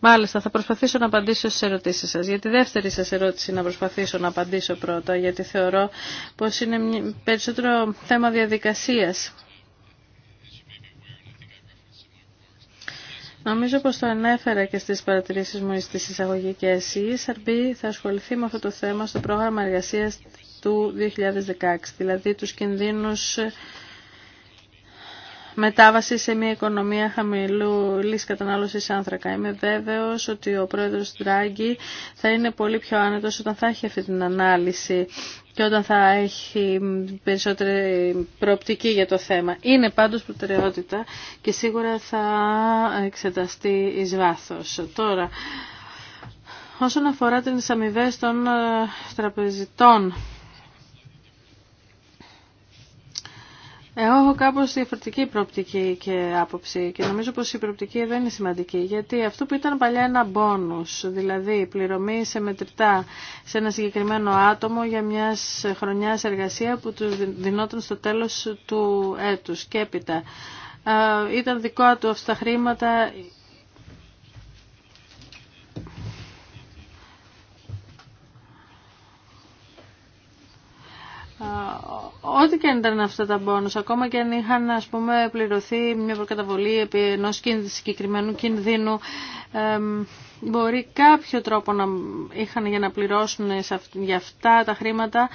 Μάλιστα, θα προσπαθήσω να απαντήσω στις ερωτήσεις σας. Για τη δεύτερη σας ερώτηση να προσπαθήσω να απαντήσω πρώτα, γιατί θεωρώ πως είναι περισσότερο θέμα διαδικασίας Νομίζω πως το ανέφερα και στις παρατηρήσεις μου στις εισαγωγικές. Η ESRB θα ασχοληθεί με αυτό το θέμα στο πρόγραμμα εργασίας του 2016, δηλαδή τους κινδύνους μετάβαση σε μια οικονομία χαμηλού λύση κατανάλωση άνθρακα. Είμαι βέβαιο ότι ο πρόεδρο Τράγκη θα είναι πολύ πιο άνετο όταν θα έχει αυτή την ανάλυση και όταν θα έχει περισσότερη προοπτική για το θέμα. Είναι πάντως προτεραιότητα και σίγουρα θα εξεταστεί εις βάθος. Τώρα, όσον αφορά τις αμοιβέ των ε, τραπεζιτών, Εγώ έχω κάπως διαφορετική προοπτική και άποψη και νομίζω πως η προοπτική δεν είναι σημαντική γιατί αυτό που ήταν παλιά ένα μπόνους, δηλαδή πληρωμή σε μετρητά σε ένα συγκεκριμένο άτομο για μια χρονιά εργασία που του δινόταν στο τέλος του έτους και έπειτα ε, ήταν δικό του αυτά τα χρήματα ό,τι και αν ήταν αυτά τα μπόνους, ακόμα και αν είχαν ας πούμε, πληρωθεί μια προκαταβολή επί ενός συγκεκριμένου κινδύνου, μπορεί κάποιο τρόπο να είχαν για να πληρώσουν για αυτά τα χρήματα.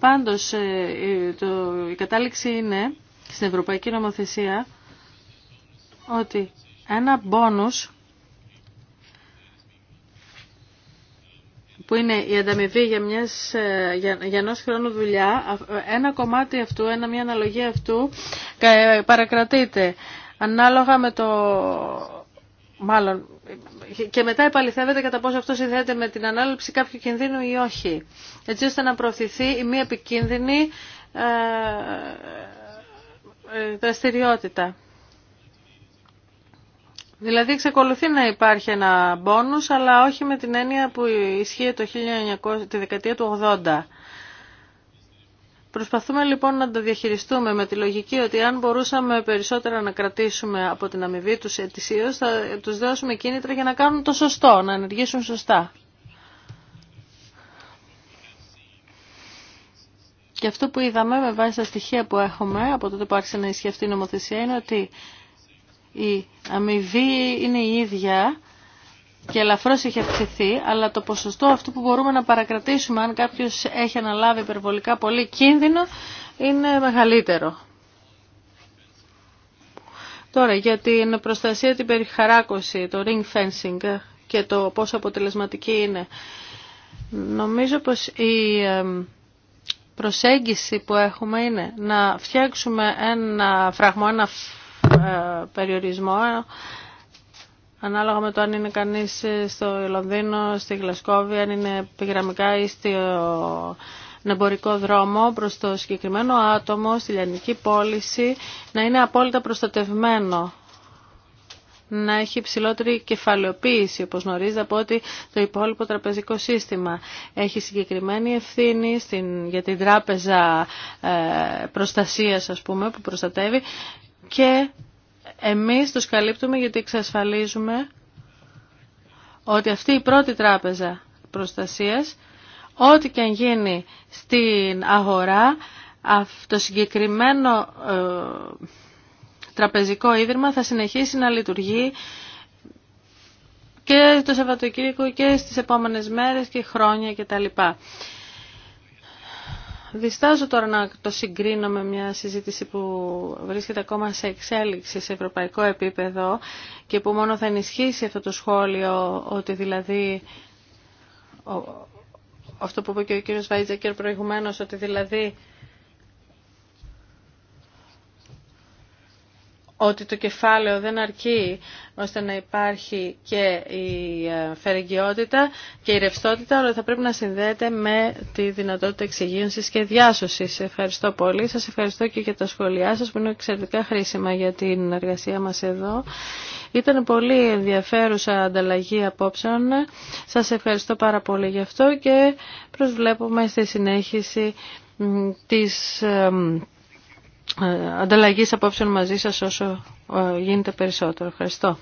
Πάντως ε, ε, το, η κατάληξη είναι στην Ευρωπαϊκή Νομοθεσία ότι ένα μπόνους που είναι η ανταμοιβή για, μιας, ε, για, για ενός χρόνου δουλειά, ένα κομμάτι αυτού, ένα, μια αναλογία αυτού ε, παρακρατείται ανάλογα με το... Μάλλον, και μετά επαληθεύεται κατά πόσο αυτό συνδέεται με την ανάληψη κάποιου κινδύνου ή όχι. Έτσι ώστε να προωθηθεί η μη επικίνδυνη ε, δραστηριότητα. Δηλαδή εξακολουθεί να υπάρχει ένα μπόνους, αλλά όχι με την έννοια που ισχύει το 1900, τη δεκαετία του 80. Προσπαθούμε λοιπόν να το διαχειριστούμε με τη λογική ότι αν μπορούσαμε περισσότερα να κρατήσουμε από την αμοιβή τους ετησίως, θα τους δώσουμε κίνητρα για να κάνουν το σωστό, να ενεργήσουν σωστά. Και αυτό που είδαμε με βάση τα στοιχεία που έχουμε από τότε που άρχισε να ισχύει αυτή η νομοθεσία είναι ότι η αμοιβή είναι η ίδια και ελαφρώς έχει αυξηθεί, αλλά το ποσοστό αυτό που μπορούμε να παρακρατήσουμε αν κάποιος έχει αναλάβει υπερβολικά πολύ κίνδυνο είναι μεγαλύτερο. Τώρα για την προστασία, την περιχαράκωση, το ring fencing και το πόσο αποτελεσματική είναι. Νομίζω πως η προσέγγιση που έχουμε είναι να φτιάξουμε ένα φραγμό, ένα ε, περιορισμό ανάλογα με το αν είναι κανείς ε, στο Λονδίνο, στη Γλασκόβη, αν είναι επιγραμμικά ή στο ε, εμπορικό δρόμο προς το συγκεκριμένο άτομο, στη λιανική πώληση, να είναι απόλυτα προστατευμένο να έχει ψηλότερη κεφαλαιοποίηση, όπως γνωρίζετε, από ότι το υπόλοιπο τραπεζικό σύστημα έχει συγκεκριμένη ευθύνη για την τράπεζα ε, προστασίας, ας πούμε, που προστατεύει και εμείς τους καλύπτουμε γιατί εξασφαλίζουμε ότι αυτή η πρώτη τράπεζα προστασίας, ό,τι και αν γίνει στην αγορά, το συγκεκριμένο ε, τραπεζικό ίδρυμα θα συνεχίσει να λειτουργεί και το Σαββατοκύριακο και στις επόμενες μέρες και χρόνια κτλ. Και Διστάζω τώρα να το συγκρίνω με μια συζήτηση που βρίσκεται ακόμα σε εξέλιξη σε ευρωπαϊκό επίπεδο και που μόνο θα ενισχύσει αυτό το σχόλιο ότι δηλαδή αυτό που είπε και ο κύριος Βαϊτζακέρ προηγουμένως ότι δηλαδή ότι το κεφάλαιο δεν αρκεί ώστε να υπάρχει και η ε, φερεγγιότητα και η ρευστότητα, αλλά θα πρέπει να συνδέεται με τη δυνατότητα εξυγίανσης και διάσωσης. Ευχαριστώ πολύ. Σας ευχαριστώ και για τα σχόλιά σας που είναι εξαιρετικά χρήσιμα για την εργασία μας εδώ. Ήταν πολύ ενδιαφέρουσα ανταλλαγή απόψεων. Σας ευχαριστώ πάρα πολύ γι' αυτό και προσβλέπουμε στη συνέχιση της ε, ε, ανταλλαγής απόψεων μαζί σας όσο ε, γίνεται περισσότερο. Ευχαριστώ.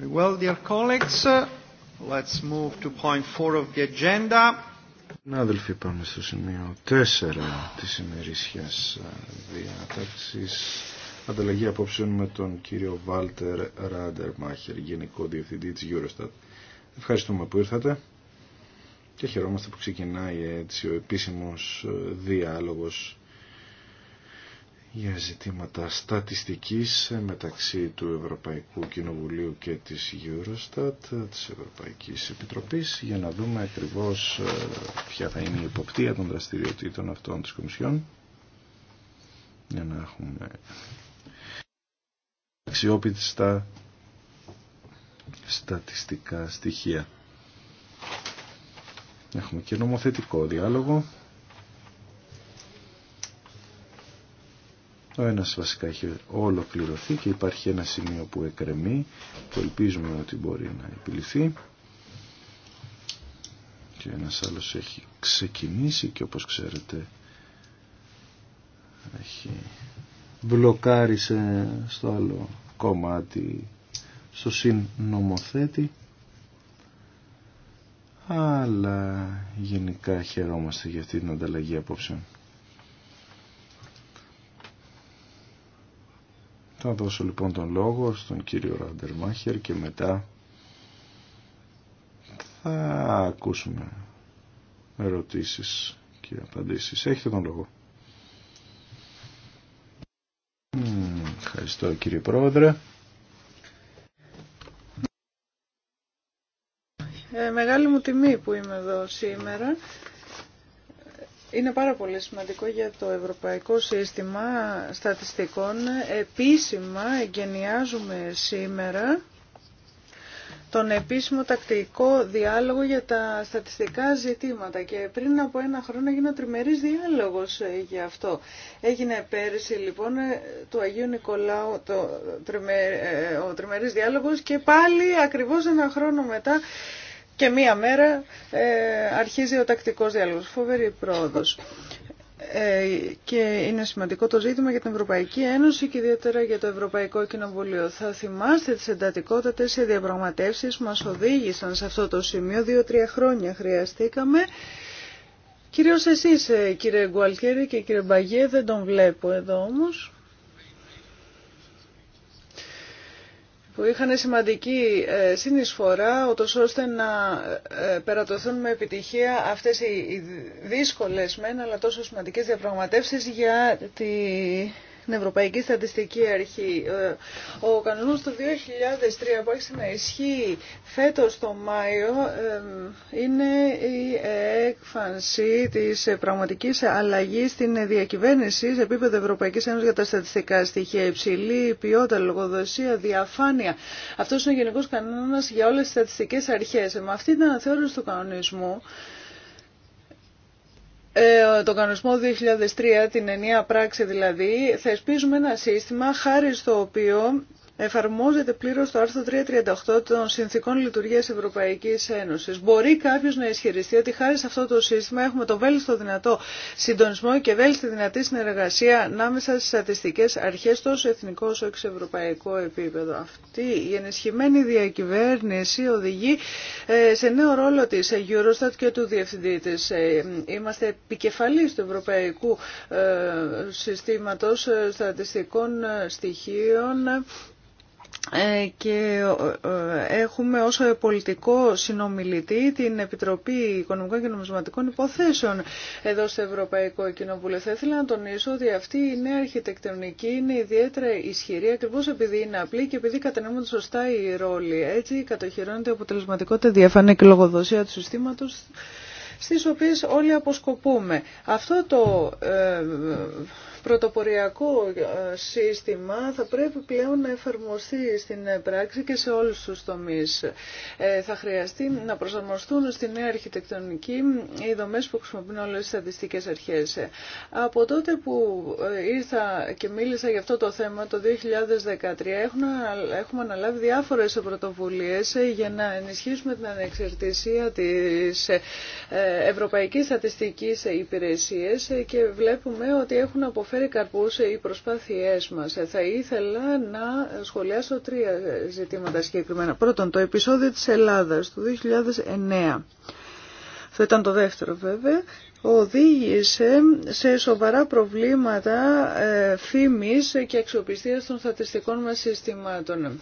Very well, dear colleagues. Let's move to point four of the agenda. πάμε στο σημείο 4 της ημερήσιας ε, διάταξης. Ανταλλαγή απόψεων με τον κύριο Βάλτερ Ράντερμάχερ, Γενικό Διευθυντή της Eurostat. Ευχαριστούμε που ήρθατε και χαιρόμαστε που ξεκινάει έτσι ο επίσημος ε, διάλογος για ζητήματα στατιστικής μεταξύ του Ευρωπαϊκού Κοινοβουλίου και της Eurostat, της Ευρωπαϊκής Επιτροπής, για να δούμε ακριβώς ε, ποια θα είναι η υποπτία των δραστηριοτήτων αυτών της Κομισιόν, για να έχουμε αξιόπιστα στατιστικά στοιχεία. Έχουμε και νομοθετικό διάλογο. Ο ένας βασικά έχει ολοκληρωθεί και υπάρχει ένα σημείο που εκρεμεί, που ελπίζουμε ότι μπορεί να επιληθεί. Και ένας άλλος έχει ξεκινήσει και όπως ξέρετε έχει μπλοκάρισε στο άλλο κομμάτι στο συνομοθέτη αλλά γενικά χαιρόμαστε για αυτή την ανταλλαγή απόψεων. Θα δώσω λοιπόν τον λόγο στον κύριο Ραντερμάχερ και μετά θα ακούσουμε ερωτήσεις και απαντήσεις. Έχετε τον λόγο. Ευχαριστώ κύριε Πρόεδρε. Ε, μεγάλη μου τιμή που είμαι εδώ σήμερα είναι πάρα πολύ σημαντικό για το Ευρωπαϊκό Σύστημα Στατιστικών. Επίσημα εγκαινιάζουμε σήμερα τον επίσημο τακτικό διάλογο για τα στατιστικά ζητήματα και πριν από ένα χρόνο έγινε ο τριμερής διάλογος ε, για αυτό. Έγινε πέρυσι λοιπόν ε, του Αγίου Νικολάου το, ε, ο τριμερής διάλογος και πάλι ακριβώς ένα χρόνο μετά και μία μέρα ε, αρχίζει ο τακτικός διάλογος. Φοβερή πρόοδος. Ε, και είναι σημαντικό το ζήτημα για την Ευρωπαϊκή Ένωση και ιδιαίτερα για το Ευρωπαϊκό Κοινοβουλίο. Θα θυμάστε τις εντατικότατες διαπραγματεύσεις που μας οδήγησαν σε αυτό το σημείο. Δύο-τρία χρόνια χρειαστήκαμε. Κυρίως εσείς ε, κύριε Γκουαλκέρη και κύριε Μπαγιέ δεν τον βλέπω εδώ όμως. που είχαν σημαντική ε, συνεισφορά, ώστε να ε, ε, περατωθούν με επιτυχία αυτές οι δύσκολες μεν, αλλά τόσο σημαντικές διαπραγματεύσεις για τη στην Ευρωπαϊκή Στατιστική Αρχή. Ε, ο κανονισμός του 2003 που άρχισε να ισχύει φέτος το Μάιο είναι η έκφανση της πραγματικής αλλαγής στην διακυβέρνηση σε επίπεδο Ευρωπαϊκής Ένωσης για τα στατιστικά στοιχεία. Υψηλή ποιότητα, λογοδοσία, διαφάνεια. Αυτός είναι ο γενικός κανόνας για όλες τις στατιστικές αρχές. Ε, με αυτή την αναθεώρηση του κανονισμού ε, Το κανονισμό 2003, την ενιαία πράξη δηλαδή, θεσπίζουμε ένα σύστημα χάρη στο οποίο εφαρμόζεται πλήρως το άρθρο 338 των Συνθήκων Λειτουργίας Ευρωπαϊκής Ένωσης. Μπορεί κάποιος να ισχυριστεί ότι χάρη σε αυτό το σύστημα έχουμε το βέλτιστο δυνατό συντονισμό και βέλιστη δυνατή συνεργασία ανάμεσα στις στατιστικές αρχές τόσο εθνικό όσο και σε ευρωπαϊκό επίπεδο. Αυτή η ενισχυμένη διακυβέρνηση οδηγεί ε, σε νέο ρόλο της Eurostat και του Διευθυντή της. Ε, είμαστε επικεφαλής του Ευρωπαϊκού ε, Συστήματο Στατιστικών Στοιχείων ε, και ε, ε, έχουμε ως πολιτικό συνομιλητή την Επιτροπή Οικονομικών και Νομισματικών Υποθέσεων εδώ στο Ευρωπαϊκό Κοινοβούλιο. Θα ήθελα να τονίσω ότι αυτή η νέα αρχιτεκτονική είναι ιδιαίτερα ισχυρή ακριβώς επειδή είναι απλή και επειδή κατανοούμε σωστά οι ρόλοι. Έτσι κατοχυρώνεται η αποτελεσματικότητα διαφανή και λογοδοσία του συστήματος στις οποίες όλοι αποσκοπούμε. Αυτό το πρωτοποριακό ε, σύστημα θα πρέπει πλέον να εφαρμοστεί στην ε, πράξη και σε όλους τους τομείς. Ε, θα χρειαστεί να προσαρμοστούν στη νέα αρχιτεκτονική οι δομές που χρησιμοποιούν όλες τις στατιστικές αρχές. Από τότε που ήρθα και μίλησα για αυτό το θέμα το 2013 έχουμε αναλάβει διάφορες πρωτοβουλίες για να ενισχύσουμε την ανεξαρτησία της Ευρωπαϊκής Στατιστικής Υπηρεσίας και βλέπουμε ότι έχουν αποφασίσει φέρει σε οι προσπάθειές μας. Ε, θα ήθελα να σχολιάσω τρία ζητήματα συγκεκριμένα. Πρώτον, το επεισόδιο της Ελλάδας του 2009. Αυτό ήταν το δεύτερο βέβαια οδήγησε σε σοβαρά προβλήματα ε, φήμης και αξιοπιστίας των στατιστικών μας συστημάτων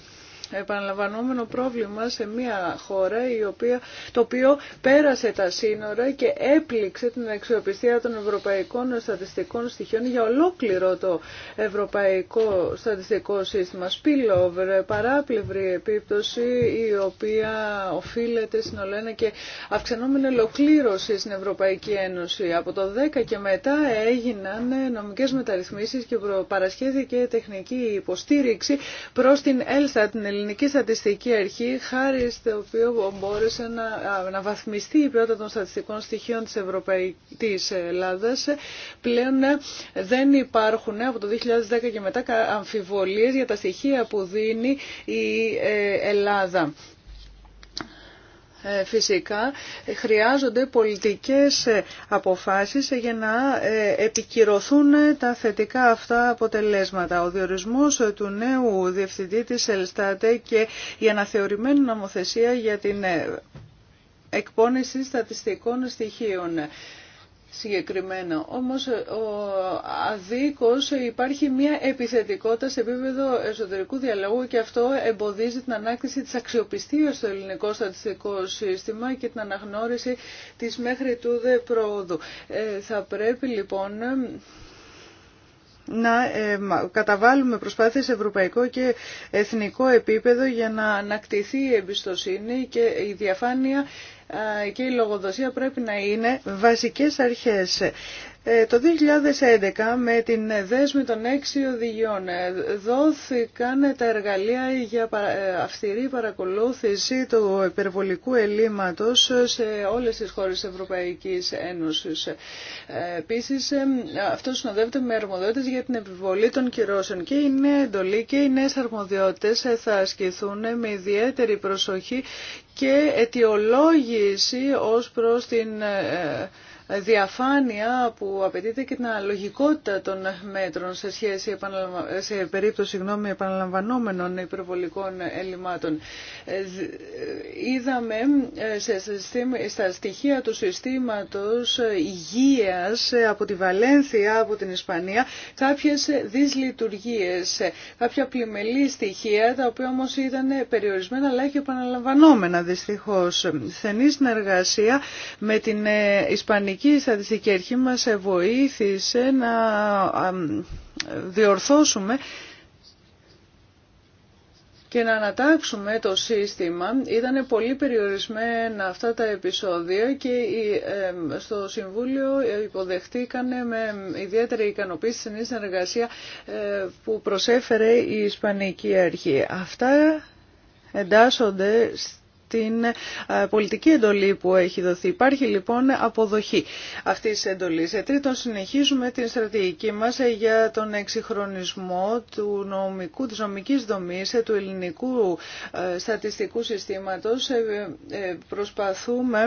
επαναλαμβανόμενο πρόβλημα σε μια χώρα η οποία, το οποίο πέρασε τα σύνορα και έπληξε την αξιοπιστία των ευρωπαϊκών στατιστικών στοιχείων για ολόκληρο το ευρωπαϊκό στατιστικό σύστημα. Spillover, παράπλευρη επίπτωση η οποία οφείλεται στην Ολένα και αυξανόμενη ολοκλήρωση στην Ευρωπαϊκή Ένωση. Από το 10 και μετά έγιναν νομικές μεταρρυθμίσεις και παρασχέθηκε τεχνική υποστήριξη προς την ΕΛΣΑ, την Ελληνική Στατιστική Αρχή, χάρη στο οποίο μπόρεσε να, να βαθμιστεί η ποιότητα των στατιστικών στοιχείων της, Ευρωπαϊκής Ελλάδας, πλέον ε, δεν υπάρχουν από το 2010 και μετά αμφιβολίες για τα στοιχεία που δίνει η ε, Ελλάδα. Ε, φυσικά χρειάζονται πολιτικές ε, αποφάσεις για να ε, επικυρωθούν τα θετικά αυτά αποτελέσματα. Ο διορισμός του νέου διευθυντή της Ελστάτε και η αναθεωρημένη νομοθεσία για την εκπόνηση στατιστικών στοιχείων συγκεκριμένα. Όμως ο, αδίκως υπάρχει μια επιθετικότητα σε επίπεδο εσωτερικού διαλόγου και αυτό εμποδίζει την ανάκτηση της αξιοπιστίας στο ελληνικό στατιστικό σύστημα και την αναγνώριση της μέχρι τούδε πρόοδου. Ε, θα πρέπει λοιπόν να ε, καταβάλουμε προσπάθειες σε ευρωπαϊκό και εθνικό επίπεδο για να ανακτηθεί η εμπιστοσύνη και η διαφάνεια και η λογοδοσία πρέπει να είναι βασικές αρχές. Ε, το 2011 με την δέσμη των έξι οδηγιών ε, δόθηκαν τα εργαλεία για ε, αυστηρή παρακολούθηση του υπερβολικού ελλείμματος σε όλες τις χώρες της Ευρωπαϊκής Ένωσης. Επίσης, αυτό συνοδεύεται με αρμοδιότητες για την επιβολή των κυρώσεων και η νέα εντολή και οι νέες αρμοδιότητες θα ασκηθούν με ιδιαίτερη προσοχή και αιτιολόγηση ως προς την διαφάνεια που απαιτείται και την αναλογικότητα των μέτρων σε, σχέση, σε περίπτωση γνώμη επαναλαμβανόμενων υπερβολικών ελλημάτων. Ε, ε, είδαμε ε, στα στοιχεία του συστήματος υγείας από τη Βαλένθια, από την Ισπανία, κάποιες δυσλειτουργίες, κάποια πλημελή στοιχεία, τα οποία όμως ήταν περιορισμένα αλλά και επαναλαμβανόμενα δυστυχώς. Στενή συνεργασία με την Ισπανική Αμερικανική Στατιστική Αρχή μας βοήθησε να διορθώσουμε και να ανατάξουμε το σύστημα. Ήταν πολύ περιορισμένα αυτά τα επεισόδια και στο Συμβούλιο υποδεχτήκανε με ιδιαίτερη ικανοποίηση την συνεργασία ε, που προσέφερε η Ισπανική Αρχή. Αυτά εντάσσονται την ε, πολιτική εντολή που έχει δοθεί. Υπάρχει λοιπόν αποδοχή αυτής τη εντολής. Ε, τρίτον, συνεχίζουμε την στρατηγική μας ε, για τον εξυγχρονισμό του νομικού, τη νομική δομής ε, του ελληνικού στατιστικού συστήματος. Προσπαθούμε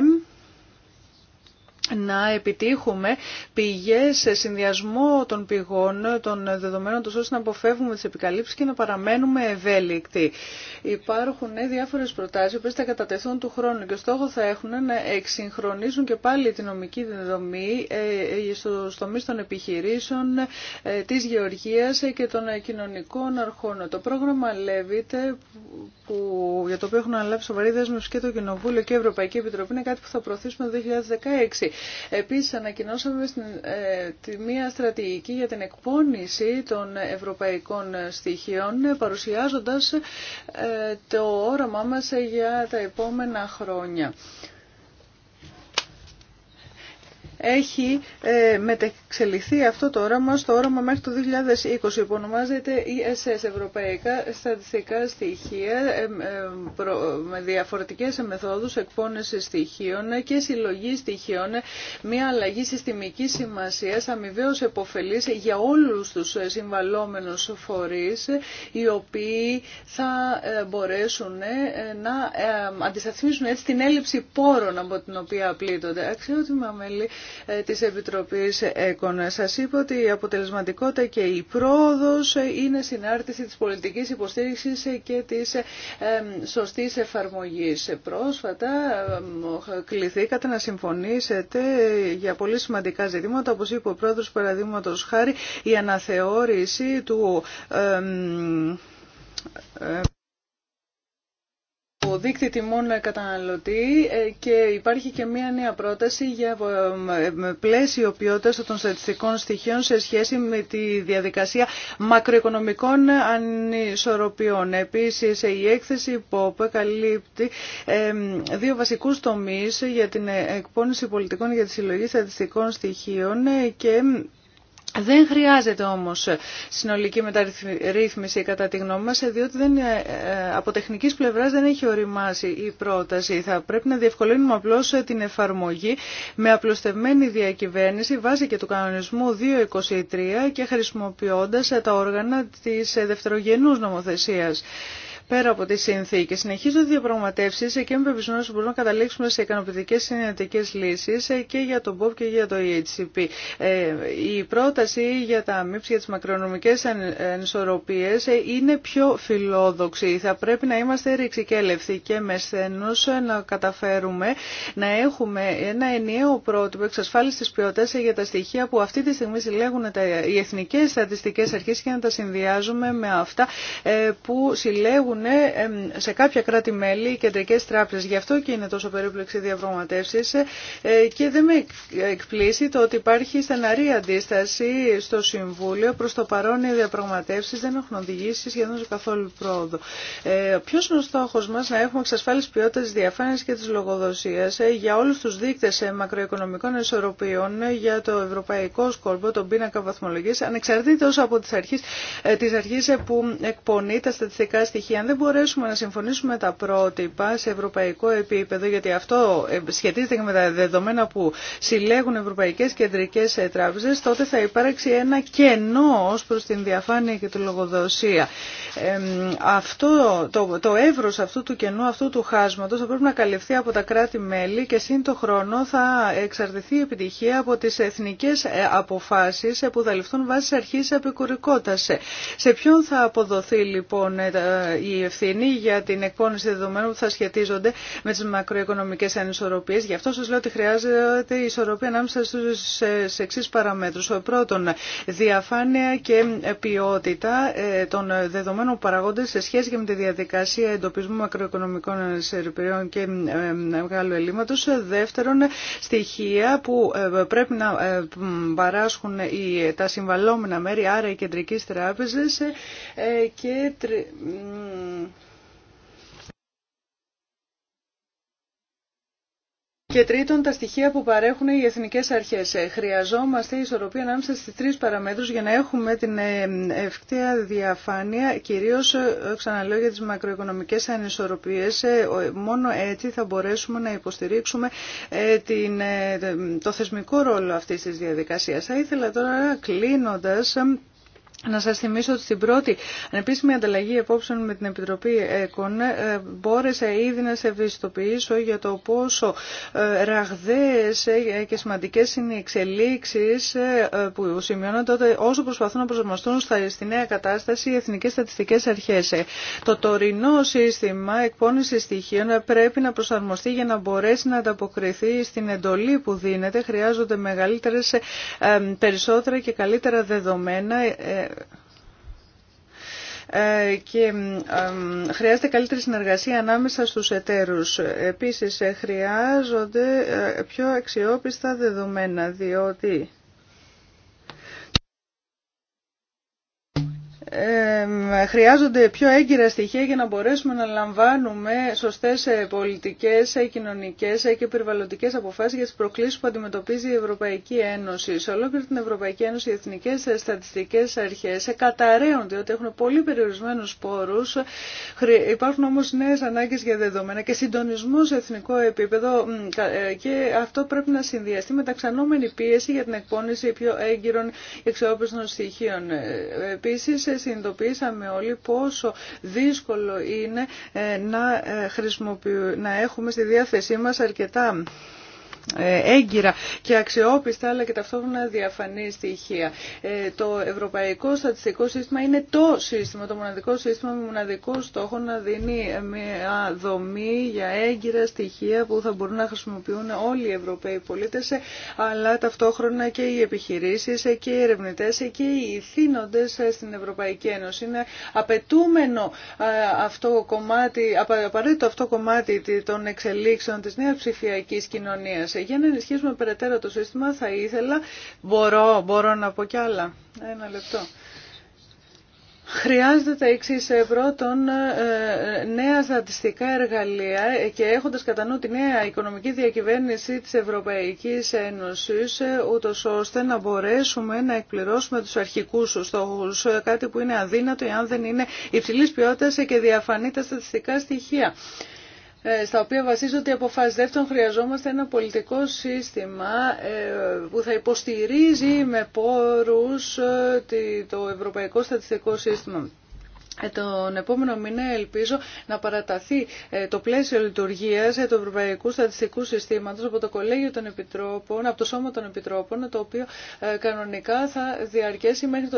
να επιτύχουμε πηγές σε συνδυασμό των πηγών, των δεδομένων τους, ώστε να αποφεύγουμε τις επικαλύψεις και να παραμένουμε ευέλικτοι. Υπάρχουν ε, διάφορες προτάσεις που θα κατατεθούν του χρόνου και στόχο θα έχουν να εξυγχρονίσουν και πάλι τη νομική δεδομή ε, ε, στο τομεί των επιχειρήσεων, της γεωργίας και των κοινωνικών αρχών. Το πρόγραμμα Levit για το οποίο έχουν αναλάβει σοβαρή δέσμευση και το Κοινοβούλιο και η Ευρωπαϊκή Επιτροπή είναι κάτι που θα προωθήσουμε το 2016. Επίσης ανακοινώσαμε ε, τη, μία στρατηγική για την εκπόνηση των ευρωπαϊκών στοιχείων παρουσιάζοντας ε, το όραμά μας για τα επόμενα χρόνια έχει ε, εξελιχθεί αυτό το όραμα στο όραμα μέχρι το 2020 που ονομάζεται ESS, Ευρωπαϊκά Στατιστικά Στοιχεία, ε, ε, με διαφορετικές μεθόδους εκπόνησης στοιχείων και συλλογή στοιχείων, μια αλλαγή συστημικής σημασίας, αμοιβαίως επωφελής για όλους τους συμβαλόμενους φορείς, οι οποίοι θα ε, μπορέσουν να αντισταθμίσουν έτσι την έλλειψη πόρων από την οποία πλήττονται. Αξιότιμα μέλη της Επιτροπής Σα Σας είπα ότι η αποτελεσματικότητα και η πρόοδος είναι συνάρτηση της πολιτικής υποστήριξης και της σωστής εφαρμογής. Πρόσφατα κληθήκατε να συμφωνήσετε για πολύ σημαντικά ζητήματα, όπως είπε ο πρόεδρος παραδείγματος χάρη, η αναθεώρηση του ε, ο τιμών καταναλωτή ε, και υπάρχει και μία νέα πρόταση για ε, ε, πλαίσιο ποιότητα των στατιστικών στοιχείων σε σχέση με τη διαδικασία μακροοικονομικών ανισορροπιών. Επίσης, η έκθεση ΠΟΠ καλύπτει δύο βασικούς τομείς για την εκπόνηση πολιτικών για τη συλλογή στατιστικών στοιχείων και δεν χρειάζεται όμως συνολική μεταρρύθμιση κατά τη γνώμη μας, διότι δεν, ε, ε, από τεχνικής πλευράς δεν έχει οριμάσει η πρόταση. Θα πρέπει να διευκολύνουμε απλώς ε, την εφαρμογή με απλωστευμένη διακυβέρνηση βάσει και του κανονισμού 223 και χρησιμοποιώντας τα όργανα της δευτερογενούς νομοθεσίας πέρα από τις συνθήκες. Συνεχίζονται διαπραγματεύσει. και είμαι πεπισμένος που μπορούμε να καταλήξουμε σε ικανοποιητικές συνενετικές λύσεις και για τον Πόπ και για το EHCP. Ε, η πρόταση για τα ΜΥΠΣ για τις μακρονομικές ανισορροπίε είναι πιο φιλόδοξη. Θα πρέπει να είμαστε ρηξικέλευθοι και με να καταφέρουμε να έχουμε ένα ενιαίο πρότυπο εξασφάλιση της ποιότητα για τα στοιχεία που αυτή τη στιγμή συλλέγουν τα, οι εθνικές στατιστικές αρχέ και να τα συνδυάζουμε με αυτά ε, που συλλέγουν σε κάποια κράτη-μέλη οι κεντρικέ τράπεζε, Γι' αυτό και είναι τόσο περίπλοξη διαπραγματεύσεις ε, και δεν με εκπλήσει το ότι υπάρχει στεναρή αντίσταση στο Συμβούλιο. προ το παρόν οι διαπραγματεύσει δεν έχουν οδηγήσει σχεδόν σε καθόλου πρόοδο. Ε, ποιος είναι ο στόχο μα να έχουμε εξασφάλιση τη διαφάνειας και τη λογοδοσία ε, για όλους τους δείκτες ε, μακροοικονομικών ισορροπιών για το ευρωπαϊκό σκορπό, τον πίνακα βαθμολογία, ανεξαρτήτω από τι αρχές, που εκπονεί τα στατιστικά στοιχεία δεν μπορέσουμε να συμφωνήσουμε τα πρότυπα σε ευρωπαϊκό επίπεδο, γιατί αυτό ε, σχετίζεται και με τα δεδομένα που συλλέγουν ευρωπαϊκέ κεντρικέ ε, τράπεζες, τότε θα υπάρξει ένα κενό ω προ την διαφάνεια και τη λογοδοσία. αυτό, το, το εύρος αυτού του κενού, αυτού του χάσματο θα πρέπει να καλυφθεί από τα κράτη-μέλη και σύν χρόνο θα εξαρτηθεί η επιτυχία από τι εθνικέ ε, αποφάσει που θα ληφθούν βάσει αρχής επικουρικότητας. Σε ποιον θα αποδοθεί λοιπόν η ευθύνη για την εκπόνηση δεδομένων που θα σχετίζονται με τι μακροοικονομικές ανισορροπίε. Γι' αυτό σα λέω ότι χρειάζεται η ισορροπία ανάμεσα στους εξή παραμέτρους. Πρώτον, διαφάνεια και ποιότητα ε, των δεδομένων που παραγόνται σε σχέση και με τη διαδικασία εντοπισμού μακροοικονομικών ανισορροπιών και ε, μεγάλου ελλείμματο. Δεύτερον, στοιχεία που ε, πρέπει να παράσχουν τα συμβαλόμενα μέρη, άρα οι κεντρικέ τράπεζε και και τρίτον, τα στοιχεία που παρέχουν οι εθνικές αρχές. Ε, χρειαζόμαστε ισορροπία ανάμεσα στι τρεις παραμέτρους για να έχουμε την ε, ευκτία διαφάνεια, κυρίως, ε, ξαναλέω, για τι μακροοικονομικές ανισορροπίες. Μόνο έτσι θα μπορέσουμε να υποστηρίξουμε το θεσμικό ρόλο αυτής της διαδικασίας. Θα ήθελα τώρα, κλείνοντα. Να σας θυμίσω ότι στην πρώτη ανεπίσημη ανταλλαγή επόψεων με την Επιτροπή ΕΚΟΝ ε, μπόρεσα ήδη να σε ευαισθητοποιήσω για το πόσο ε, ραγδαίες ε, και σημαντικές είναι οι εξελίξεις που σημειώνονται όσο προσπαθούν να προσαρμοστούν στη νέα κατάσταση οι εθνικές στατιστικές αρχές. Το τωρινό σύστημα εκπόνηση στοιχείων πρέπει να προσαρμοστεί για να μπορέσει να ανταποκριθεί στην εντολή που δίνεται. Χρειάζονται μεγαλύτερες, περισσότερα και καλύτερα δεδομένα ε, και χρειάζεται καλύτερη συνεργασία ανάμεσα στους εταίρους. Επίσης, ε, χρειάζονται ε, πιο αξιόπιστα δεδομένα, διότι χρειάζονται πιο έγκυρα στοιχεία για να μπορέσουμε να λαμβάνουμε σωστές ε, πολιτικές, ε, κοινωνικές ε, και περιβαλλοντικές αποφάσεις για τις προκλήσεις που αντιμετωπίζει η Ευρωπαϊκή Ένωση. Σε ολόκληρη την Ευρωπαϊκή Ένωση οι εθνικές στατιστικές αρχές καταραίονται ότι έχουν πολύ περιορισμένους πόρους. Υπάρχουν όμως νέες ανάγκες για δεδομένα και συντονισμό σε εθνικό επίπεδο και αυτό πρέπει να συνδυαστεί με τα ξανόμενη πίεση για την εκπόνηση πιο έγκυρων εξόπιστων στοιχείων. Επίσης, συνειδητοποίησαμε όλοι πόσο δύσκολο είναι ε, να, ε, να έχουμε στη διάθεσή μας αρκετά ε, έγκυρα και αξιόπιστα αλλά και ταυτόχρονα διαφανή στοιχεία. Ε, το Ευρωπαϊκό Στατιστικό Σύστημα είναι το σύστημα, το μοναδικό σύστημα με μοναδικό στόχο να δίνει μια δομή για έγκυρα στοιχεία που θα μπορούν να χρησιμοποιούν όλοι οι Ευρωπαίοι πολίτε, αλλά ταυτόχρονα και οι επιχειρήσει και οι ερευνητέ και οι ηθήνοντε στην Ευρωπαϊκή Ένωση. Είναι απαιτούμενο ε, αυτό κομμάτι, απαραίτητο αυτό κομμάτι των εξελίξεων τη νέα ψηφιακή κοινωνία. Για να ενισχύσουμε περαιτέρω το σύστημα θα ήθελα, μπορώ, μπορώ να πω κι άλλα. Ένα λεπτό. Χρειάζεται τα εξή. των ε, ε, νέα στατιστικά εργαλεία και έχοντα κατά νου τη νέα οικονομική διακυβέρνηση τη Ευρωπαϊκή Ένωση, ε, ούτω ώστε να μπορέσουμε να εκπληρώσουμε του αρχικού στόχου. Κάτι που είναι αδύνατο εάν δεν είναι υψηλή ποιότητα και διαφανή τα στατιστικά στοιχεία. Ε, στα οποία βασίζονται οι αποφάσεις. Δεύτερον, χρειαζόμαστε ένα πολιτικό σύστημα ε, που θα υποστηρίζει με πόρους ε, το ευρωπαϊκό στατιστικό σύστημα. Ε, τον επόμενο μήνα ελπίζω να παραταθεί ε, το πλαίσιο λειτουργίας ε, του Ευρωπαϊκού Στατιστικού Συστήματος από το Κολέγιο των Επιτρόπων, από το Σώμα των Επιτρόπων, το οποίο κανονικά θα διαρκέσει μέχρι το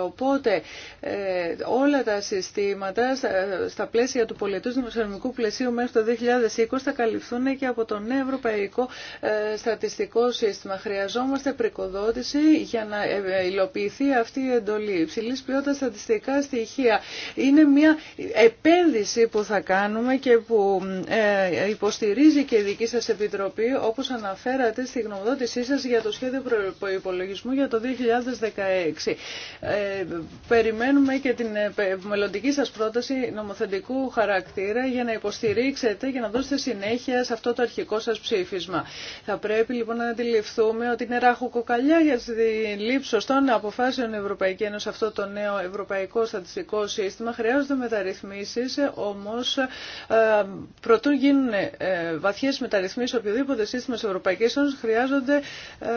2020. Οπότε όλα τα συστήματα στα πλαίσια του πολιτού δημοσιονομικού πλαισίου μέχρι το 2020 θα καλυφθούν και από το νέο Ευρωπαϊκό Στατιστικό Σύστημα. Χρειαζόμαστε πρικοδότηση για να υλοποιηθεί αυτή η εντολή. Υψηλή ποιότητα στατιστικών στοιχεία. Είναι μια επένδυση που θα κάνουμε και που ε, υποστηρίζει και η δική σας Επιτροπή, όπως αναφέρατε στη γνωμοδότησή σας για το σχέδιο προϋπολογισμού για το 2016. Ε, περιμένουμε και την ε, μελλοντική σας πρόταση νομοθετικού χαρακτήρα για να υποστηρίξετε και να δώσετε συνέχεια σε αυτό το αρχικό σας ψήφισμα. Θα πρέπει λοιπόν να αντιληφθούμε ότι είναι ράχο κοκαλιά για τη λήψη σωστών αποφάσεων Ευρωπαϊκή Ένωση αυτό το νέο Ευρωπαϊκό Ευρωπαϊκό Στατιστικό Σύστημα. Χρειάζονται μεταρρυθμίσεις, όμως ε, προτού γίνουν ε, βαθιές μεταρρυθμίσεις οποιοδήποτε σύστημα τη Ευρωπαϊκή Ένωση, χρειάζονται ε,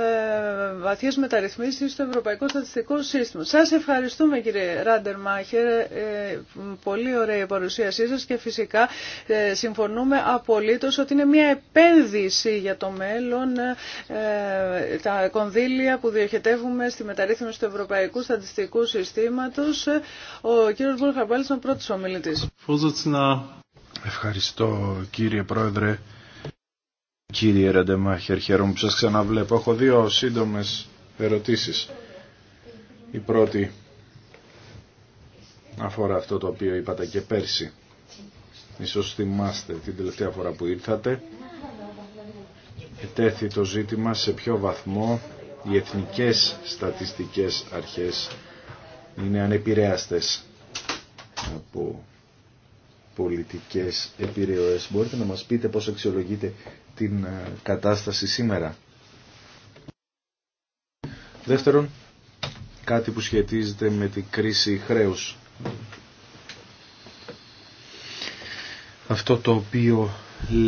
βαθιές μεταρρυθμίσεις στο Ευρωπαϊκό Στατιστικό Σύστημα. Σας ευχαριστούμε κύριε Ράντερ Μάχερ, πολύ ωραία η παρουσίασή σα και φυσικά συμφωνούμε απολύτως ότι είναι μια επένδυση για το μέλλον τα κονδύλια που διοχετεύουμε στη μεταρρύθμιση του Ευρωπαϊκού Στατιστικού Συστήματος ο κύριος Μπουρχαμπάλης ο πρώτος ομιλητής. Ευχαριστώ κύριε Πρόεδρε. Κύριε Ραντεμάχερ, χαίρομαι που σας ξαναβλέπω. Έχω δύο σύντομες ερωτήσεις. Η πρώτη αφορά αυτό το οποίο είπατε και πέρσι. Ίσως θυμάστε την τελευταία φορά που ήρθατε. Ετέθη το ζήτημα σε ποιο βαθμό οι εθνικές στατιστικές αρχές είναι ανεπηρέαστες από πολιτικές επιρροές. Μπορείτε να μας πείτε πώς αξιολογείτε την ε, κατάσταση σήμερα. Δεύτερον, κάτι που σχετίζεται με την κρίση χρέους. Αυτό το οποίο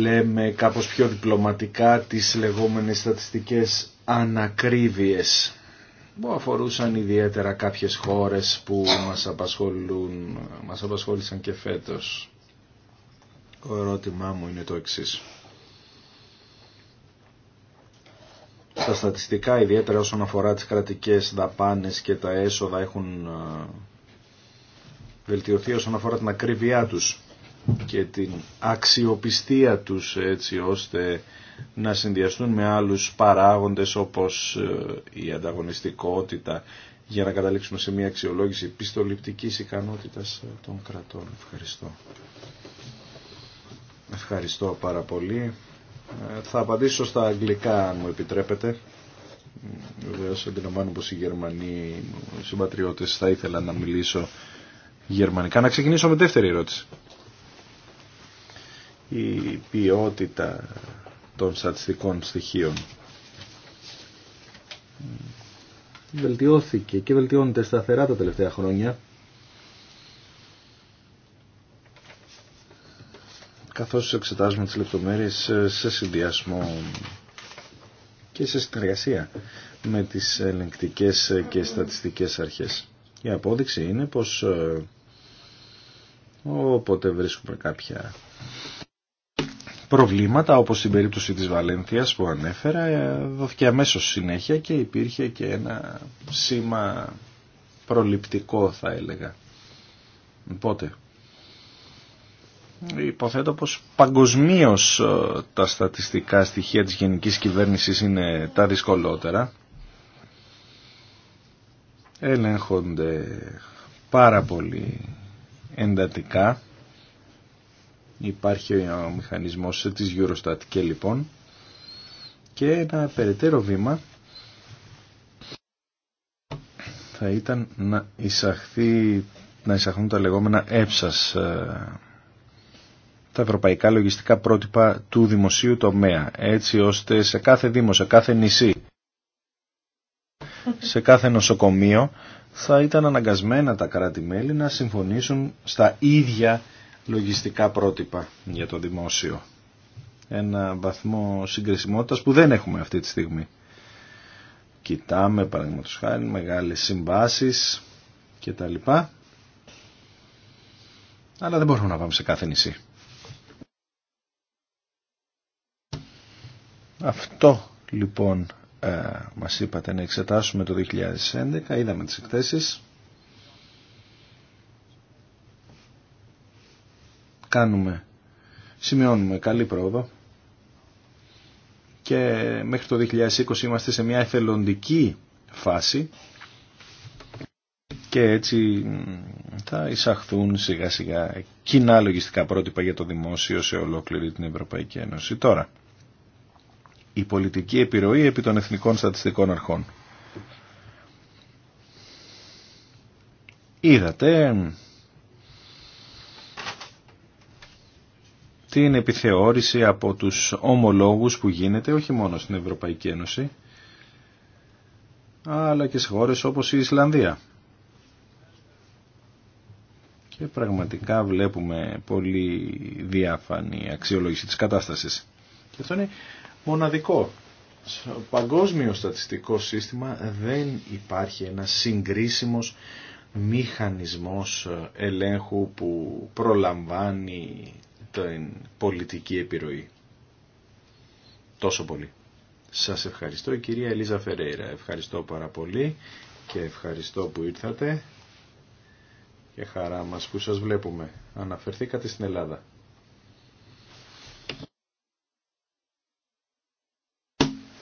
λέμε κάπως πιο διπλωματικά τις λεγόμενες στατιστικές ανακρίβειες που αφορούσαν ιδιαίτερα κάποιες χώρες που μας, απασχολούν, μας απασχόλησαν και φέτος. Το ερώτημά μου είναι το εξής. Τα στατιστικά ιδιαίτερα όσον αφορά τις κρατικές δαπάνες και τα έσοδα έχουν ε, βελτιωθεί όσον αφορά την ακρίβειά τους και την αξιοπιστία τους έτσι ώστε να συνδυαστούν με άλλους παράγοντες όπως ε, η ανταγωνιστικότητα για να καταλήξουμε σε μια αξιολόγηση πιστοληπτικής ικανότητας των κρατών. Ευχαριστώ. Ευχαριστώ πάρα πολύ. Ε, θα απαντήσω στα αγγλικά αν μου επιτρέπετε. Βεβαίω αντιλαμβάνω πως οι Γερμανοί συμπατριώτες θα ήθελα να μιλήσω γερμανικά. Να ξεκινήσω με δεύτερη ερώτηση η ποιότητα των στατιστικών στοιχείων. Βελτιώθηκε και βελτιώνεται σταθερά τα τελευταία χρόνια. καθώς εξετάζουμε τις λεπτομέρειες σε συνδυασμό και σε συνεργασία με τις ελεγκτικές και στατιστικές αρχές. Η απόδειξη είναι πως ε, όποτε βρίσκουμε κάποια προβλήματα όπως στην περίπτωση της Βαλένθιας που ανέφερα ε, δόθηκε αμέσως συνέχεια και υπήρχε και ένα σήμα προληπτικό θα έλεγα. Οπότε υποθέτω πως παγκοσμίω ε, τα στατιστικά στοιχεία της γενικής κυβέρνησης είναι τα δυσκολότερα. Ελέγχονται πάρα πολύ εντατικά Υπάρχει ο μηχανισμός της Eurostat και λοιπόν και ένα περαιτέρω βήμα θα ήταν να εισαχθεί να εισαχθούν τα λεγόμενα έψας ε, τα ευρωπαϊκά λογιστικά πρότυπα του δημοσίου τομέα έτσι ώστε σε κάθε δήμο, σε κάθε νησί σε κάθε νοσοκομείο θα ήταν αναγκασμένα τα κράτη-μέλη να συμφωνήσουν στα ίδια λογιστικά πρότυπα για το δημόσιο. Ένα βαθμό συγκρισιμότητας που δεν έχουμε αυτή τη στιγμή. Κοιτάμε παραδείγματος χάρη μεγάλες συμβάσεις και τα λοιπά. Αλλά δεν μπορούμε να πάμε σε κάθε νησί. Αυτό λοιπόν ε, μας είπατε να εξετάσουμε το 2011. Είδαμε τις εκθέσεις. κάνουμε, σημειώνουμε καλή πρόοδο και μέχρι το 2020 είμαστε σε μια εθελοντική φάση και έτσι θα εισαχθούν σιγά σιγά κοινά λογιστικά πρότυπα για το δημόσιο σε ολόκληρη την Ευρωπαϊκή Ένωση. Τώρα, η πολιτική επιρροή επί των εθνικών στατιστικών αρχών. Είδατε την επιθεώρηση από τους ομολόγους που γίνεται όχι μόνο στην Ευρωπαϊκή Ένωση αλλά και σε χώρες όπως η Ισλανδία. Και πραγματικά βλέπουμε πολύ διάφανη αξιολόγηση της κατάστασης. Και αυτό είναι μοναδικό. Στο παγκόσμιο στατιστικό σύστημα δεν υπάρχει ένα συγκρίσιμος μηχανισμός ελέγχου που προλαμβάνει την πολιτική επιρροή. Τόσο πολύ. Σας ευχαριστώ κυρία Ελίζα Φερέιρα. Ευχαριστώ πάρα πολύ και ευχαριστώ που ήρθατε και χαρά μας που σας βλέπουμε. Αναφερθήκατε στην Ελλάδα.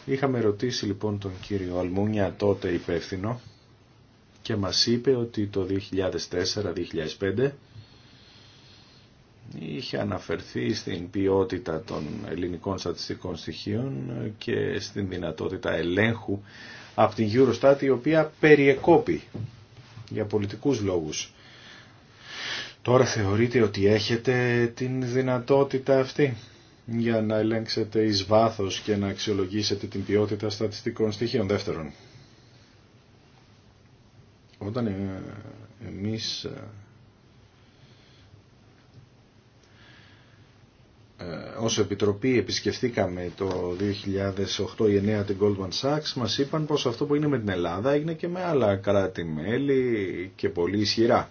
Είχαμε ρωτήσει λοιπόν τον κύριο Αλμούνια τότε υπεύθυνο και μας είπε ότι το 2004-2005 είχε αναφερθεί στην ποιότητα των ελληνικών στατιστικών στοιχείων και στην δυνατότητα ελέγχου από την Eurostat η οποία περιεκόπη για πολιτικούς λόγους. Τώρα θεωρείτε ότι έχετε την δυνατότητα αυτή για να ελέγξετε εις βάθος και να αξιολογήσετε την ποιότητα στατιστικών στοιχείων. Δεύτερον, όταν ε, εμείς ε, Ε, ως Επιτροπή επισκεφθήκαμε το 2008-2009 την Goldman Sachs μας είπαν πως αυτό που είναι με την Ελλάδα έγινε και με άλλα κράτη-μέλη και πολύ ισχυρά.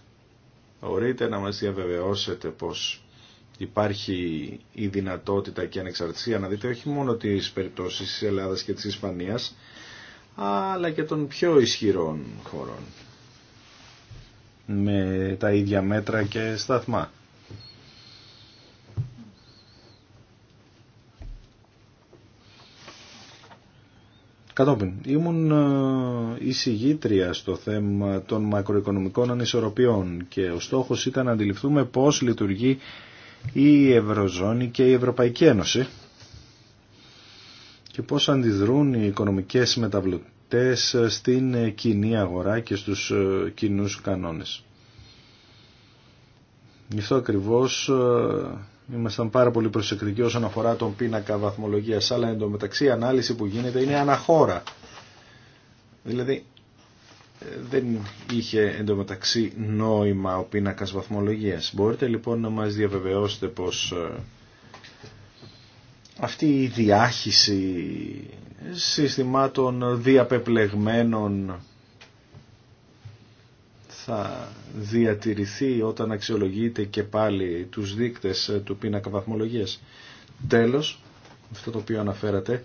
Μπορείτε να μας διαβεβαιώσετε πως υπάρχει η δυνατότητα και η ανεξαρτησία να δείτε όχι μόνο τις περιπτώσεις της Ελλάδας και της Ισπανίας αλλά και των πιο ισχυρών χωρών με τα ίδια μέτρα και σταθμά. Κατόπιν, ήμουν ε, εισηγήτρια στο θέμα των μακροοικονομικών ανισορροπιών και ο στόχος ήταν να αντιληφθούμε πώς λειτουργεί η Ευρωζώνη και η Ευρωπαϊκή Ένωση και πώς αντιδρούν οι οικονομικές μεταβλητές στην κοινή αγορά και στους ε, κοινούς κανόνες. Γι' αυτό ακριβώς ε, Ήμασταν πάρα πολύ προσεκτικοί όσον αφορά τον πίνακα βαθμολογία, αλλά εντωμεταξύ η ανάλυση που γίνεται είναι αναχώρα. Δηλαδή ε, δεν είχε εντωμεταξύ νόημα ο πίνακα βαθμολογία. Μπορείτε λοιπόν να μας διαβεβαιώσετε πως ε, αυτή η διάχυση συστημάτων διαπεπλεγμένων θα διατηρηθεί όταν αξιολογείται και πάλι τους δείκτες του πίνακα βαθμολογίας. Τέλος, αυτό το οποίο αναφέρατε,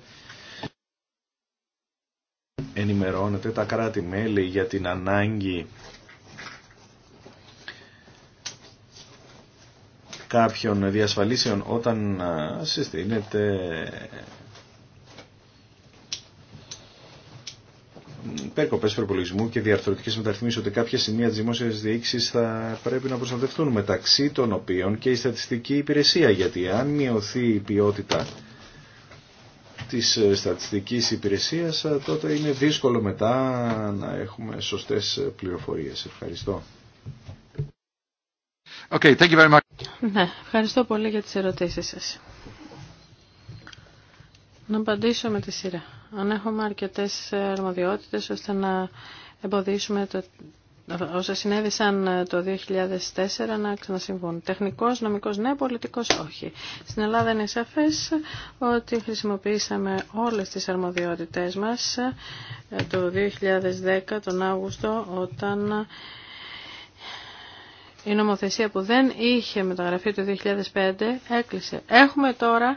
ενημερώνεται τα κράτη-μέλη για την ανάγκη κάποιων διασφαλίσεων όταν συστήνεται περικοπέ προπολογισμού και διαρθρωτικέ μεταρρυθμίσει ότι κάποια σημεία τη δημόσια διοίκηση θα πρέπει να προστατευτούν, μεταξύ των οποίων και η στατιστική υπηρεσία. Γιατί αν μειωθεί η ποιότητα τη ε, στατιστική υπηρεσία, ε, τότε είναι δύσκολο μετά να έχουμε σωστέ ε, πληροφορίε. Ευχαριστώ. Okay, thank you very much. Ναι, ευχαριστώ πολύ για τις ερωτήσεις σας. Να απαντήσω με τη σειρά αν έχουμε αρκετές αρμοδιότητες ώστε να εμποδίσουμε το, όσα συνέβησαν ε, το 2004 να ξανασυμβούν. Τεχνικός, νομικός ναι, πολιτικός όχι. Στην Ελλάδα είναι σαφές ότι χρησιμοποιήσαμε όλες τις αρμοδιότητές μας ε, το 2010 τον Αύγουστο όταν η νομοθεσία που δεν είχε μεταγραφεί το 2005 έκλεισε. Έχουμε τώρα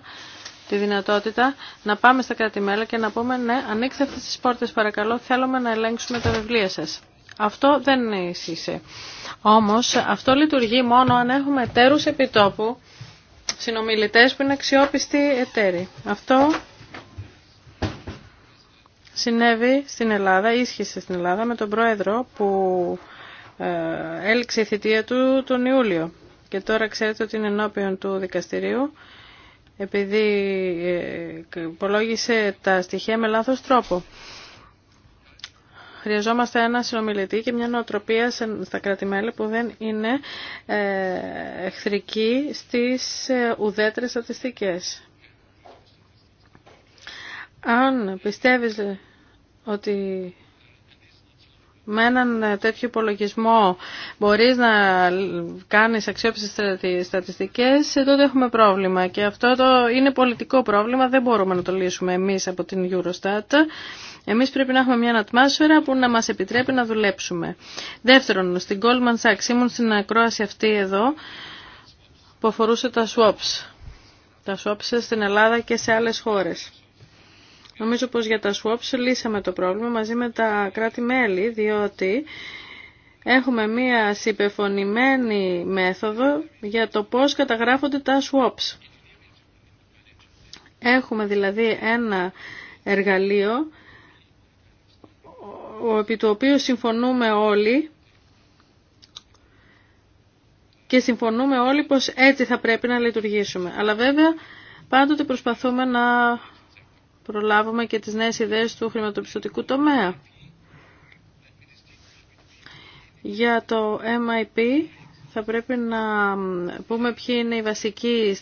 τη δυνατότητα να πάμε στα κρατη και να πούμε ναι, ανοίξτε αυτές τις πόρτες παρακαλώ, θέλουμε να ελέγξουμε τα βιβλία σας. Αυτό δεν ισχύσε. Όμως αυτό λειτουργεί μόνο αν έχουμε εταίρους επιτόπου, συνομιλητές που είναι αξιόπιστοι εταίροι. Αυτό συνέβη στην Ελλάδα, ίσχυσε στην Ελλάδα με τον πρόεδρο που ε, έληξε η θητεία του τον Ιούλιο. Και τώρα ξέρετε ότι είναι ενώπιον του δικαστηρίου επειδή ε, υπολόγισε τα στοιχεία με λάθος τρόπο. Χρειαζόμαστε ένα συνομιλητή και μια νοοτροπία στα κρατη που δεν είναι ε, εχθρική στις ε, ουδέτερες στατιστικές. Αν πιστεύεις ότι με έναν ε, τέτοιο υπολογισμό μπορείς να κάνεις αξιόπιστες στατιστικές, ε, τότε έχουμε πρόβλημα. Και αυτό το είναι πολιτικό πρόβλημα, δεν μπορούμε να το λύσουμε εμείς από την Eurostat. Εμείς πρέπει να έχουμε μια ατμόσφαιρα που να μας επιτρέπει να δουλέψουμε. Δεύτερον, στην Goldman Sachs ήμουν στην ακρόαση αυτή εδώ που αφορούσε τα swaps. Τα swaps στην Ελλάδα και σε άλλες χώρες. Νομίζω πως για τα swaps λύσαμε το πρόβλημα μαζί με τα κράτη-μέλη, διότι έχουμε μία συμπεφωνημένη μέθοδο για το πώς καταγράφονται τα swaps. Έχουμε δηλαδή ένα εργαλείο επί του οποίου συμφωνούμε όλοι και συμφωνούμε όλοι πως έτσι θα πρέπει να λειτουργήσουμε. Αλλά βέβαια πάντοτε προσπαθούμε να προλάβουμε και τις νέες ιδέες του χρηματοπιστωτικού τομέα. Για το MIP θα πρέπει να πούμε ποιοι είναι οι βασικοί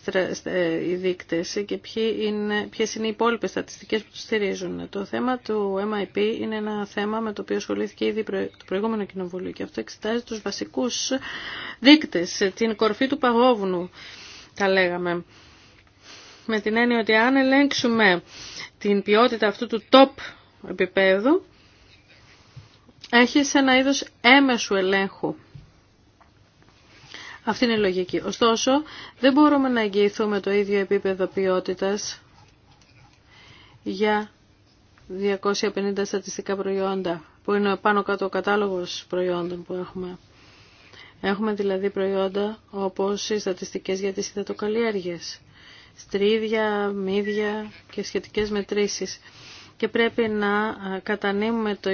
οι δείκτες και ποιοι είναι, ποιες είναι οι υπόλοιπες στατιστικές που τους στηρίζουν. Το θέμα του MIP είναι ένα θέμα με το οποίο ασχολήθηκε ήδη το προηγούμενο κοινοβούλιο και αυτό εξετάζει τους βασικούς δείκτες, την κορφή του παγόβουνου, τα λέγαμε. Με την έννοια ότι αν ελέγξουμε την ποιότητα αυτού του top επίπεδου έχει ένα είδος έμεσου ελέγχου. Αυτή είναι η λογική. Ωστόσο, δεν μπορούμε να εγγυηθούμε το ίδιο επίπεδο ποιότητας για 250 στατιστικά προϊόντα, που είναι πάνω κάτω ο κατάλογος προϊόντων που έχουμε. Έχουμε δηλαδή προϊόντα όπως οι στατιστικές για τις υδατοκαλλιέργειες στρίδια, μύδια και σχετικές μετρήσεις. Και πρέπει να ε, κατανείμουμε το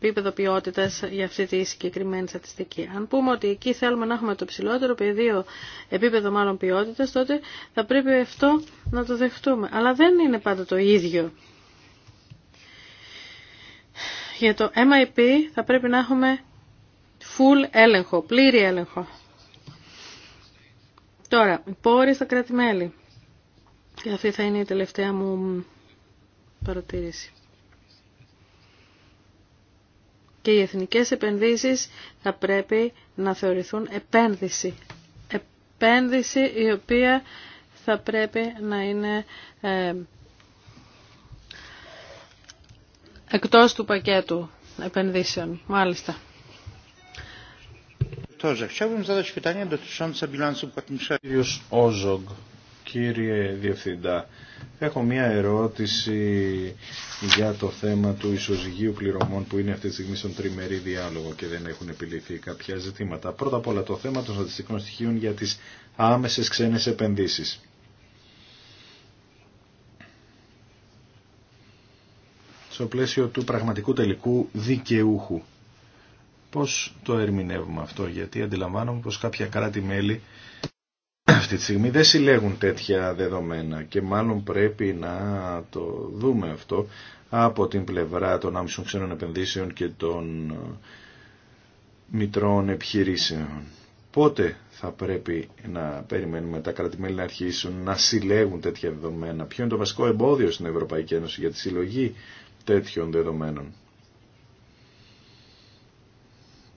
επίπεδο ποιότητα για αυτή τη συγκεκριμένη στατιστική. Αν πούμε ότι εκεί θέλουμε να έχουμε το ψηλότερο πεδίο, επίπεδο μάλλον ποιότητα, τότε θα πρέπει αυτό να το δεχτούμε. Αλλά δεν είναι πάντα το ίδιο. Για το MIP θα πρέπει να έχουμε full έλεγχο, πλήρη έλεγχο. Τώρα, πόροι στα κράτη-μέλη. Και αυτή θα είναι η τελευταία μου παρατήρηση. Και οι εθνικές επενδύσεις θα πρέπει να θεωρηθούν επένδυση. Επένδυση η οποία θα πρέπει να είναι ε, εκτός του πακέτου επενδύσεων. Μάλιστα chciałbym zadać pytanie dotyczące bilansu płatniczego. κύριε Διευθυντά, έχω μια ερώτηση για το θέμα του ισοζυγίου πληρωμών που είναι αυτή τη στιγμή στον τριμερή διάλογο και δεν έχουν επιληθεί κάποια ζητήματα. Πρώτα απ' όλα το θέμα των στατιστικών στοιχείων για τις άμεσες ξένες επενδύσεις. Στο πλαίσιο του πραγματικού τελικού δικαιούχου πώς το ερμηνεύουμε αυτό, γιατί αντιλαμβάνομαι πως κάποια κράτη-μέλη αυτή τη στιγμή δεν συλλέγουν τέτοια δεδομένα και μάλλον πρέπει να το δούμε αυτό από την πλευρά των άμεσων ξένων επενδύσεων και των ε, μητρών επιχειρήσεων. Πότε θα πρέπει να περιμένουμε τα κρατη να αρχίσουν να συλλέγουν τέτοια δεδομένα. Ποιο είναι το βασικό εμπόδιο στην Ευρωπαϊκή Ένωση για τη συλλογή τέτοιων δεδομένων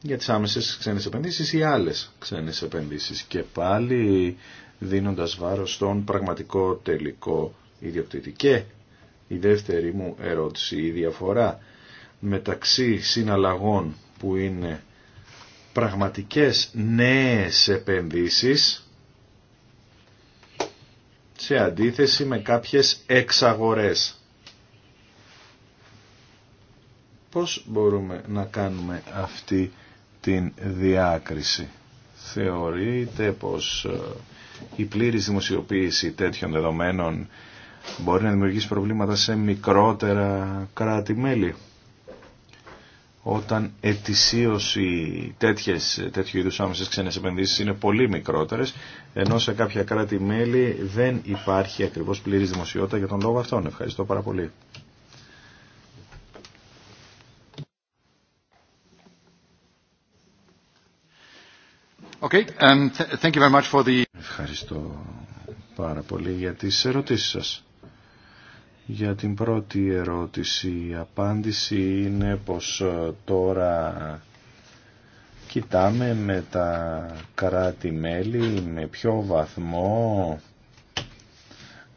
για τις άμεσες ξένες επενδύσεις ή άλλες ξένες επενδύσεις και πάλι δίνοντας βάρος στον πραγματικό τελικό ιδιοκτήτη. Και η δεύτερη μου ερώτηση, η διαφορά μεταξύ συναλλαγών που είναι πραγματικές νέες επενδύσεις σε αντίθεση με κάποιες εξαγορές. Πώς μπορούμε να κάνουμε αυτή την διάκριση. θεωρείτε πως ε, η πλήρης δημοσιοποίηση τέτοιων δεδομένων μπορεί να δημιουργήσει προβλήματα σε μικρότερα κράτη-μέλη. Όταν ετησίως οι τέτοιες, τέτοιου είδους άμεσες ξένες επενδύσεις είναι πολύ μικρότερες, ενώ σε κάποια κράτη-μέλη δεν υπάρχει ακριβώς πλήρης δημοσιότητα για τον λόγο αυτόν. Ευχαριστώ πάρα πολύ. Ευχαριστώ πάρα πολύ για τις ερωτήσεις σας. Για την πρώτη ερώτηση η απάντηση είναι πως ε, τώρα κοιτάμε με τα κράτη-μέλη με ποιο βαθμό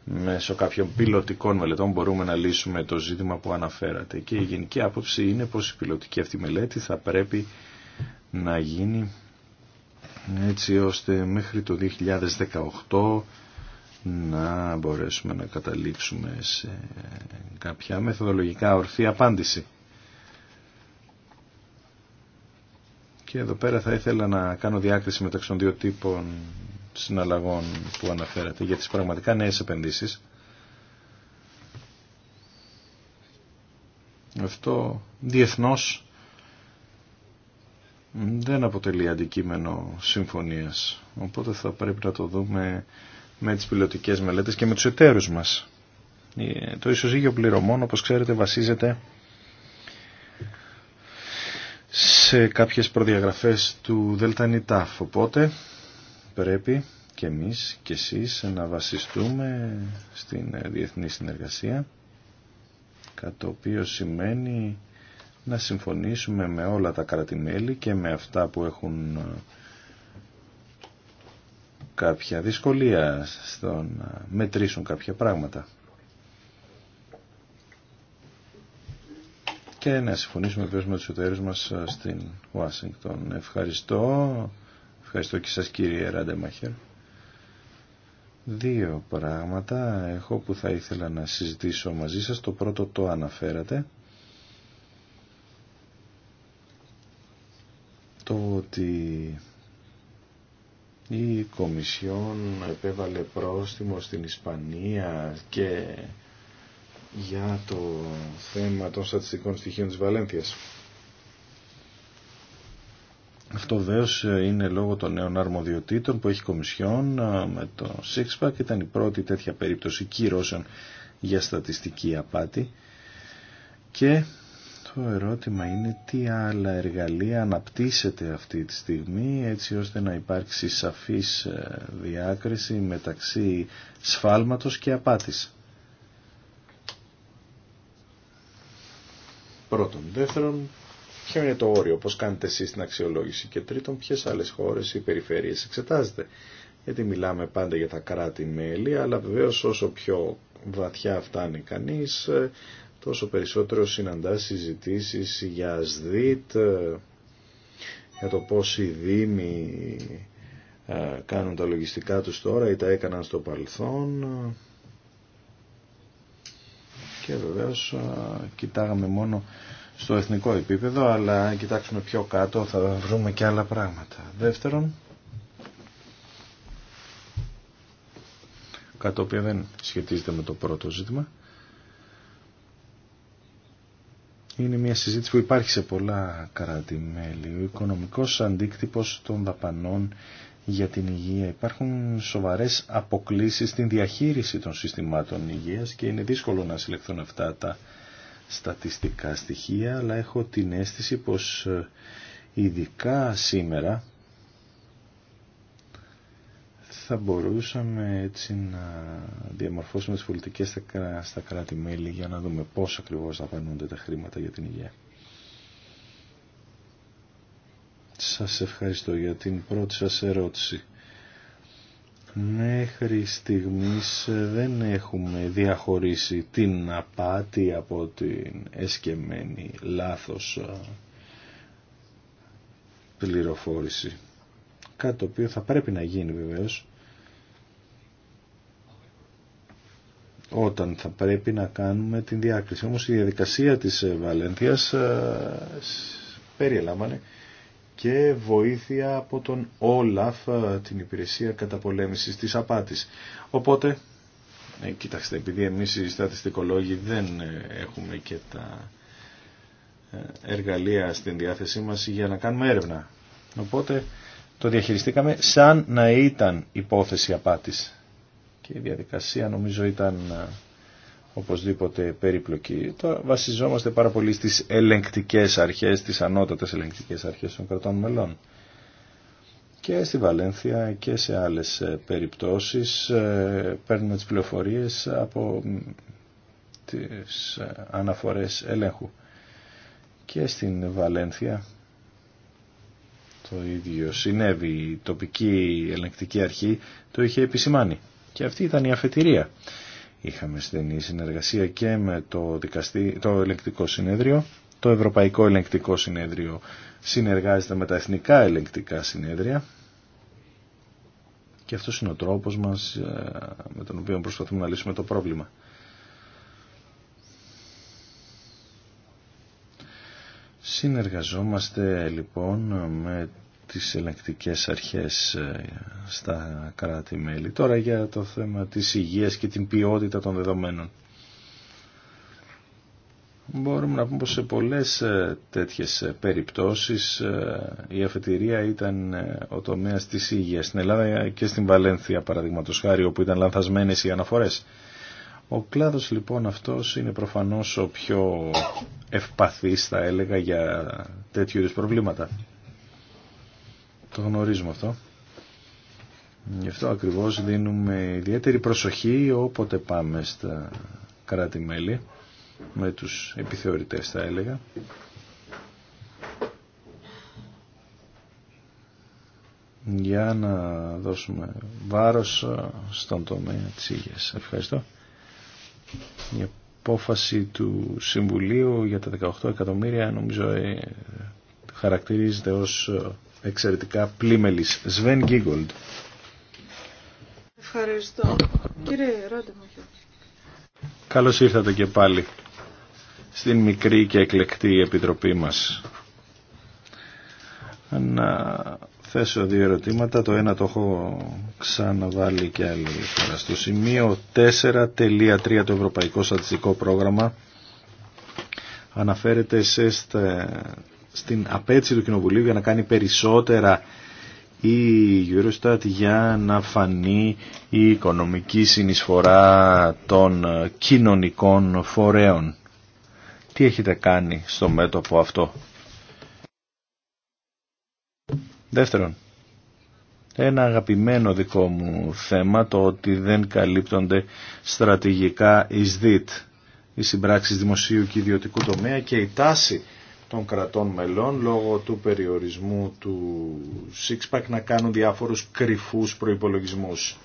μέσω κάποιων πιλωτικών μελετών μπορούμε να λύσουμε το ζήτημα που αναφέρατε. Και η γενική άποψη είναι πως η πιλωτική αυτή μελέτη θα πρέπει να γίνει έτσι ώστε μέχρι το 2018 να μπορέσουμε να καταλήξουμε σε κάποια μεθοδολογικά ορθή απάντηση. Και εδώ πέρα θα ήθελα να κάνω διάκριση μεταξύ των δύο τύπων συναλλαγών που αναφέρατε για τις πραγματικά νέες επενδύσεις. Αυτό διεθνώς δεν αποτελεί αντικείμενο συμφωνίας. Οπότε θα πρέπει να το δούμε με τις πιλωτικές μελέτες και με τους εταίρους μας. Ε, το ισοζύγιο πληρωμών, όπως ξέρετε, βασίζεται σε κάποιες προδιαγραφές του ΔΝΤΑΦ. Οπότε πρέπει και εμείς και εσείς να βασιστούμε στην διεθνή συνεργασία, κατά το οποίο σημαίνει να συμφωνήσουμε με όλα τα κρατημέλη και με αυτά που έχουν ε, κάποια δυσκολία στο να μετρήσουν κάποια πράγματα. Και να συμφωνήσουμε βέβαια με τους εταίρους μας ε, στην Ουάσιγκτον. Ευχαριστώ. Ευχαριστώ και σας κύριε Ραντεμάχερ. Δύο πράγματα έχω που θα ήθελα να συζητήσω μαζί σας. Το πρώτο το αναφέρατε. το ότι η Κομισιόν επέβαλε πρόστιμο στην Ισπανία και για το θέμα των στατιστικών στοιχείων της Βαλένθιας. Αυτό βεβαίω είναι λόγω των νέων αρμοδιοτήτων που έχει Κομισιόν με το ...και Ήταν η πρώτη τέτοια περίπτωση κυρώσεων για στατιστική απάτη και το ερώτημα είναι τι άλλα εργαλεία αναπτύσσεται αυτή τη στιγμή έτσι ώστε να υπάρξει σαφής ε, διάκριση μεταξύ σφάλματος και απάτης. Πρώτον. Δεύτερον, ποιο είναι το όριο, πώς κάνετε εσείς την αξιολόγηση. Και τρίτον, ποιες άλλες χώρες ή περιφέρειες εξετάζετε. Γιατί μιλάμε πάντα για τα κράτη-μέλη, αλλά βεβαίως όσο πιο βαθιά φτάνει κανείς, ε, τόσο περισσότερο συναντά συζητήσεις για ΣΔΙΤ, για το πώς οι Δήμοι ε, κάνουν τα λογιστικά τους τώρα ή τα έκαναν στο παρελθόν και βεβαίως ε, κοιτάγαμε μόνο στο εθνικό επίπεδο αλλά αν κοιτάξουμε πιο κάτω θα βρούμε και άλλα πράγματα. Δεύτερον, κάτι το δεν σχετίζεται με το πρώτο ζήτημα, είναι μια συζήτηση που υπάρχει σε πολλά κράτη-μέλη. Ο οικονομικός αντίκτυπος των δαπανών για την υγεία. Υπάρχουν σοβαρές αποκλήσεις στην διαχείριση των συστημάτων υγείας και είναι δύσκολο να συλλεχθούν αυτά τα στατιστικά στοιχεία, αλλά έχω την αίσθηση πως ε, ειδικά σήμερα θα μπορούσαμε έτσι να διαμορφώσουμε τις πολιτικές στα, στα κράτη-μέλη για να δούμε πώς ακριβώς θα τα χρήματα για την υγεία. Σας ευχαριστώ για την πρώτη σας ερώτηση. Μέχρι στιγμής δεν έχουμε διαχωρίσει την απάτη από την εσκεμμένη λάθος ε, πληροφόρηση. Κάτι το οποίο θα πρέπει να γίνει βεβαίως όταν θα πρέπει να κάνουμε την διάκριση. Όμως η διαδικασία της ε, Βαλένθιας ε, περιέλαμβανε και βοήθεια από τον Όλαφ, ε, την υπηρεσία καταπολέμησης της απάτης. Οπότε, κοιτάξτε, επειδή εμείς οι στατιστικολόγοι δεν έχουμε και τα εργαλεία στην διάθεσή μας για να κάνουμε έρευνα. Οπότε το διαχειριστήκαμε σαν να ήταν υπόθεση απάτης και η διαδικασία νομίζω ήταν ε, οπωσδήποτε περίπλοκη. Τώρα βασιζόμαστε πάρα πολύ στις ελεγκτικές αρχές, τις ανώτατες ελεγκτικές αρχές των κρατών μελών. Και στη Βαλένθια και σε άλλες ε, περιπτώσεις ε, παίρνουμε τις πληροφορίες από τις αναφορές ελέγχου. Και στην Βαλένθια το ίδιο συνέβη. Η τοπική ελεγκτική αρχή το είχε επισημάνει. Και αυτή ήταν η αφετηρία. Είχαμε στενή συνεργασία και με το, δικαστή, το ελεγκτικό συνέδριο. Το Ευρωπαϊκό Ελεγκτικό Συνέδριο συνεργάζεται με τα Εθνικά Ελεγκτικά Συνέδρια και αυτός είναι ο τρόπος μας ε, με τον οποίο προσπαθούμε να λύσουμε το πρόβλημα. Συνεργαζόμαστε λοιπόν με τις ελεγκτικές αρχές ε, στα κράτη-μέλη. Τώρα για το θέμα της υγείας και την ποιότητα των δεδομένων. Μπορούμε να πούμε πως σε πολλές ε, τέτοιες ε, περιπτώσεις η αφετηρία ήταν ο τομέας της υγείας. Στην Ελλάδα και στην Βαλένθια παραδείγματος χάρη όπου ήταν λανθασμένες οι αναφορές. Ο κλάδος λοιπόν αυτός είναι προφανώς ο πιο ευπαθής θα έλεγα για τέτοιου προβλήματα. Το γνωρίζουμε αυτό. Γι' αυτό ακριβώς δίνουμε ιδιαίτερη προσοχή όποτε πάμε στα κράτη-μέλη με τους επιθεωρητές θα έλεγα. για να δώσουμε βάρος ε, στον τομέα της υγείας. Ευχαριστώ. Η απόφαση του Συμβουλίου για τα 18 εκατομμύρια νομίζω ε, χαρακτηρίζεται ως ε, εξαιρετικά πλήμελης. Σβέν Γίγκολντ. Ευχαριστώ. Κύριε Καλώς ήρθατε και πάλι στην μικρή και εκλεκτή επιτροπή μας. Να θέσω δύο ερωτήματα. Το ένα το έχω ξαναβάλει και άλλη φορά. Στο σημείο 4.3 το Ευρωπαϊκό Στατιστικό Πρόγραμμα αναφέρεται σε στην απέτηση του Κοινοβουλίου για να κάνει περισσότερα η Eurostat για να φανεί η οικονομική συνεισφορά των κοινωνικών φορέων. Τι έχετε κάνει στο μέτωπο αυτό. Δεύτερον, ένα αγαπημένο δικό μου θέμα το ότι δεν καλύπτονται στρατηγικά εις δίτ, οι συμπράξεις δημοσίου και ιδιωτικού τομέα και η τάση των κρατών μελών λόγω του περιορισμού του ΣΥΞΠΑΚ να κάνουν διάφορους κρυφούς προϋπολογισμούς.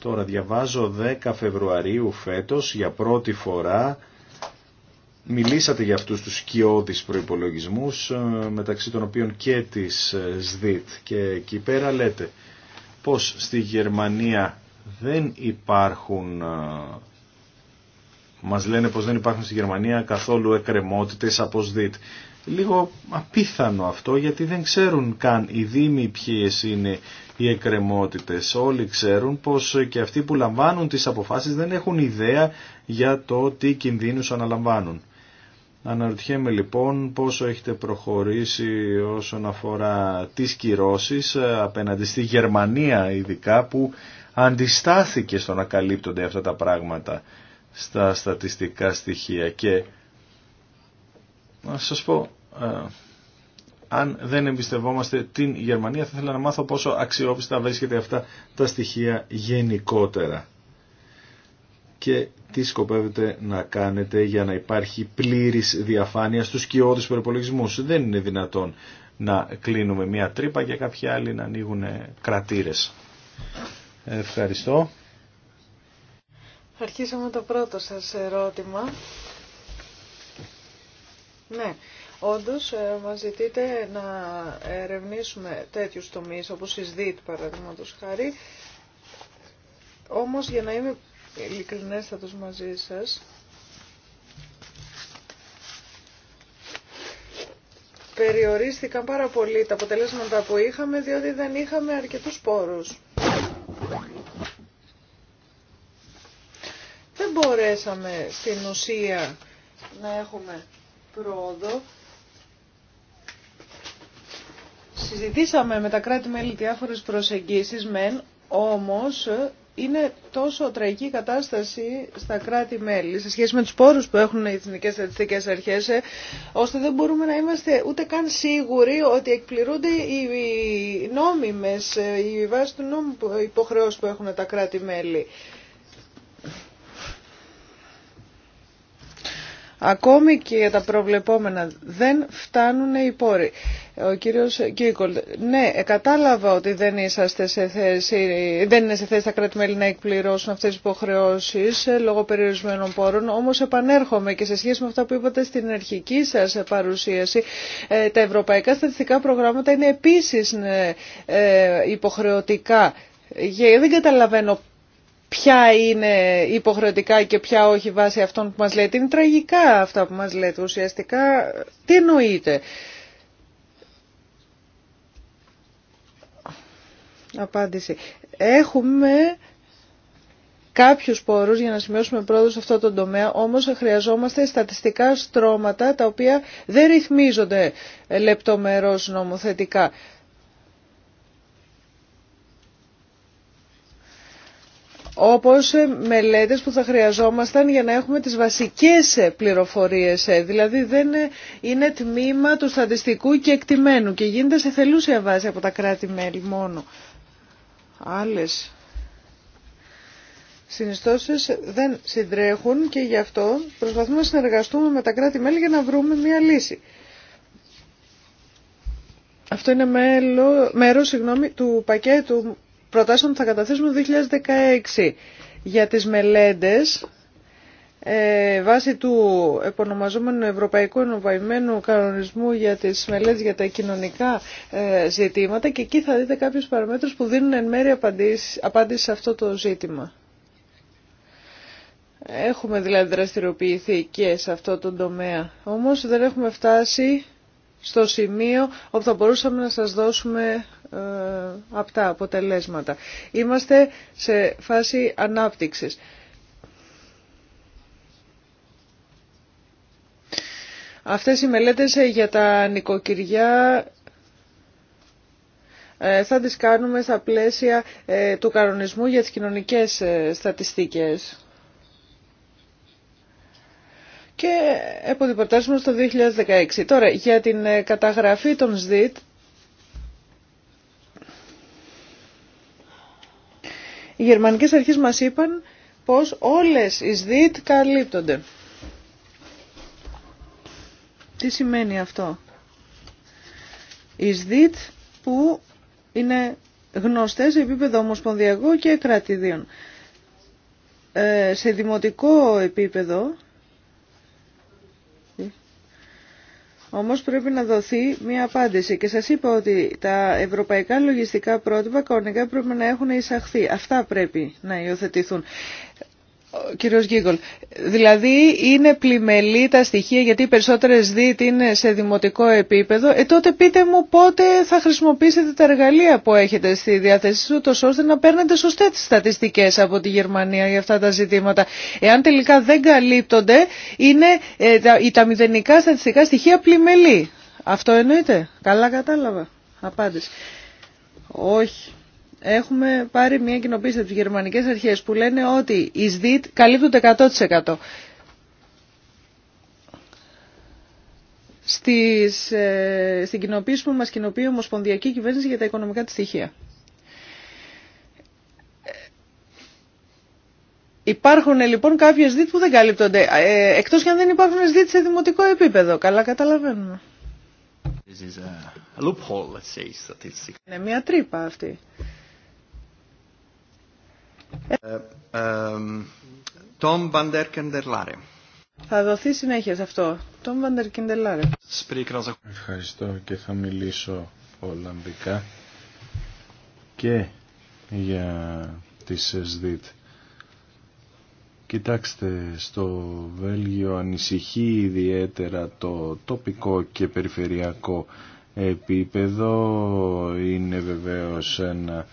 Τώρα διαβάζω 10 Φεβρουαρίου φέτος για πρώτη φορά μιλήσατε για αυτούς τους σκιώδεις προϋπολογισμούς ε, μεταξύ των οποίων και της ε, ΣΔΙΤ και εκεί πέρα λέτε πως στη Γερμανία δεν υπάρχουν ε, μας λένε πως δεν υπάρχουν στη Γερμανία καθόλου εκκρεμότητες από ΣΔΙΤ λίγο απίθανο αυτό γιατί δεν ξέρουν καν οι δήμοι ποιε είναι οι εκκρεμότητες. Όλοι ξέρουν πως και αυτοί που λαμβάνουν τις αποφάσεις δεν έχουν ιδέα για το τι κινδύνους αναλαμβάνουν. Αναρωτιέμαι λοιπόν πόσο έχετε προχωρήσει όσον αφορά τις κυρώσεις ε, απέναντι στη Γερμανία ειδικά που αντιστάθηκε στο να καλύπτονται αυτά τα πράγματα στα στατιστικά στοιχεία και να σας πω ε, αν δεν εμπιστευόμαστε την Γερμανία θα ήθελα να μάθω πόσο αξιόπιστα βρίσκεται αυτά τα στοιχεία γενικότερα και τι σκοπεύετε να κάνετε για να υπάρχει πλήρης διαφάνεια στους κοιόδους προπολογισμούς. Δεν είναι δυνατόν να κλείνουμε μια τρύπα και κάποιοι άλλοι να ανοίγουν κρατήρες. Ευχαριστώ. Αρχίσαμε το πρώτο σας ερώτημα. Ναι, Όντως, ε, μας ζητείτε να ερευνήσουμε τέτοιους τομείς, όπως η ΣΔΙΤ, παραδείγματος χάρη. Όμως, για να είμαι ειλικρινέστατος μαζί σας, περιορίστηκαν πάρα πολύ τα αποτελέσματα που είχαμε, διότι δεν είχαμε αρκετούς πόρους. Δεν μπορέσαμε στην ουσία να έχουμε πρόοδο. Συζητήσαμε με τα κράτη-μέλη διάφορες προσεγγίσεις, μεν, όμως ε, είναι τόσο τραγική κατάσταση στα κράτη-μέλη σε σχέση με τους πόρους που έχουν οι εθνικές στατιστικές αρχές ε, ώστε δεν μπορούμε να είμαστε ούτε καν σίγουροι ότι εκπληρούνται οι νόμιμες, ε, οι βάσει του νόμου υποχρεώσεις που έχουν τα κράτη-μέλη. Ακόμη και για τα προβλεπόμενα δεν φτάνουν οι πόροι. Ο κύριος Κίκολ, ναι, κατάλαβα ότι δεν, είσαστε σε θέση, δεν είναι σε θέση τα κράτη-μέλη να εκπληρώσουν αυτές τις υποχρεώσεις ε, λόγω περιορισμένων πόρων, όμως επανέρχομαι και σε σχέση με αυτά που είπατε στην αρχική σας παρουσίαση, ε, τα ευρωπαϊκά στατιστικά προγράμματα είναι επίσης ε, υποχρεωτικά. Δεν καταλαβαίνω ποια είναι υποχρεωτικά και ποια όχι βάσει αυτών που μας λέτε. Είναι τραγικά αυτά που μας λέτε ουσιαστικά. Τι εννοείτε. Απάντηση. Έχουμε κάποιους πόρους για να σημειώσουμε πρόοδο σε αυτό το τομέα, όμως χρειαζόμαστε στατιστικά στρώματα τα οποία δεν ρυθμίζονται λεπτομερώς νομοθετικά. όπως μελέτες που θα χρειαζόμασταν για να έχουμε τις βασικές πληροφορίες. Δηλαδή δεν είναι τμήμα του στατιστικού και εκτιμένου και γίνεται σε θελούσια βάση από τα κράτη-μέλη μόνο. Άλλες συνιστώσεις δεν συντρέχουν και γι' αυτό προσπαθούμε να συνεργαστούμε με τα κράτη-μέλη για να βρούμε μια λύση. Αυτό είναι μέλο, μέρος συγγνώμη, του πακέτου προτάσεων που θα καταθέσουμε το 2016 για τις μελέτες ε, βάσει του επωνομαζόμενου Ευρωπαϊκού Ενωπαϊμένου Κανονισμού για τις μελέτες για τα κοινωνικά ε, ζητήματα και εκεί θα δείτε κάποιους παραμέτρους που δίνουν εν μέρει απάντηση, απάντηση σε αυτό το ζήτημα. Έχουμε δηλαδή δραστηριοποιηθεί και σε αυτό το τομέα. Όμως δεν έχουμε φτάσει στο σημείο όπου θα μπορούσαμε να σας δώσουμε ε, αυτά αποτελέσματα. Είμαστε σε φάση ανάπτυξης. Αυτές οι μελέτες ε, για τα νοικοκυριά ε, θα τις κάνουμε στα πλαίσια του κανονισμού για τις κοινωνικές στατιστικές. Και εποδηποτάσουμε στο 2016. Τώρα, για την καταγραφή των ΣΔΙΤ, Οι γερμανικές αρχές μας είπαν πως όλες οι ΣΔΙΤ καλύπτονται. Τι σημαίνει αυτό. Οι ΣΔΙΤ που είναι γνωστές σε επίπεδο ομοσπονδιακό και κρατηδίων. Ε, σε δημοτικό επίπεδο Όμως πρέπει να δοθεί μια απάντηση και σας είπα ότι τα ευρωπαϊκά λογιστικά πρότυπα κανονικά πρέπει να έχουν εισαχθεί. Αυτά πρέπει να υιοθετηθούν κύριος Γίγκολ. Δηλαδή είναι πλημελή τα στοιχεία γιατί οι περισσότερες ΔΙΤ είναι σε δημοτικό επίπεδο. Ε, τότε πείτε μου πότε θα χρησιμοποιήσετε τα εργαλεία που έχετε στη διάθεσή σας τόσο ώστε να παίρνετε σωστές στατιστικές από τη Γερμανία για αυτά τα ζητήματα. Εάν τελικά δεν καλύπτονται είναι ε, τα, τα μηδενικά στατιστικά στοιχεία πλημελή. Αυτό εννοείται. Καλά κατάλαβα. Απάντηση. Όχι έχουμε πάρει μια κοινοποίηση από τις γερμανικές αρχές που λένε ότι οι ΣΔΙΤ καλύπτονται 100%. Στις, ε, στην κοινοποίηση που μας κοινοποιεί η Ομοσπονδιακή Κυβέρνηση για τα οικονομικά της στοιχεία. Υπάρχουν ε, λοιπόν κάποιες ΣΔΙΤ που δεν καλύπτονται, ε, εκτός και αν δεν υπάρχουν ΣΔΙΤ σε δημοτικό επίπεδο. Καλά καταλαβαίνουμε. Είναι μια τρύπα αυτή. Θα δοθεί συνέχεια σε αυτό. Ευχαριστώ και θα μιλήσω Ολλανδικά και για τις ΕΣΔΙΤ. Κοιτάξτε, στο Βέλγιο ανησυχεί ιδιαίτερα το τοπικό και περιφερειακό επίπεδο. Είναι βεβαίως ένα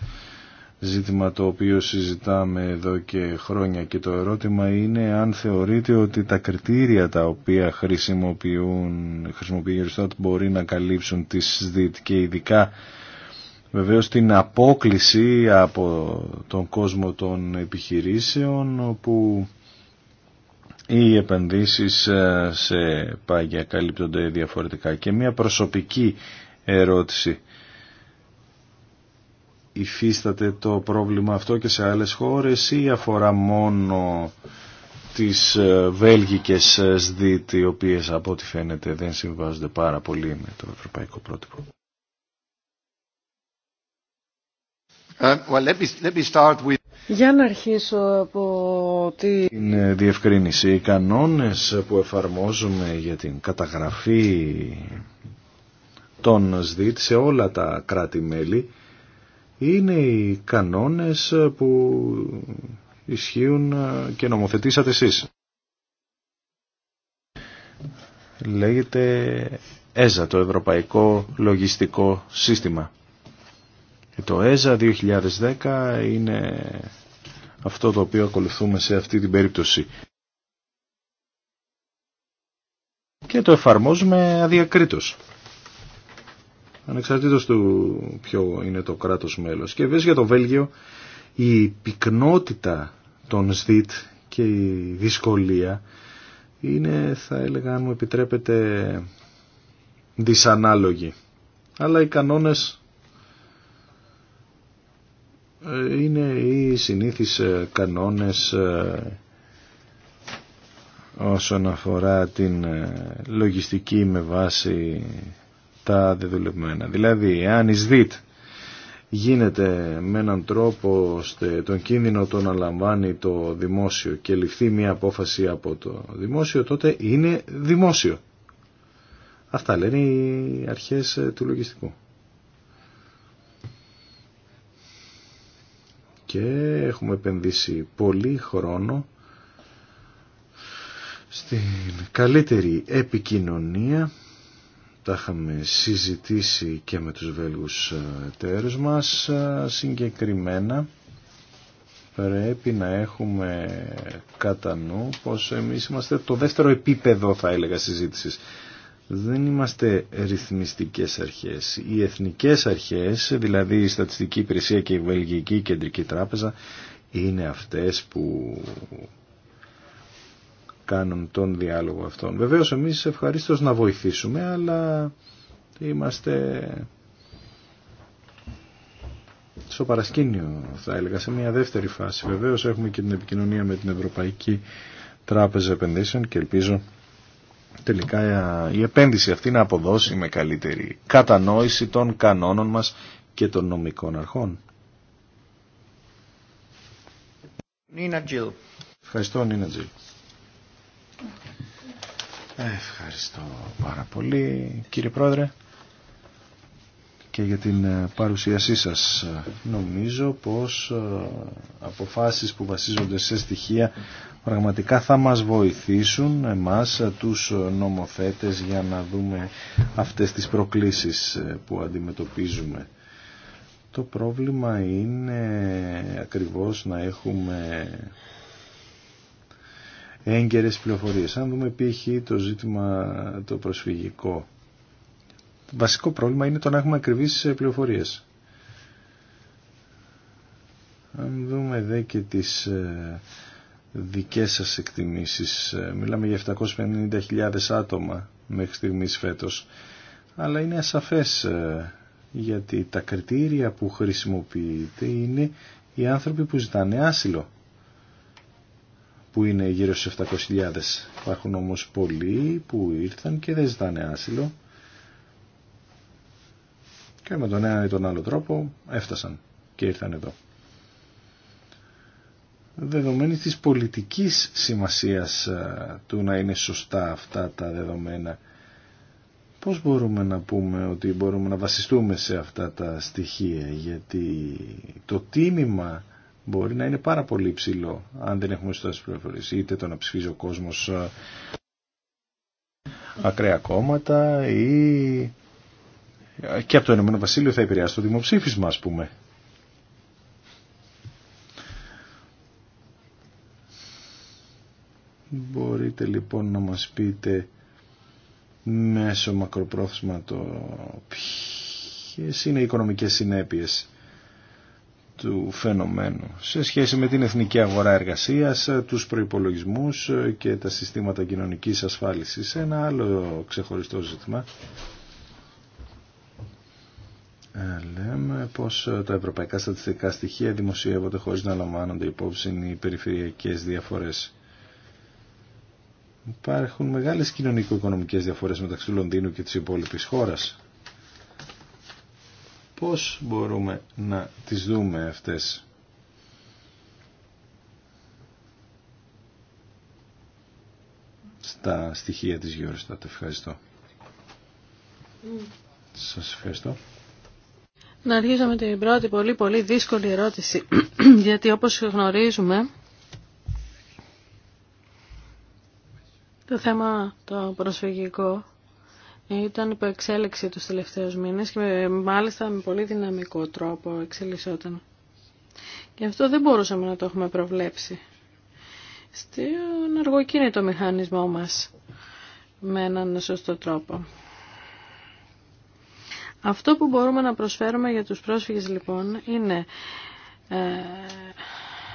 ζήτημα το οποίο συζητάμε εδώ και χρόνια και το ερώτημα είναι αν θεωρείτε ότι τα κριτήρια τα οποία χρησιμοποιούν, χρησιμοποιεί η μπορεί να καλύψουν τις ΣΔΙΤ και ειδικά βεβαίως την απόκληση από τον κόσμο των επιχειρήσεων όπου οι επενδύσεις ε, σε πάγια καλύπτονται διαφορετικά. Και μια προσωπική ερώτηση υφίσταται το πρόβλημα αυτό και σε άλλες χώρες ή αφορά μόνο τις ε, βέλγικες ε, ΣΔΙΤ οι οποίες από ό,τι φαίνεται δεν συμβάζονται πάρα πολύ με το ευρωπαϊκό πρότυπο. Ε, για να αρχίσω από Την διευκρίνηση. Οι κανόνες που εφαρμόζουμε για την καταγραφή των ΣΔΙΤ σε όλα τα κράτη-μέλη είναι οι κανόνες που ισχύουν και νομοθετήσατε εσείς. Λέγεται ΕΖΑ, το Ευρωπαϊκό Λογιστικό Σύστημα. Ε, το ΕΖΑ 2010 είναι αυτό το οποίο ακολουθούμε σε αυτή την περίπτωση. Και το εφαρμόζουμε αδιακρίτως ανεξαρτήτως του ποιο είναι το κράτος μέλος. Και βέβαια για το Βέλγιο η πυκνότητα των ΣΔΙΤ και η δυσκολία είναι θα έλεγα αν μου επιτρέπετε δυσανάλογη. Αλλά οι κανόνες ε, είναι οι συνήθεις ε, κανόνες ε, όσον αφορά την λογιστική με βάση τα δεδουλευμένα. Δηλαδή, αν η γίνεται με έναν τρόπο ώστε τον κίνδυνο τον λαμβάνει το δημόσιο και ληφθεί μια απόφαση από το δημόσιο, τότε είναι δημόσιο. Αυτά λένε οι αρχές ε, του λογιστικού. Και έχουμε επενδύσει πολύ χρόνο στην καλύτερη επικοινωνία τα είχαμε συζητήσει και με τους Βέλγους εταίρους μας συγκεκριμένα πρέπει να έχουμε κατά νου πως εμείς είμαστε το δεύτερο επίπεδο θα έλεγα συζήτησης δεν είμαστε ρυθμιστικές αρχές. Οι εθνικές αρχές, δηλαδή η Στατιστική Υπηρεσία και η Βελγική Κεντρική Τράπεζα, είναι αυτές που κάνουν τον διάλογο αυτόν. Βεβαίως εμείς ευχαρίστως να βοηθήσουμε, αλλά είμαστε στο παρασκήνιο θα έλεγα, σε μια δεύτερη φάση. Βεβαίως έχουμε και την επικοινωνία με την Ευρωπαϊκή Τράπεζα Επενδύσεων και ελπίζω τελικά η επένδυση αυτή να αποδώσει με καλύτερη κατανόηση των κανόνων μας και των νομικών αρχών. Ευχαριστώ Νίνα Τζιλ. Ευχαριστώ πάρα πολύ κύριε Πρόεδρε και για την ε, παρουσίασή σας. Ε, νομίζω πως ε, αποφάσεις που βασίζονται σε στοιχεία πραγματικά θα μας βοηθήσουν εμάς τους νομοθέτες για να δούμε αυτές τις προκλήσεις που αντιμετωπίζουμε. Το πρόβλημα είναι ακριβώς να έχουμε έγκαιρες πληροφορίες. Αν δούμε π.χ. το ζήτημα το προσφυγικό. Το βασικό πρόβλημα είναι το να έχουμε ακριβείς πληροφορίες. Αν δούμε δε και τις ε, δικές σας εκτιμήσεις, ε, μιλάμε για 750.000 άτομα μέχρι στιγμής φέτος, αλλά είναι ασαφές ε, γιατί τα κριτήρια που χρησιμοποιείται είναι οι άνθρωποι που ζητάνε άσυλο που είναι γύρω στους 700.000. Υπάρχουν όμως πολλοί που ήρθαν και δεν ζητάνε άσυλο και με τον ένα ή τον άλλο τρόπο έφτασαν και ήρθαν εδώ. Δεδομένη της πολιτικής σημασίας ε, του να είναι σωστά αυτά τα δεδομένα, πώς μπορούμε να πούμε ότι μπορούμε να βασιστούμε σε αυτά τα στοιχεία, γιατί το τίμημα μπορεί να είναι πάρα πολύ υψηλό αν δεν έχουμε σωστές πληροφορίες. Είτε το να ψηφίζει ο κόσμος ε, ακραία κόμματα ή ε, και από το Ηνωμένο Βασίλειο θα επηρεάσει το δημοψήφισμα ας πούμε. Μπορείτε λοιπόν να μας πείτε μέσω μακροπρόθεσμα το ποιες είναι οι οικονομικές συνέπειες του φαινομένου σε σχέση με την εθνική αγορά εργασίας, τους προϋπολογισμούς και τα συστήματα κοινωνικής ασφάλισης. Ένα άλλο ξεχωριστό ζήτημα. Ε, λέμε πως τα ευρωπαϊκά στατιστικά στοιχεία δημοσιεύονται χωρίς να λαμβάνονται υπόψη οι περιφερειακές διαφορές. Υπάρχουν μεγάλες κοινωνικο-οικονομικές διαφορές μεταξύ Λονδίνου και της υπόλοιπης χώρας. Πώς μπορούμε να τις δούμε αυτές. Στα στοιχεία της Γιώργης, ευχαριστώ. Mm. Σας ευχαριστώ. Να αρχίσω με την πρώτη πολύ πολύ δύσκολη ερώτηση, γιατί όπως γνωρίζουμε, το θέμα το προσφυγικό ήταν υπό εξέλιξη τους τελευταίους μήνες και μάλιστα με πολύ δυναμικό τρόπο εξελισσόταν. Και αυτό δεν μπορούσαμε να το έχουμε προβλέψει. Στην το μηχανισμό μας με έναν σωστό τρόπο. Αυτό που μπορούμε να προσφέρουμε για τους πρόσφυγες λοιπόν είναι ε,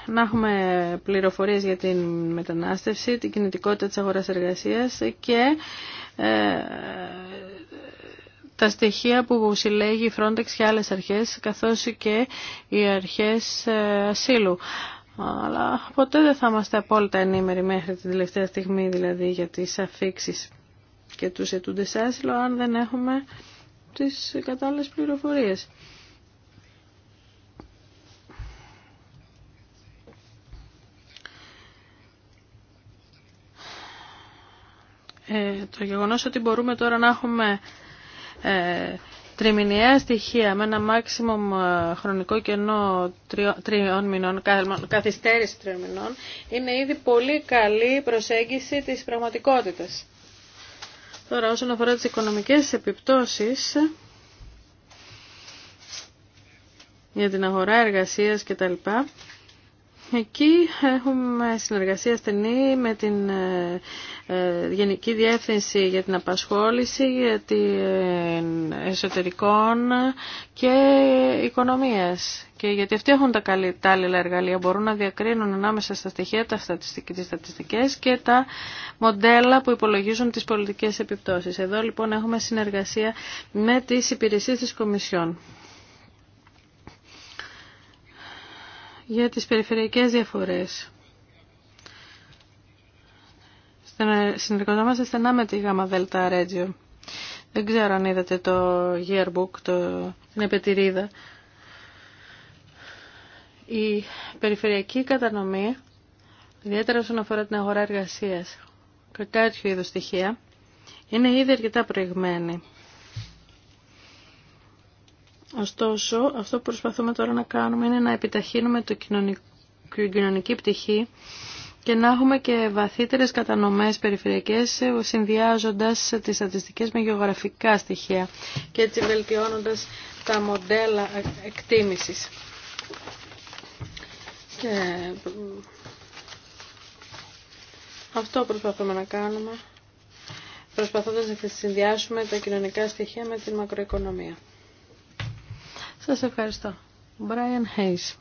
να έχουμε πληροφορίες για την μετανάστευση, την κινητικότητα της αγοράς εργασίας και ε, τα στοιχεία που συλλέγει η Frontex και άλλες αρχές, καθώς και οι αρχές ε, ασύλου. Αλλά ποτέ δεν θα είμαστε απόλυτα ενήμεροι μέχρι την τελευταία στιγμή, δηλαδή, για τις αφήξεις και τους ετούντες άσυλο, αν δεν έχουμε τις κατάλληλες πληροφορίες. Ε, το γεγονός ότι μπορούμε τώρα να έχουμε ε, τριμηνιαία στοιχεία με ένα μάξιμο ε, χρονικό κενό τριών μηνών, καθυστέρηση τριών μηνών, είναι ήδη πολύ καλή προσέγγιση της πραγματικότητας. Τώρα όσον αφορά τις οικονομικές επιπτώσεις για την αγορά εργασίας κτλ. Εκεί έχουμε συνεργασία στενή με την ε, ε, Γενική Διεύθυνση για την Απασχόληση, για την ε, Εσωτερικών και Οικονομίας. Και γιατί αυτοί έχουν τα καλύτερα εργαλεία, μπορούν να διακρίνουν ανάμεσα στα στοιχεία, τα στατιστική, τις στατιστικές και τα μοντέλα που υπολογίζουν τις πολιτικές επιπτώσεις. Εδώ λοιπόν έχουμε συνεργασία με τις υπηρεσίες της Κομισιόν. για τις περιφερειακές διαφορές. Συνεργαζόμαστε στενά με τη ΓΑΜΑ ΔΕΛΤΑ Ρέτζιο. Δεν ξέρω αν είδατε το yearbook, το, την επετηρίδα. Η περιφερειακή κατανομή, ιδιαίτερα όσον αφορά την αγορά εργασίας, και τέτοιου είδους στοιχεία, είναι ήδη αρκετά προηγμένη. Ωστόσο, αυτό που προσπαθούμε τώρα να κάνουμε είναι να επιταχύνουμε το την κοινωνική πτυχή και να έχουμε και βαθύτερες κατανομές περιφερειακές ε, συνδυάζοντας τις στατιστικές με γεωγραφικά στοιχεία και έτσι βελτιώνοντας τα μοντέλα εκτίμησης. Και... Αυτό προσπαθούμε να κάνουμε, προσπαθώντας να συνδυάσουμε τα κοινωνικά στοιχεία με την μακροοικονομία. Σας ευχαριστώ. Brian Hayes.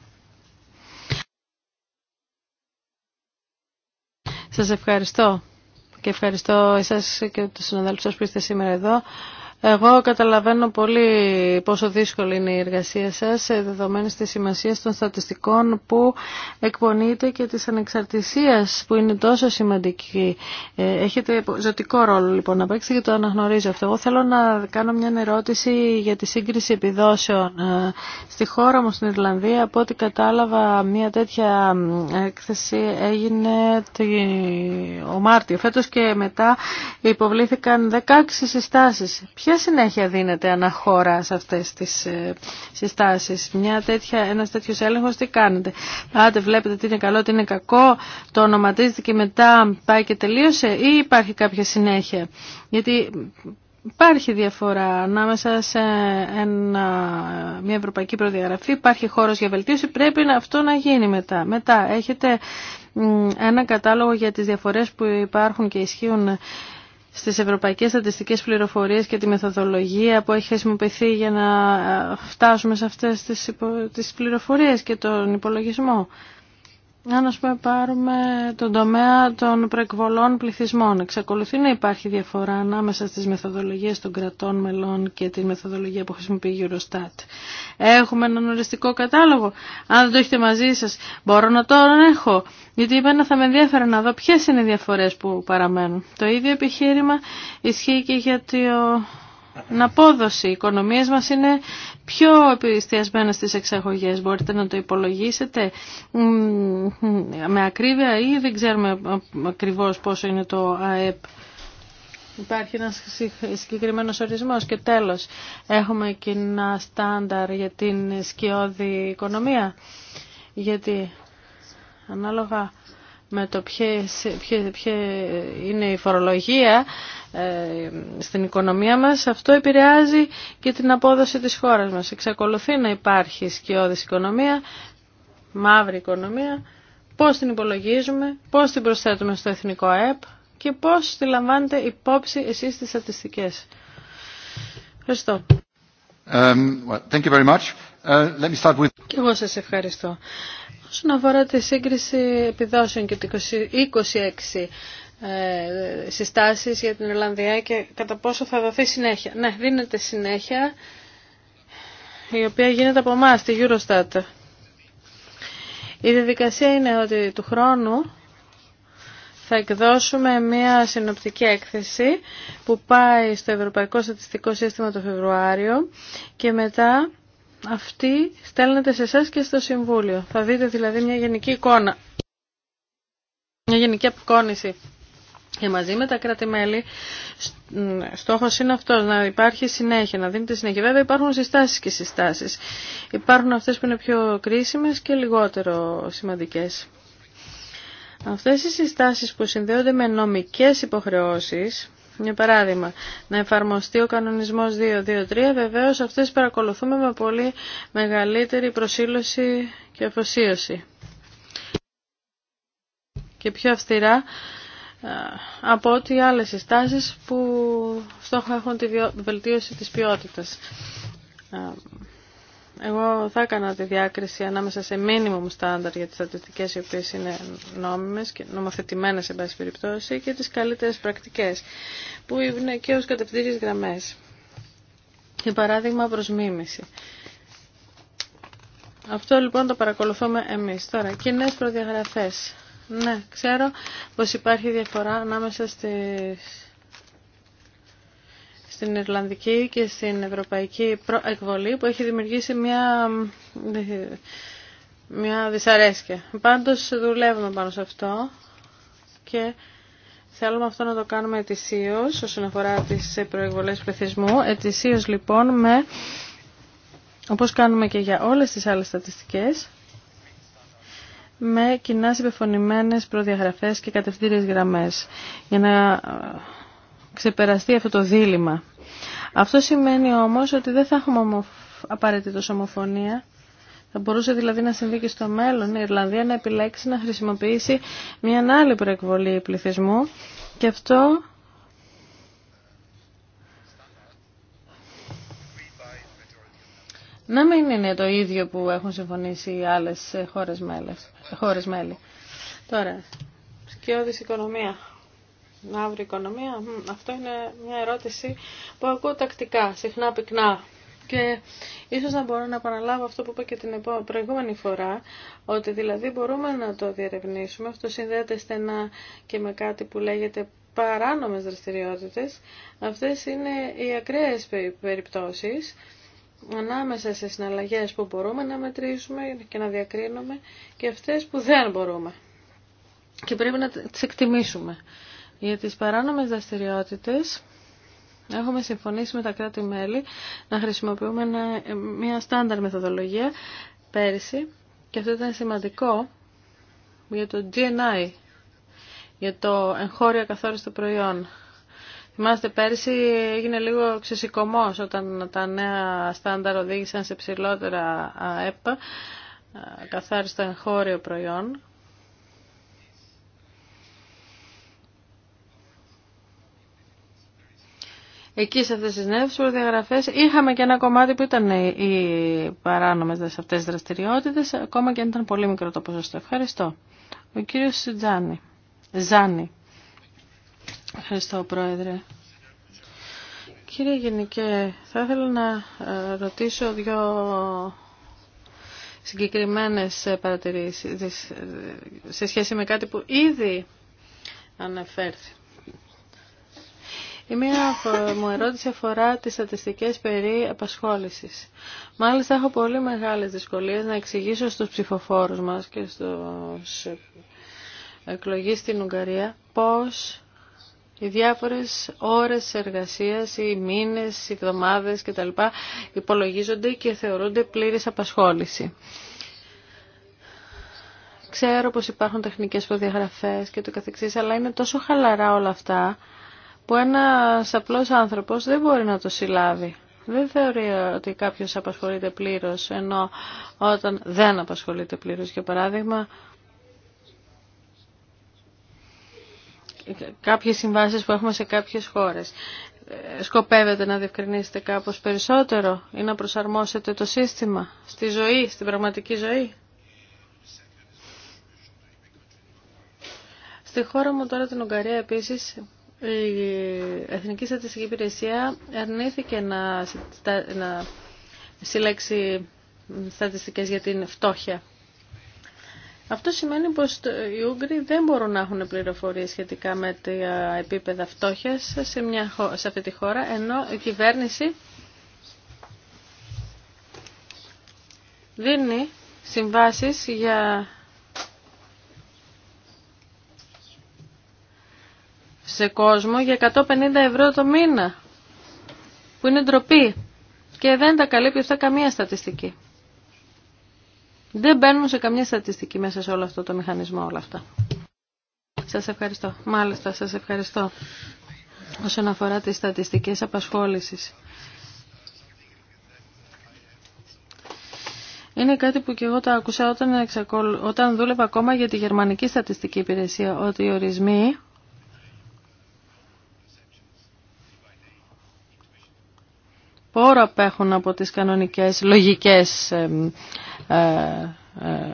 Σας ευχαριστώ και ευχαριστώ εσάς και τους συναδέλφους σας που είστε σήμερα εδώ. Εγώ καταλαβαίνω πολύ πόσο δύσκολη είναι η εργασία σας ε, δεδομένης της σημασίας των στατιστικών που εκπονείτε και της ανεξαρτησίας που είναι τόσο σημαντική. Ε, έχετε ζωτικό ρόλο λοιπόν να παίξετε και το αναγνωρίζω αυτό. Εγώ θέλω να κάνω μια ερώτηση για τη σύγκριση επιδόσεων. Ε, στη χώρα μου στην Ιρλανδία από ό,τι κατάλαβα μια τέτοια έκθεση έγινε ο Μάρτιο φέτος και μετά υποβλήθηκαν 16 συστάσεις. Ποια συνέχεια δίνεται αναχώρα σε αυτές τις ε, συστάσεις. Μια τέτοια, ένας τέτοιος έλεγχος τι κάνετε. Πάτε, βλέπετε τι είναι καλό, τι είναι κακό, το ονοματίζετε και μετά πάει και τελείωσε ή υπάρχει κάποια συνέχεια. Γιατί Υπάρχει διαφορά ανάμεσα σε ένα, μια ευρωπαϊκή προδιαγραφή, υπάρχει χώρος για βελτίωση, πρέπει αυτό να γίνει μετά. Μετά έχετε ένα κατάλογο για τις διαφορές που υπάρχουν και ισχύουν στις ευρωπαϊκές στατιστικές πληροφορίες και τη μεθοδολογία που έχει χρησιμοποιηθεί για να ε, φτάσουμε σε αυτές τις, πληροφορίε τις πληροφορίες και τον υπολογισμό αν ας πούμε πάρουμε τον τομέα των προεκβολών πληθυσμών, εξακολουθεί να υπάρχει διαφορά ανάμεσα στις μεθοδολογίες των κρατών μελών και τη μεθοδολογία που χρησιμοποιεί η Eurostat. Έχουμε έναν οριστικό κατάλογο. Αν δεν το έχετε μαζί σας, μπορώ να τον έχω. Γιατί είπα να θα με ενδιαφέρε να δω ποιες είναι οι διαφορές που παραμένουν. Το ίδιο επιχείρημα ισχύει και για το απόδοση. Οι οικονομίε μας είναι πιο επιστιασμένε στις εξαγωγέ. Μπορείτε να το υπολογίσετε με ακρίβεια ή δεν ξέρουμε ακριβώς πόσο είναι το ΑΕΠ. Υπάρχει ένας συγκεκριμένος ορισμός και τέλος έχουμε κοινά στάνταρ για την σκιώδη οικονομία. Γιατί ανάλογα με το ποια είναι η φορολογία ε, στην οικονομία μας, αυτό επηρεάζει και την απόδοση της χώρας μας. Εξακολουθεί να υπάρχει σκιώδης οικονομία, μαύρη οικονομία, πώς την υπολογίζουμε, πώς την προσθέτουμε στο εθνικό ΑΕΠ και πώς τη λαμβάνετε υπόψη εσείς στις στατιστικές. Ευχαριστώ. Um, thank you very much. Uh, let me start with... εγώ σας ευχαριστώ. Όσον αφορά τη σύγκριση επιδόσεων και τις 26 ε, συστάσεις για την Ολλανδία και κατά πόσο θα δοθεί συνέχεια. Ναι, δίνεται συνέχεια η οποία γίνεται από εμά τη Eurostat. Η διαδικασία είναι ότι του χρόνου θα εκδώσουμε μια συνοπτική έκθεση που πάει στο Ευρωπαϊκό Στατιστικό Σύστημα το Φεβρουάριο και μετά αυτή στέλνεται σε εσά και στο Συμβούλιο. Θα δείτε δηλαδή μια γενική εικόνα, μια γενική απεικόνηση. Και μαζί με τα κράτη-μέλη, στόχος είναι αυτός, να υπάρχει συνέχεια, να δίνεται συνέχεια. Βέβαια υπάρχουν συστάσεις και συστάσεις. Υπάρχουν αυτές που είναι πιο κρίσιμες και λιγότερο σημαντικές. Αυτές οι συστάσεις που συνδέονται με νομικές υποχρεώσεις, για παράδειγμα, να εφαρμοστεί ο κανονισμός 223, βεβαίως αυτές παρακολουθούμε με πολύ μεγαλύτερη προσήλωση και αφοσίωση. Και πιο αυστηρά από ό,τι άλλες συστάσεις που στόχο έχουν τη βελτίωση της ποιότητας. Εγώ θα έκανα τη διάκριση ανάμεσα σε minimum standard για τις στατιστικές οι οποίες είναι νόμιμες και νομοθετημένες σε πάση περιπτώσει και τις καλύτερες πρακτικές που είναι και ως κατευθύνσεις γραμμές. Για παράδειγμα προς μίμηση. Αυτό λοιπόν το παρακολουθούμε εμείς. Τώρα, κοινέ προδιαγραφές. Ναι, ξέρω πως υπάρχει διαφορά ανάμεσα στις στην Ιρλανδική και στην Ευρωπαϊκή εκβολή που έχει δημιουργήσει μια, μια δυσαρέσκεια. Πάντως δουλεύουμε πάνω σε αυτό και Θέλουμε αυτό να το κάνουμε ετησίως όσον αφορά τις προεκβολές πληθυσμού. Ετησίως λοιπόν με, όπως κάνουμε και για όλες τις άλλες στατιστικές, με κοινά συμπεφωνημένες προδιαγραφές και κατευθύνες γραμμές για να ξεπεραστεί αυτό το δίλημα. Αυτό σημαίνει όμως ότι δεν θα έχουμε απαραίτητο ομοφωνία. Θα μπορούσε δηλαδή να συμβεί και στο μέλλον η Ιρλανδία να επιλέξει να χρησιμοποιήσει μια άλλη προεκβολή πληθυσμού και αυτό να μην είναι το ίδιο που έχουν συμφωνήσει οι άλλες χώρες μέλη. Χώρες μέλη. Τώρα, σκιώδης οικονομία μαύρη οικονομία. Αυτό είναι μια ερώτηση που ακούω τακτικά, συχνά πυκνά. Και ίσως να μπορώ να επαναλάβω αυτό που είπα και την προηγούμενη φορά, ότι δηλαδή μπορούμε να το διερευνήσουμε. Αυτό συνδέεται στενά και με κάτι που λέγεται παράνομες δραστηριότητες. Αυτές είναι οι ακραίες περιπτώσεις ανάμεσα σε συναλλαγές που μπορούμε να μετρήσουμε και να διακρίνουμε και αυτές που δεν μπορούμε. Και πρέπει να τις εκτιμήσουμε. Για τις παράνομες δραστηριότητες έχουμε συμφωνήσει με τα κράτη-μέλη να χρησιμοποιούμε μια στάνταρ μεθοδολογία πέρυσι και αυτό ήταν σημαντικό για το GNI, για το εγχώριο καθόριστο προϊόν. Θυμάστε πέρσι έγινε λίγο ξεσηκωμός όταν τα νέα στάνταρ οδήγησαν σε ψηλότερα ΕΠΑ, Καθάριστο εγχώριο προϊόν. εκεί σε αυτές τις νέες προδιαγραφές είχαμε και ένα κομμάτι που ήταν οι παράνομες αυτές τις δραστηριότητες, ακόμα και αν ήταν πολύ μικρό το ποσοστό. Ευχαριστώ. Ο κύριος Τζάνι. Ζάνι. Ευχαριστώ, Πρόεδρε. Κύριε Γενικέ, θα ήθελα να ε, ρωτήσω δύο συγκεκριμένες ε, παρατηρήσεις ε, σε σχέση με κάτι που ήδη αναφέρθηκε. Η μία μου ερώτηση αφορά τις στατιστικές περί απασχόλησης. Μάλιστα έχω πολύ μεγάλες δυσκολίες να εξηγήσω στους ψηφοφόρους μας και στους εκλογεί στην Ουγγαρία πώς οι διάφορες ώρες εργασίας, οι μήνες, οι εβδομάδες κτλ. υπολογίζονται και θεωρούνται πλήρης απασχόληση. Ξέρω πως υπάρχουν τεχνικές προδιαγραφές και το καθεξής, αλλά είναι τόσο χαλαρά όλα αυτά που ένα απλός άνθρωπος δεν μπορεί να το συλλάβει. Δεν θεωρεί ότι κάποιος απασχολείται πλήρως, ενώ όταν δεν απασχολείται πλήρως, για παράδειγμα, κάποιες συμβάσεις που έχουμε σε κάποιες χώρες. Ε, σκοπεύετε να διευκρινίσετε κάπως περισσότερο ή να προσαρμόσετε το σύστημα στη ζωή, στην πραγματική ζωή. Στη χώρα μου τώρα την Ουγγαρία επίσης η Εθνική Στατιστική Υπηρεσία αρνήθηκε να, να συλλέξει στατιστικές για την φτώχεια. Αυτό σημαίνει πως οι Ούγγροι δεν μπορούν να έχουν πληροφορίες σχετικά με τα επίπεδα φτώχειας σε, μια, σε αυτή τη χώρα, ενώ η κυβέρνηση δίνει συμβάσεις για σε κόσμο για 150 ευρώ το μήνα, που είναι ντροπή και δεν τα καλύπτει αυτά καμία στατιστική. Δεν μπαίνουν σε καμία στατιστική μέσα σε όλο αυτό το μηχανισμό όλα αυτά. Σας ευχαριστώ. Μάλιστα, σας ευχαριστώ. Όσον αφορά τις στατιστικές απασχόλησης. Είναι κάτι που και εγώ το άκουσα όταν, όταν δούλευα ακόμα για τη Γερμανική Στατιστική Υπηρεσία, ότι οι ορισμοί σπόρο απέχουν από τις κανονικές λογικές ε, ε,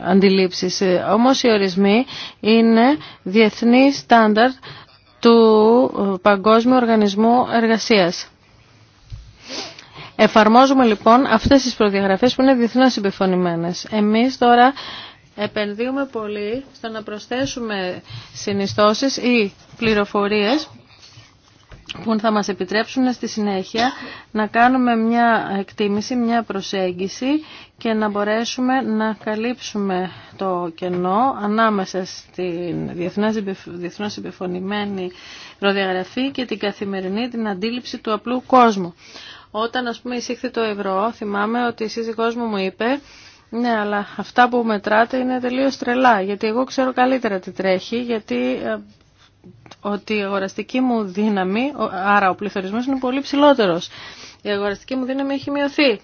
αντιλήψεις. Ε, όμως οι ορισμοί είναι διεθνή στάνταρ του Παγκόσμιου Οργανισμού Εργασίας. Εφαρμόζουμε λοιπόν αυτές τις προδιαγραφές που είναι διεθνώς συμπεφωνημένες. Εμείς τώρα επενδύουμε πολύ στο να προσθέσουμε συνιστώσεις ή πληροφορίες που θα μας επιτρέψουν στη συνέχεια να κάνουμε μια εκτίμηση, μια προσέγγιση και να μπορέσουμε να καλύψουμε το κενό ανάμεσα στην διεθνώς επιφωνημένη προδιαγραφή και την καθημερινή την αντίληψη του απλού κόσμου. Όταν ας πούμε εισήχθη το ευρώ, θυμάμαι ότι η σύζυγός μου μου είπε ναι, αλλά αυτά που μετράτε είναι τελείω τρελά, γιατί εγώ ξέρω καλύτερα τι τρέχει, γιατί ε, ότι η αγοραστική μου δύναμη, άρα ο πληθωρισμός είναι πολύ ψηλότερος. Η αγοραστική μου δύναμη έχει μειωθεί.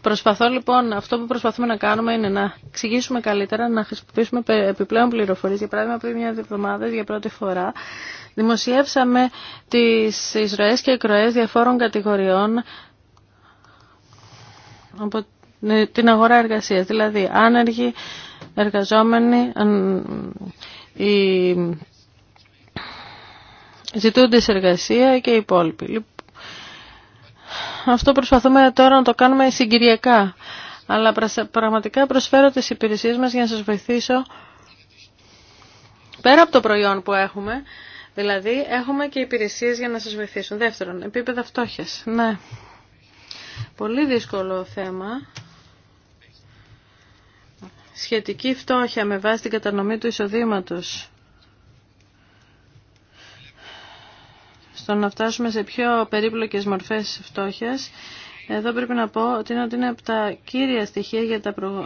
Προσπαθώ λοιπόν, αυτό που προσπαθούμε να κάνουμε είναι να εξηγήσουμε καλύτερα, να χρησιμοποιήσουμε επιπλέον πληροφορίες. Για παράδειγμα, πριν μια εβδομάδα για πρώτη φορά δημοσιεύσαμε τις εισρωές και εκροές διαφόρων κατηγοριών από την αγορά εργασίας. Δηλαδή, άνεργοι, εργαζόμενοι, οι ζητούντες εργασία και οι υπόλοιποι. Αυτό προσπαθούμε τώρα να το κάνουμε συγκυριακά, αλλά πραγματικά προσφέρω τις υπηρεσίες μας για να σας βοηθήσω πέρα από το προϊόν που έχουμε, δηλαδή έχουμε και υπηρεσίες για να σας βοηθήσουν. Δεύτερον, επίπεδα φτώχειας. Ναι, πολύ δύσκολο θέμα σχετική φτώχεια με βάση την κατανομή του εισοδήματος. Στο να φτάσουμε σε πιο περίπλοκες μορφές φτώχειας, εδώ πρέπει να πω ότι είναι, ότι είναι από τα κύρια στοιχεία για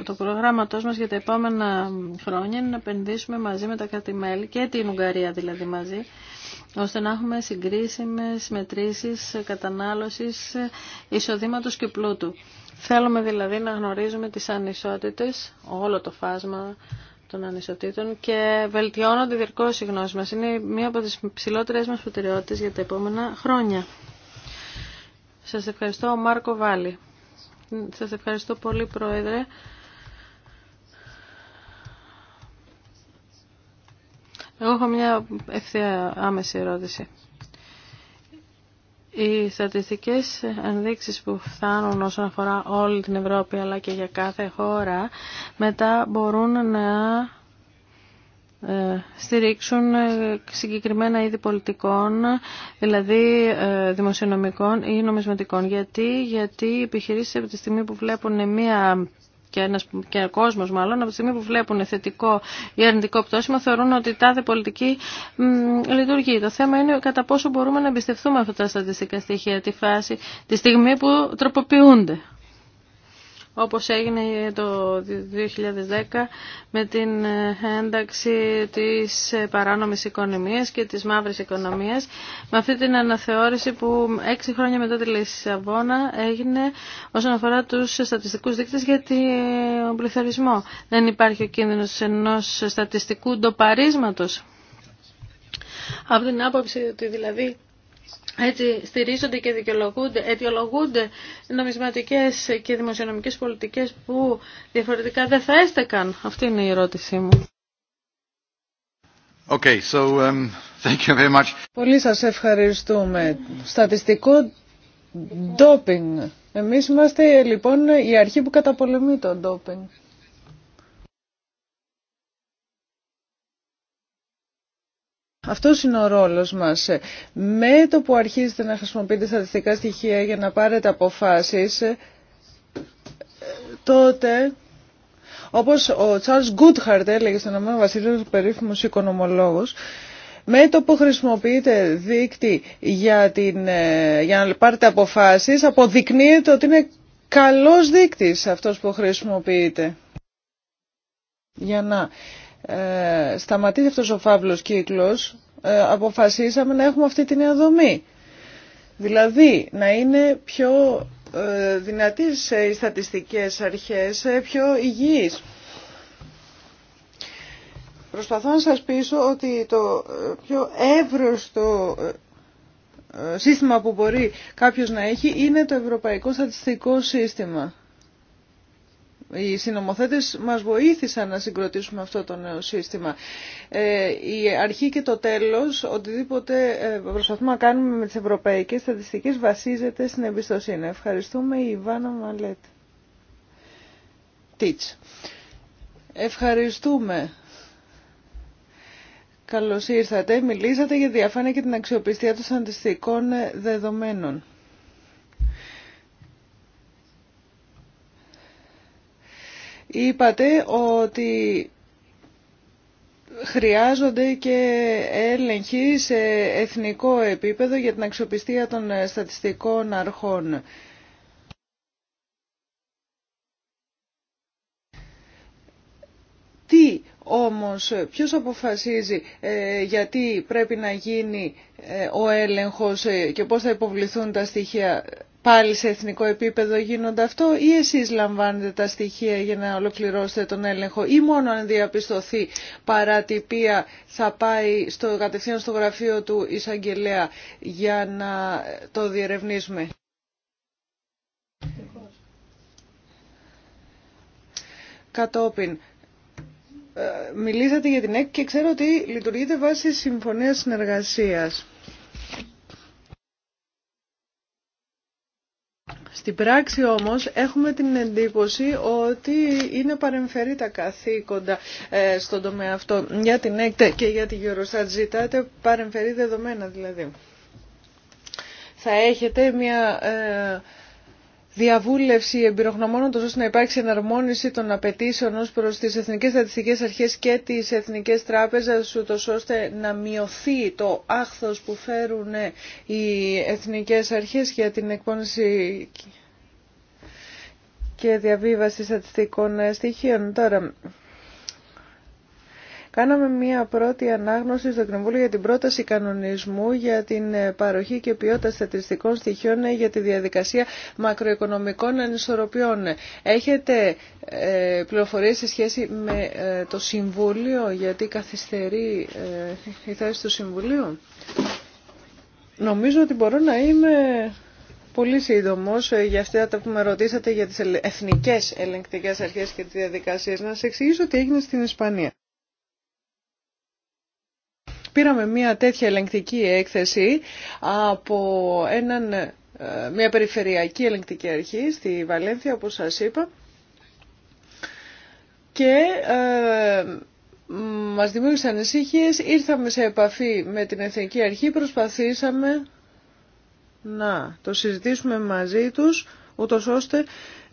το προγράμματό μας για τα επόμενα χρόνια είναι να επενδύσουμε μαζί με τα κράτη-μέλη και την Ουγγαρία δηλαδή μαζί ώστε να έχουμε συγκρίσιμες μετρήσεις κατανάλωσης εισοδήματος και πλούτου. Θέλουμε δηλαδή να γνωρίζουμε τις ανισότητες, όλο το φάσμα των ανισοτήτων και βελτιώνονται διερκώς οι γνώσεις μας. Είναι μία από τις ψηλότερες μας προτεραιότητες για τα επόμενα χρόνια. Σας ευχαριστώ, Μάρκο Βάλι. Σας ευχαριστώ πολύ, Πρόεδρε. Εγώ έχω μια ευθεία άμεση ερώτηση. Οι στατιστικές ενδείξει που φτάνουν όσον αφορά όλη την Ευρώπη αλλά και για κάθε χώρα μετά μπορούν να ε, στηρίξουν ε, συγκεκριμένα είδη πολιτικών, δηλαδή ε, δημοσιονομικών ή νομισματικών. Γιατί, Γιατί οι επιχειρήσεις από τη στιγμή που βλέπουν μια και ένας και κόσμος μάλλον από τη στιγμή που βλέπουν θετικό ή αρνητικό πτώσιμο θεωρούν ότι τάδε πολιτική λειτουργεί. Το θέμα είναι κατά πόσο μπορούμε να εμπιστευτούμε αυτά τα στατιστικά στοιχεία τη, φάση, τη στιγμή που τροποποιούνται όπως έγινε το 2010 με την ε, ένταξη της ε, παράνομης οικονομίας και της μαύρης οικονομίας. Με αυτή την αναθεώρηση που έξι χρόνια μετά τη Λισαβόνα έγινε όσον αφορά τους στατιστικούς δείκτες για τον ε, πληθωρισμό. Δεν υπάρχει ο κίνδυνος ενός στατιστικού ντοπαρίσματος. Από την άποψη ότι δηλαδή έτσι στηρίζονται και δικαιολογούνται, αιτιολογούνται νομισματικές και δημοσιονομικές πολιτικές που διαφορετικά δεν θα έστεκαν. Αυτή είναι η ερώτησή μου. Um, Πολύ σας ευχαριστούμε. Στατιστικό ντόπινγκ. Εμείς είμαστε λοιπόν η αρχή που καταπολεμεί το ντόπινγκ. Αυτό είναι ο ρόλος μας. Με το που αρχίζετε να χρησιμοποιείτε στατιστικά στοιχεία για να πάρετε αποφάσεις, τότε, όπως ο Τσαρλ Γκούτχαρτ έλεγε στον Ηνωμένο Βασίλειο, ο οικονομολόγος, με το που χρησιμοποιείτε δίκτυ για, την, ε, για να πάρετε αποφάσεις, αποδεικνύεται ότι είναι καλός δείκτης αυτός που χρησιμοποιείτε. Για να ε, σταματήσει αυτός ο φαύλος κύκλος, ε, αποφασίσαμε να έχουμε αυτή την νέα Δηλαδή, να είναι πιο ε, δυνατής οι στατιστικές αρχές, ε, πιο υγιείς. Προσπαθώ να σας πείσω ότι το ε, πιο εύρωστο ε, σύστημα που μπορεί κάποιος να έχει είναι το Ευρωπαϊκό Στατιστικό Σύστημα οι συνομοθέτες μας βοήθησαν να συγκροτήσουμε αυτό το νέο σύστημα. Ε, η αρχή και το τέλος, οτιδήποτε ε, προσπαθούμε να κάνουμε με τις ευρωπαϊκές στατιστικές βασίζεται στην εμπιστοσύνη. Ευχαριστούμε η Ιβάνα Μαλέτ. Ευχαριστούμε. Καλώς ήρθατε. Μιλήσατε για διαφάνεια και την αξιοπιστία των στατιστικών ε, δεδομένων. Είπατε ότι χρειάζονται και έλεγχοι σε εθνικό επίπεδο για την αξιοπιστία των στατιστικών αρχών. Τι όμως, ποιος αποφασίζει ε, γιατί πρέπει να γίνει ε, ο έλεγχος ε, και πώς θα υποβληθούν τα στοιχεία πάλι σε εθνικό επίπεδο γίνονται αυτό ή εσείς λαμβάνετε τα στοιχεία για να ολοκληρώσετε τον έλεγχο ή μόνο αν διαπιστωθεί παρατυπία θα πάει στο, κατευθείαν στο γραφείο του εισαγγελέα για να το διερευνήσουμε. Κατόπιν, ε, μιλήσατε για την ΕΚ και ξέρω ότι λειτουργείτε βάσει συμφωνίας συνεργασίας. Στην πράξη όμως έχουμε την εντύπωση ότι είναι παρεμφερή τα καθήκοντα ε, στον τομέα αυτό για την ΕΚΤΕ και για την Eurostat. Ζητάτε παρεμφερή δεδομένα δηλαδή. Θα έχετε μια ε, διαβούλευση εμπειρογνωμόνων ώστε να υπάρξει εναρμόνιση των απαιτήσεων ως προς τις Εθνικές Στατιστικές Αρχές και τις Εθνικές Τράπεζες ώστε να μειωθεί το άχθος που φέρουν ε, οι Εθνικές Αρχές για την εκπόνηση και διαβίβαση στατιστικών ε, στοιχείων. Τώρα, Κάναμε μία πρώτη ανάγνωση στο Κοινοβούλιο για την πρόταση κανονισμού για την ε, παροχή και ποιότητα στατιστικών στοιχείων ε, για τη διαδικασία μακροοικονομικών ανισορροπιών. Έχετε ε, πληροφορίες σε σχέση με το Συμβούλιο, γιατί καθυστερεί η θέση του Συμβουλίου. Νομίζω ότι μπορώ να είμαι πολύ σύντομο για αυτά που με ρωτήσατε για τις εθνικές ελεγκτικές αρχές και τις διαδικασίες. Να σας εξηγήσω τι έγινε στην Ισπανία. Πήραμε μια τέτοια ελεγκτική έκθεση από έναν, ε, μια περιφερειακή ελεγκτική αρχή στη Βαλένθια, όπως σας είπα, και ε, μας δημιούργησαν ανησυχίε, ήρθαμε σε επαφή με την Εθνική Αρχή, προσπαθήσαμε να το συζητήσουμε μαζί τους, ούτω ώστε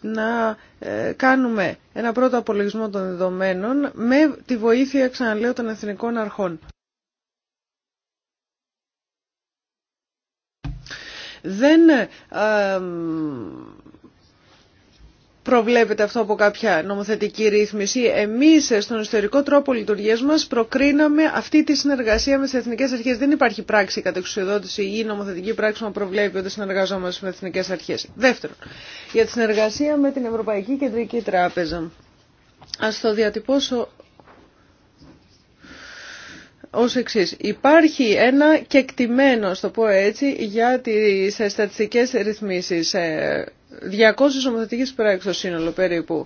να ε, κάνουμε ένα πρώτο απολογισμό των δεδομένων με τη βοήθεια, ξαναλέω, των εθνικών αρχών. Δεν ε, προβλέπεται αυτό από κάποια νομοθετική ρύθμιση. Εμείς ε, στον ιστορικό τρόπο λειτουργίας μας προκρίναμε αυτή τη συνεργασία με τις εθνικές αρχές. Δεν υπάρχει πράξη κατεξουσιοδότηση ή νομοθετική πράξη που προβλέπει ότι συνεργαζόμαστε με εθνικές αρχές. Δεύτερον, για τη συνεργασία με την Ευρωπαϊκή Κεντρική Τράπεζα. Ας το διατυπώσω ως εξή. Υπάρχει ένα κεκτημένο, στο πω έτσι, για τι στατιστικές ρυθμίσεις. 200 ομοθετικές πράξεις στο σύνολο περίπου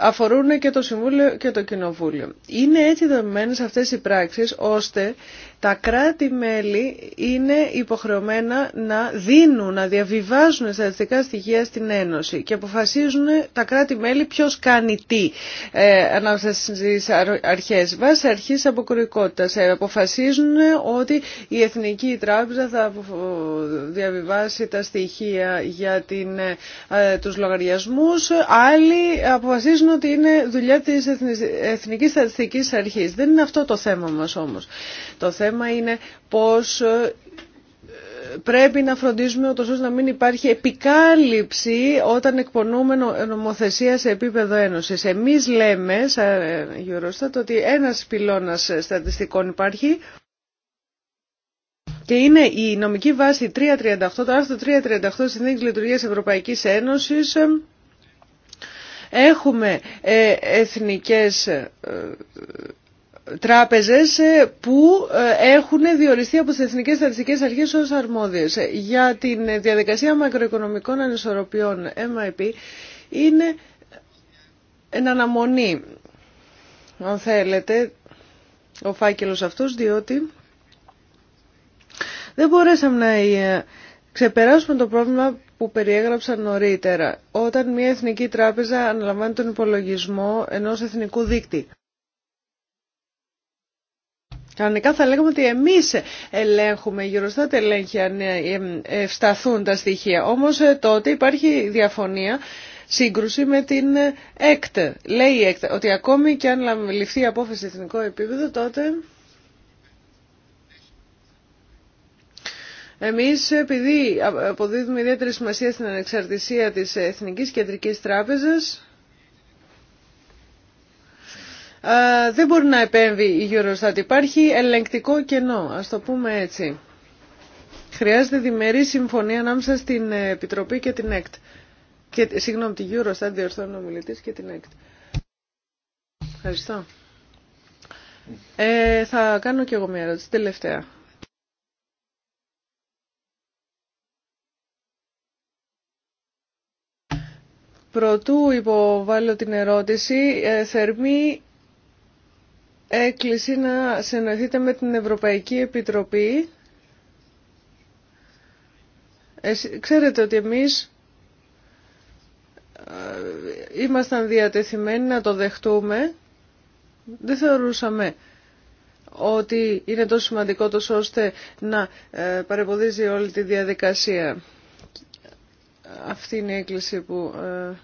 αφορούν και το Συμβούλιο και το Κοινοβούλιο. Είναι έτσι δομημένες αυτές οι πράξεις ώστε τα κράτη-μέλη είναι υποχρεωμένα να δίνουν, να διαβιβάζουν στατιστικά στοιχεία στην Ένωση και αποφασίζουν τα κράτη-μέλη ποιος κάνει τι ε, ανάμεσα στις αρχές. Βάσει αρχής αποκρουικότητα. Ε, αποφασίζουν ότι η Εθνική Τράπεζα θα διαβιβάσει τα στοιχεία για την, ε, τους λογαριασμούς. Άλλοι αποφασίζουν ότι είναι δουλειά της Εθνικής Στατιστικής Αρχής. Δεν είναι αυτό το θέμα μας όμως θέμα είναι πώς ε, πρέπει να φροντίζουμε ώστε να μην υπάρχει επικάλυψη όταν εκπονούμε νομοθεσία σε επίπεδο ένωσης. Εμείς λέμε, σαν ε, Eurostat, ότι ένας πυλώνας στατιστικών υπάρχει και είναι η νομική βάση 338, το άρθρο 338 Συνθήκης Λειτουργίας Ευρωπαϊκής Ένωσης. Έχουμε ε, εθνικές τράπεζες ε, που ε, έχουν διοριστεί από τις Εθνικές Στατιστικές Αρχές ως αρμόδιες. Ε, για την διαδικασία μακροοικονομικών ανισορροπιών MIP είναι εν αναμονή, αν θέλετε, ο φάκελος αυτός, διότι δεν μπορέσαμε να ξεπεράσουμε το πρόβλημα που περιέγραψαν νωρίτερα, όταν μια εθνική τράπεζα αναλαμβάνει τον υπολογισμό ενός εθνικού δίκτυ. Κανονικά θα λέγαμε ότι εμείς ελέγχουμε, η Eurostat ελέγχει αν ε, ε, ε, ευσταθούν τα στοιχεία. Όμως τότε υπάρχει διαφωνία σύγκρουση με την ΕΚΤ. Λέει η ΕΚΤ ότι ακόμη και αν ληφθεί η απόφαση σε εθνικό επίπεδο τότε... Εμείς επειδή αποδίδουμε ιδιαίτερη σημασία στην ανεξαρτησία της Εθνικής κεντρική Τράπεζας ε, δεν μπορεί να επέμβει η Eurostat. Υπάρχει ελεγκτικό κενό, ας το πούμε έτσι. Χρειάζεται διμερή συμφωνία ανάμεσα στην Επιτροπή και την ΕΚΤ. Και, συγγνώμη, τη Eurostat διορθώνει ο μιλητής και την ΕΚΤ. Ευχαριστώ. Ε, θα κάνω κι εγώ μια ερώτηση, τελευταία. Πρωτού υποβάλλω την ερώτηση, ε, θερμή έκκληση να συνοηθείτε με την Ευρωπαϊκή Επιτροπή. Ξέρετε ότι εμείς ε, ήμασταν διατεθειμένοι να το δεχτούμε. Δεν θεωρούσαμε ότι είναι τόσο σημαντικό το ώστε να ε, παρεμποδίζει όλη τη διαδικασία. Αυτή είναι η έκκληση που ε,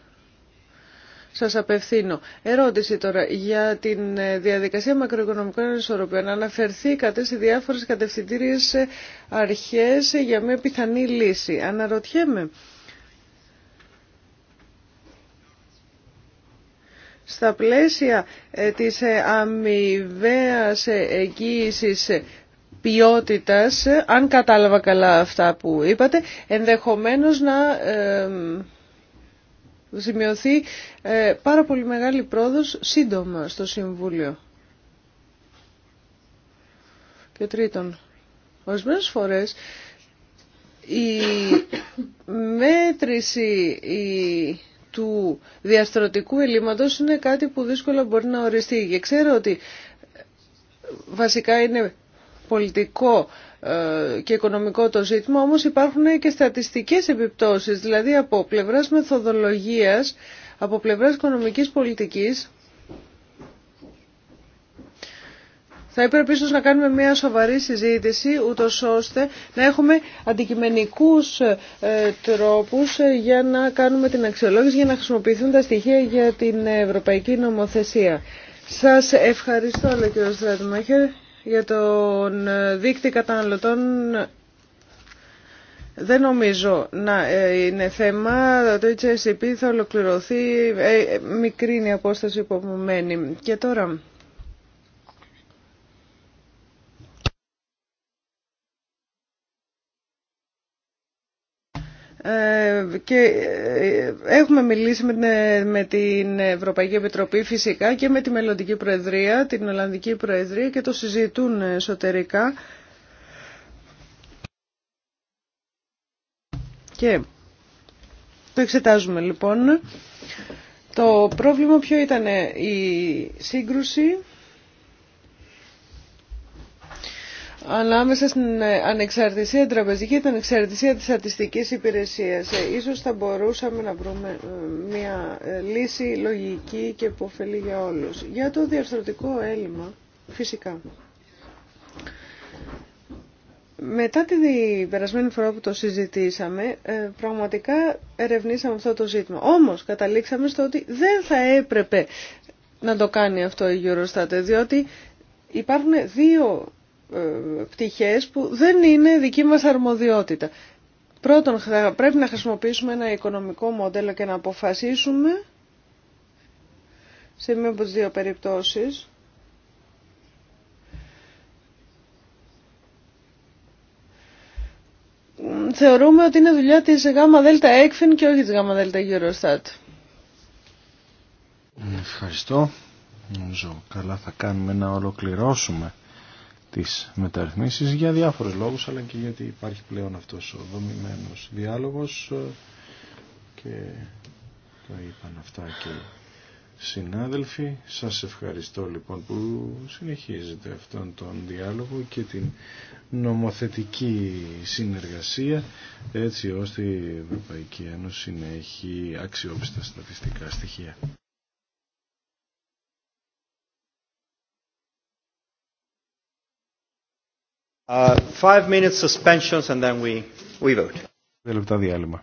σας απευθύνω. Ερώτηση τώρα για την ε, διαδικασία μακροοικονομικών ισορροπιών. Αναφερθήκατε σε διάφορες κατευθυντήριες ε, αρχές ε, για μια πιθανή λύση. Αναρωτιέμαι. Στα πλαίσια της αμοιβαίας εγγύησης ποιότητας, αν κατάλαβα καλά αυτά που είπατε, ενδεχομένως να σημειωθεί ε, πάρα πολύ μεγάλη πρόοδος σύντομα στο Συμβούλιο. Και τρίτον, ορισμένες φορές η μέτρηση του διαστρωτικού ελλείμματος είναι κάτι που δύσκολα μπορεί να οριστεί. Και ξέρω ότι βασικά είναι πολιτικό και οικονομικό το ζήτημα, όμως υπάρχουν και στατιστικές επιπτώσεις, δηλαδή από πλευράς μεθοδολογίας, από πλευράς οικονομικής πολιτικής, Θα έπρεπε ίσως να κάνουμε μια σοβαρή συζήτηση, ούτω ώστε να έχουμε αντικειμενικούς ε, τρόπους ε, για να κάνουμε την αξιολόγηση, για να χρησιμοποιηθούν τα στοιχεία για την ευρωπαϊκή νομοθεσία. Σας ευχαριστώ, λέει ο για τον ε, δίκτυ καταναλωτών δεν νομίζω να ε, είναι θέμα. Το HSCP θα ολοκληρωθεί, ε, μικρή είναι η απόσταση που Και τώρα... Ε, και ε, έχουμε μιλήσει με την, Ευρωπαϊκή Επιτροπή φυσικά και με τη Μελλοντική Προεδρία, την Ολλανδική Προεδρία και το συζητούν εσωτερικά. Και το εξετάζουμε λοιπόν. Το πρόβλημα ποιο ήταν η σύγκρουση ανάμεσα στην ε, ανεξαρτησία τραπεζική και την ανεξαρτησία της στατιστικής υπηρεσίας. Ε, ίσως θα μπορούσαμε να βρούμε ε, μια λύση λογική και που ωφελεί για όλους. Για το διαρθρωτικό έλλειμμα, φυσικά. Μετά την περασμένη φορά που το συζητήσαμε, πραγματικά ερευνήσαμε αυτό το ζήτημα. Όμως καταλήξαμε στο ότι δεν θα έπρεπε να το κάνει αυτό η Γιουροστάτε διότι υπάρχουν δύο ε, πτυχές που δεν είναι δική μας αρμοδιότητα. Πρώτον, πρέπει να χρησιμοποιήσουμε ένα οικονομικό μοντέλο και να αποφασίσουμε σε μία από τις δύο περιπτώσεις θεωρούμε ότι είναι δουλειά της ΓΑΜΑ ΔΕΛΤΑ και όχι της ΓΑΜΑ ΔΕΛΤΑ Ευχαριστώ. Νομίζω καλά θα κάνουμε να ολοκληρώσουμε τις μεταρρυθμίσεις για διάφορους λόγους αλλά και γιατί υπάρχει πλέον αυτός ο δομημένος διάλογος ε, και το είπαν αυτά και συνάδελφοι. Σας ευχαριστώ λοιπόν που συνεχίζετε αυτόν τον διάλογο και την νομοθετική συνεργασία έτσι ώστε η Ευρωπαϊκή Ένωση να έχει αξιόπιστα στατιστικά στοιχεία. Uh, five minutes suspensions and then we, we vote. Δύο λεπτά διάλειμμα.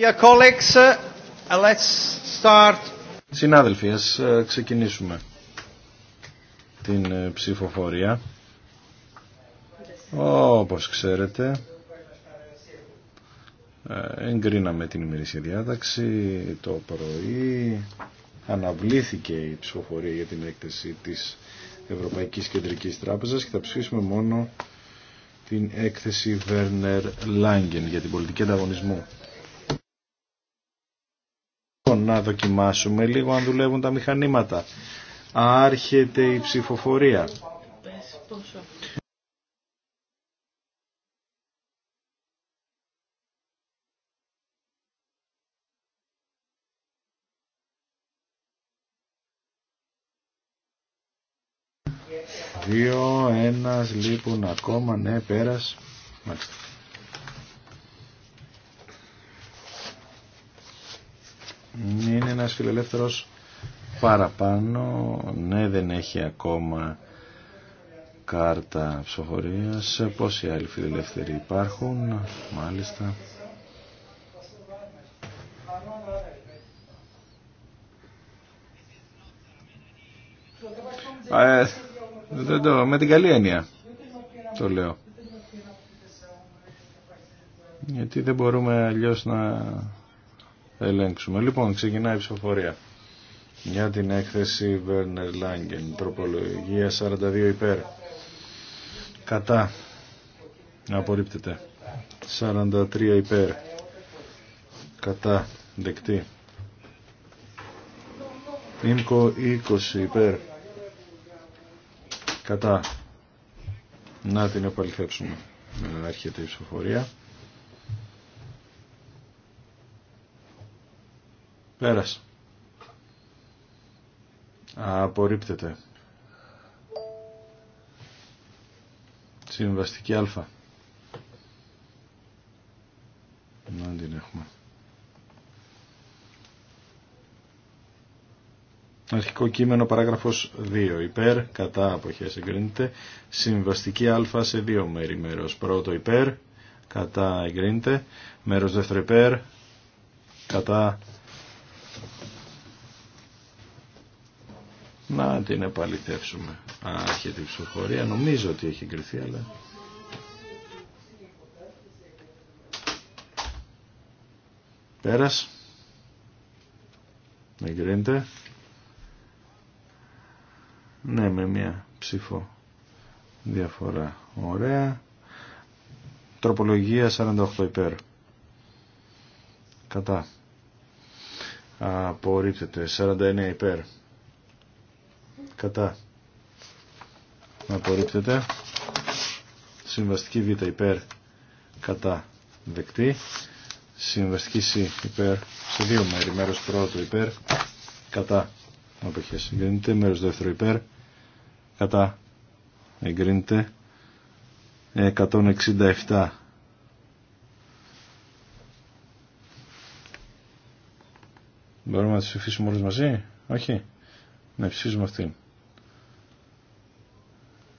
Uh, Συνάδελφοι, ας ε, ξεκινήσουμε την ε, ψηφοφορία. Όπως ξέρετε, ε, εγκρίναμε την ημερήσια διάταξη το πρωί. Αναβλήθηκε η ψηφοφορία για την έκθεση της Ευρωπαϊκής Κεντρικής Τράπεζας και θα ψηφίσουμε μόνο την έκθεση Βέρνερ Langen για την πολιτική ανταγωνισμού να δοκιμάσουμε λίγο αν δουλεύουν τα μηχανήματα. Άρχεται η ψηφοφορία. Δύο, ένας, λείπουν λοιπόν, ακόμα, ναι, πέρας. Είναι ένας φιλελεύθερος παραπάνω. Ναι, δεν έχει ακόμα κάρτα ψωφορίας. Πόσοι άλλοι φιλελεύθεροι υπάρχουν. Μάλιστα. Ε, δεν το, με την καλή έννοια το λέω. Γιατί δεν μπορούμε αλλιώς να ελέγξουμε. Λοιπόν, ξεκινάει η ψηφοφορία για την έκθεση Βέρνερ Λάγκεν, τροπολογία 42 υπέρ. Κατά. Απορρίπτεται. 43 υπέρ. Κατά. Δεκτή. Ήμκο 20 υπέρ. Κατά. Να την επαληθεύσουμε. Έρχεται η ψηφοφορία. Πέρας. Απορρίπτεται. Συμβαστική α. Να την έχουμε. Αρχικό κείμενο παράγραφος 2. Υπέρ, κατά αποχές εγκρίνεται. Συμβαστική α σε δύο μέρη μέρος. Πρώτο υπέρ, κατά εγκρίνεται. Μέρος δεύτερο υπέρ, κατά να την επαληθεύσουμε. έχει την ψηφοφορία. Νομίζω ότι έχει εγκριθεί, αλλά... Πέρας. Εγκρίνεται. Ναι, με μία ψήφο διαφορά. Ωραία. Τροπολογία 48 υπέρ. Κατά. Απορρίπτεται. 49 υπέρ κατά να απορρίπτεται συμβαστική β υπέρ κατά δεκτή συμβαστική σ υπέρ σε δύο μέρη μέρος πρώτο υπέρ κατά αποχές εγκρίνεται μέρος δεύτερο υπέρ κατά εγκρίνεται 167 Μπορούμε να τις ψηφίσουμε όλες μαζί, όχι. Να ψηφίσουμε αυτήν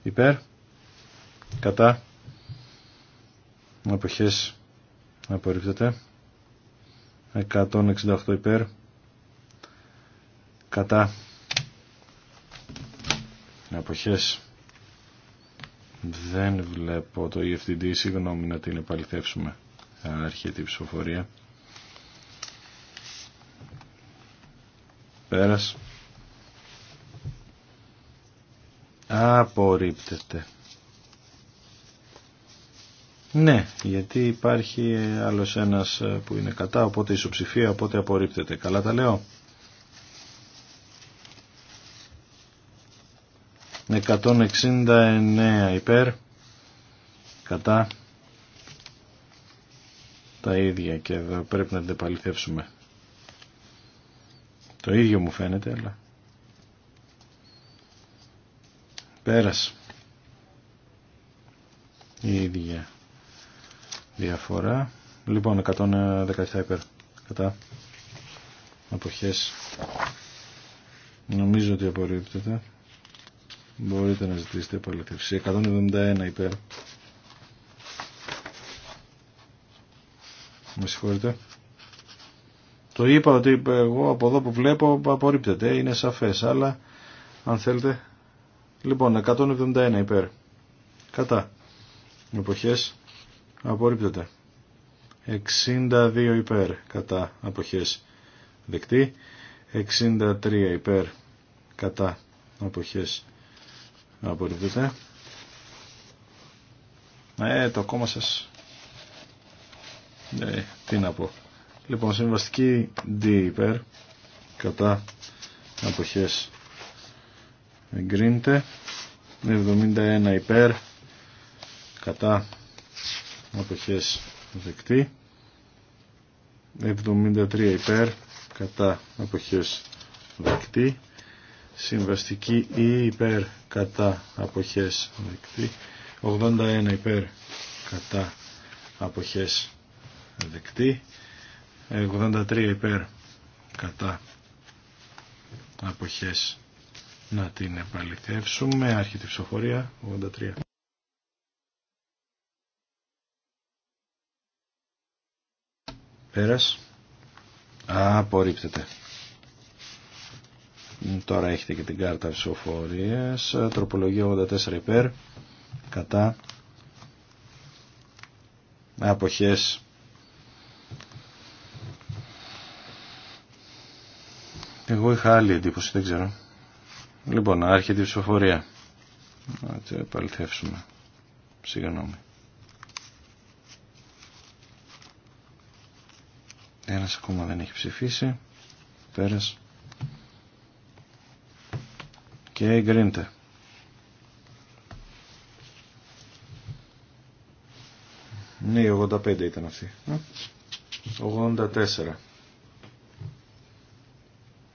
υπέρ κατά αποχές απορρίπτεται 168 υπέρ κατά αποχές δεν βλέπω το EFTD συγγνώμη να την επαληθεύσουμε άρχεται η ψηφοφορία πέρας Απορρίπτεται. Ναι, γιατί υπάρχει άλλος ένας ε, που είναι κατά, οπότε ισοψηφία, οπότε απορρίπτεται. Καλά τα λέω. 169 υπέρ, κατά, τα ίδια και πρέπει να την επαληθεύσουμε. Το ίδιο μου φαίνεται, αλλά... Πέρασε. Η ίδια διαφορά. Λοιπόν, 117 υπέρ. Κατά. Αποχές. Νομίζω ότι απορρίπτεται. Μπορείτε να ζητήσετε επαληθευσή. 171 υπέρ. Με συγχωρείτε. Το είπα ότι εγώ από εδώ που βλέπω απορρίπτεται. Είναι σαφές. Αλλά αν θέλετε Λοιπόν, 171 υπέρ. Κατά. Εποχές. Απορρίπτεται. 62 υπέρ. Κατά. εποχέ Δεκτή. 63 υπέρ. Κατά. Αποχές. Απορρίπτεται. Ε, το κόμμα σας. Ε, τι να πω. Λοιπόν, συμβαστική D υπέρ. Κατά. εποχέ εγκρίνεται 71 υπέρ κατά αποχές δεκτή 73 υπέρ κατά αποχές δεκτή συμβαστική ή e υπέρ κατά αποχές δεκτή 81 υπέρ κατά αποχές δεκτή 83 υπέρ κατά αποχές δεκτή να την επαληθεύσουμε. Άρχεται η ψηφοφορία. 83. Πέρας. Α, απορρίπτεται. Τώρα έχετε και την κάρτα ψηφοφορίας. Τροπολογία 84 υπέρ. Κατά. Αποχές. Εγώ είχα άλλη εντύπωση, δεν ξέρω. Λοιπόν, άρχεται η ψηφοφορία. Να το επαληθεύσουμε. Συγγνώμη. Ένας ακόμα δεν έχει ψηφίσει. Πέρας. Και εγκρίνεται. Ναι, 85 ήταν αυτή. 84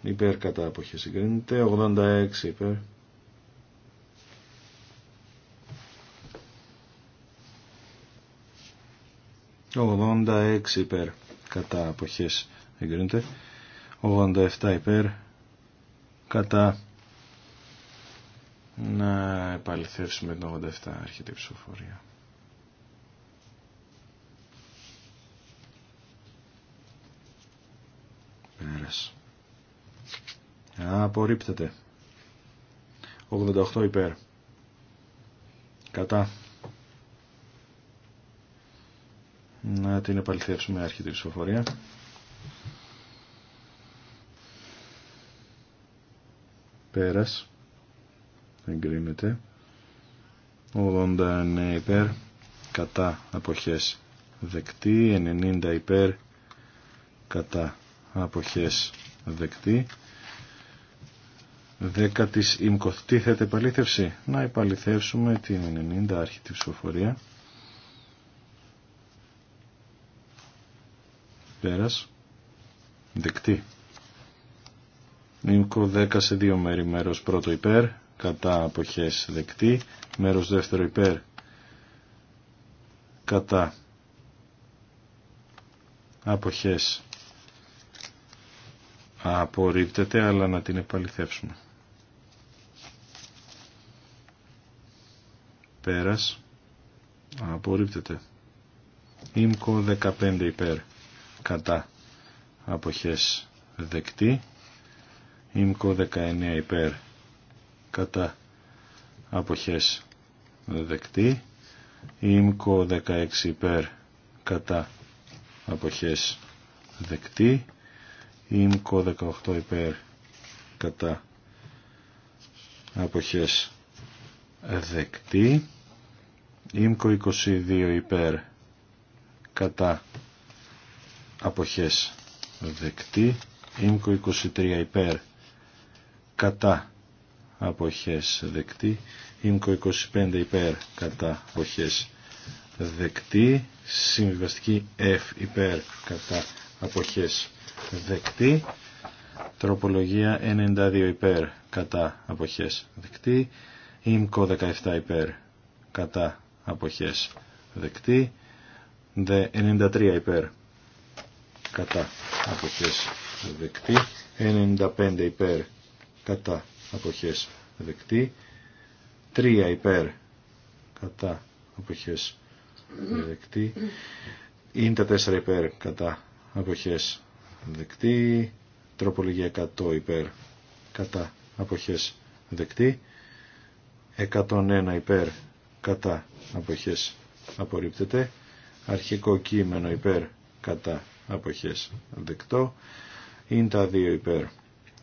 υπέρ κατά αποχές συγκρίνεται 86 υπέρ 86 υπέρ κατά αποχές εγκρίνεται 87 υπέρ κατά να επαληθεύσουμε την 87 αρχιτή ψηφοφορία πέρασε Απορρίπτεται. 88 υπέρ. Κατά. Να την επαληθεύσουμε άρχη την ψηφοφορία. Πέρας. Εγκρίνεται. 89 υπέρ. Κατά αποχές δεκτή. 90 υπέρ. Κατά αποχές δεκτή. 10 της ΙΜΚΟ. Τι θέτε επαλήθευση. Να επαληθεύσουμε την 90 άρχιτη ψηφοφορία. Πέρας. Δεκτή. ΙΜΚΟ 10 σε δύο μέρη. Μέρος πρώτο υπέρ. Κατά αποχές δεκτή. Μέρος δεύτερο υπέρ. Κατά αποχές απορρίπτεται αλλά να την επαληθεύσουμε. πέρας απορρίπτεται ΙΜΚΟ 15 υπέρ κατά αποχές δεκτή ΙΜΚΟ 19 υπέρ κατά αποχές δεκτή ΙΜΚΟ 16 υπέρ κατά αποχές δεκτή ΙΜΚΟ 18 υπέρ κατά αποχές δεκτή Ήμκο 22 υπέρ κατά αποχές δεκτή. Ήμκο 23 υπέρ κατά αποχές δεκτή. Ήμκο 25 υπέρ κατά αποχές δεκτή. Συμβιβαστική F υπέρ κατά αποχές δεκτή. Τροπολογία 92 υπέρ κατά αποχές δεκτή. Ήμκο 17 υπέρ κατά αποχές δεκτή, 93 υπέρ κατά αποχές δεκτή, 95 υπέρ κατά αποχές δεκτή, 3 υπέρ κατά αποχές δεκτή, είναι τα 4 υπέρ κατά αποχές δεκτή, τροπολογία 100 υπέρ κατά αποχές δεκτή, 101 υπέρ κατά αποχές απορρίπτεται αρχικό κείμενο υπέρ κατά αποχές δεκτό είναι τα δύο υπέρ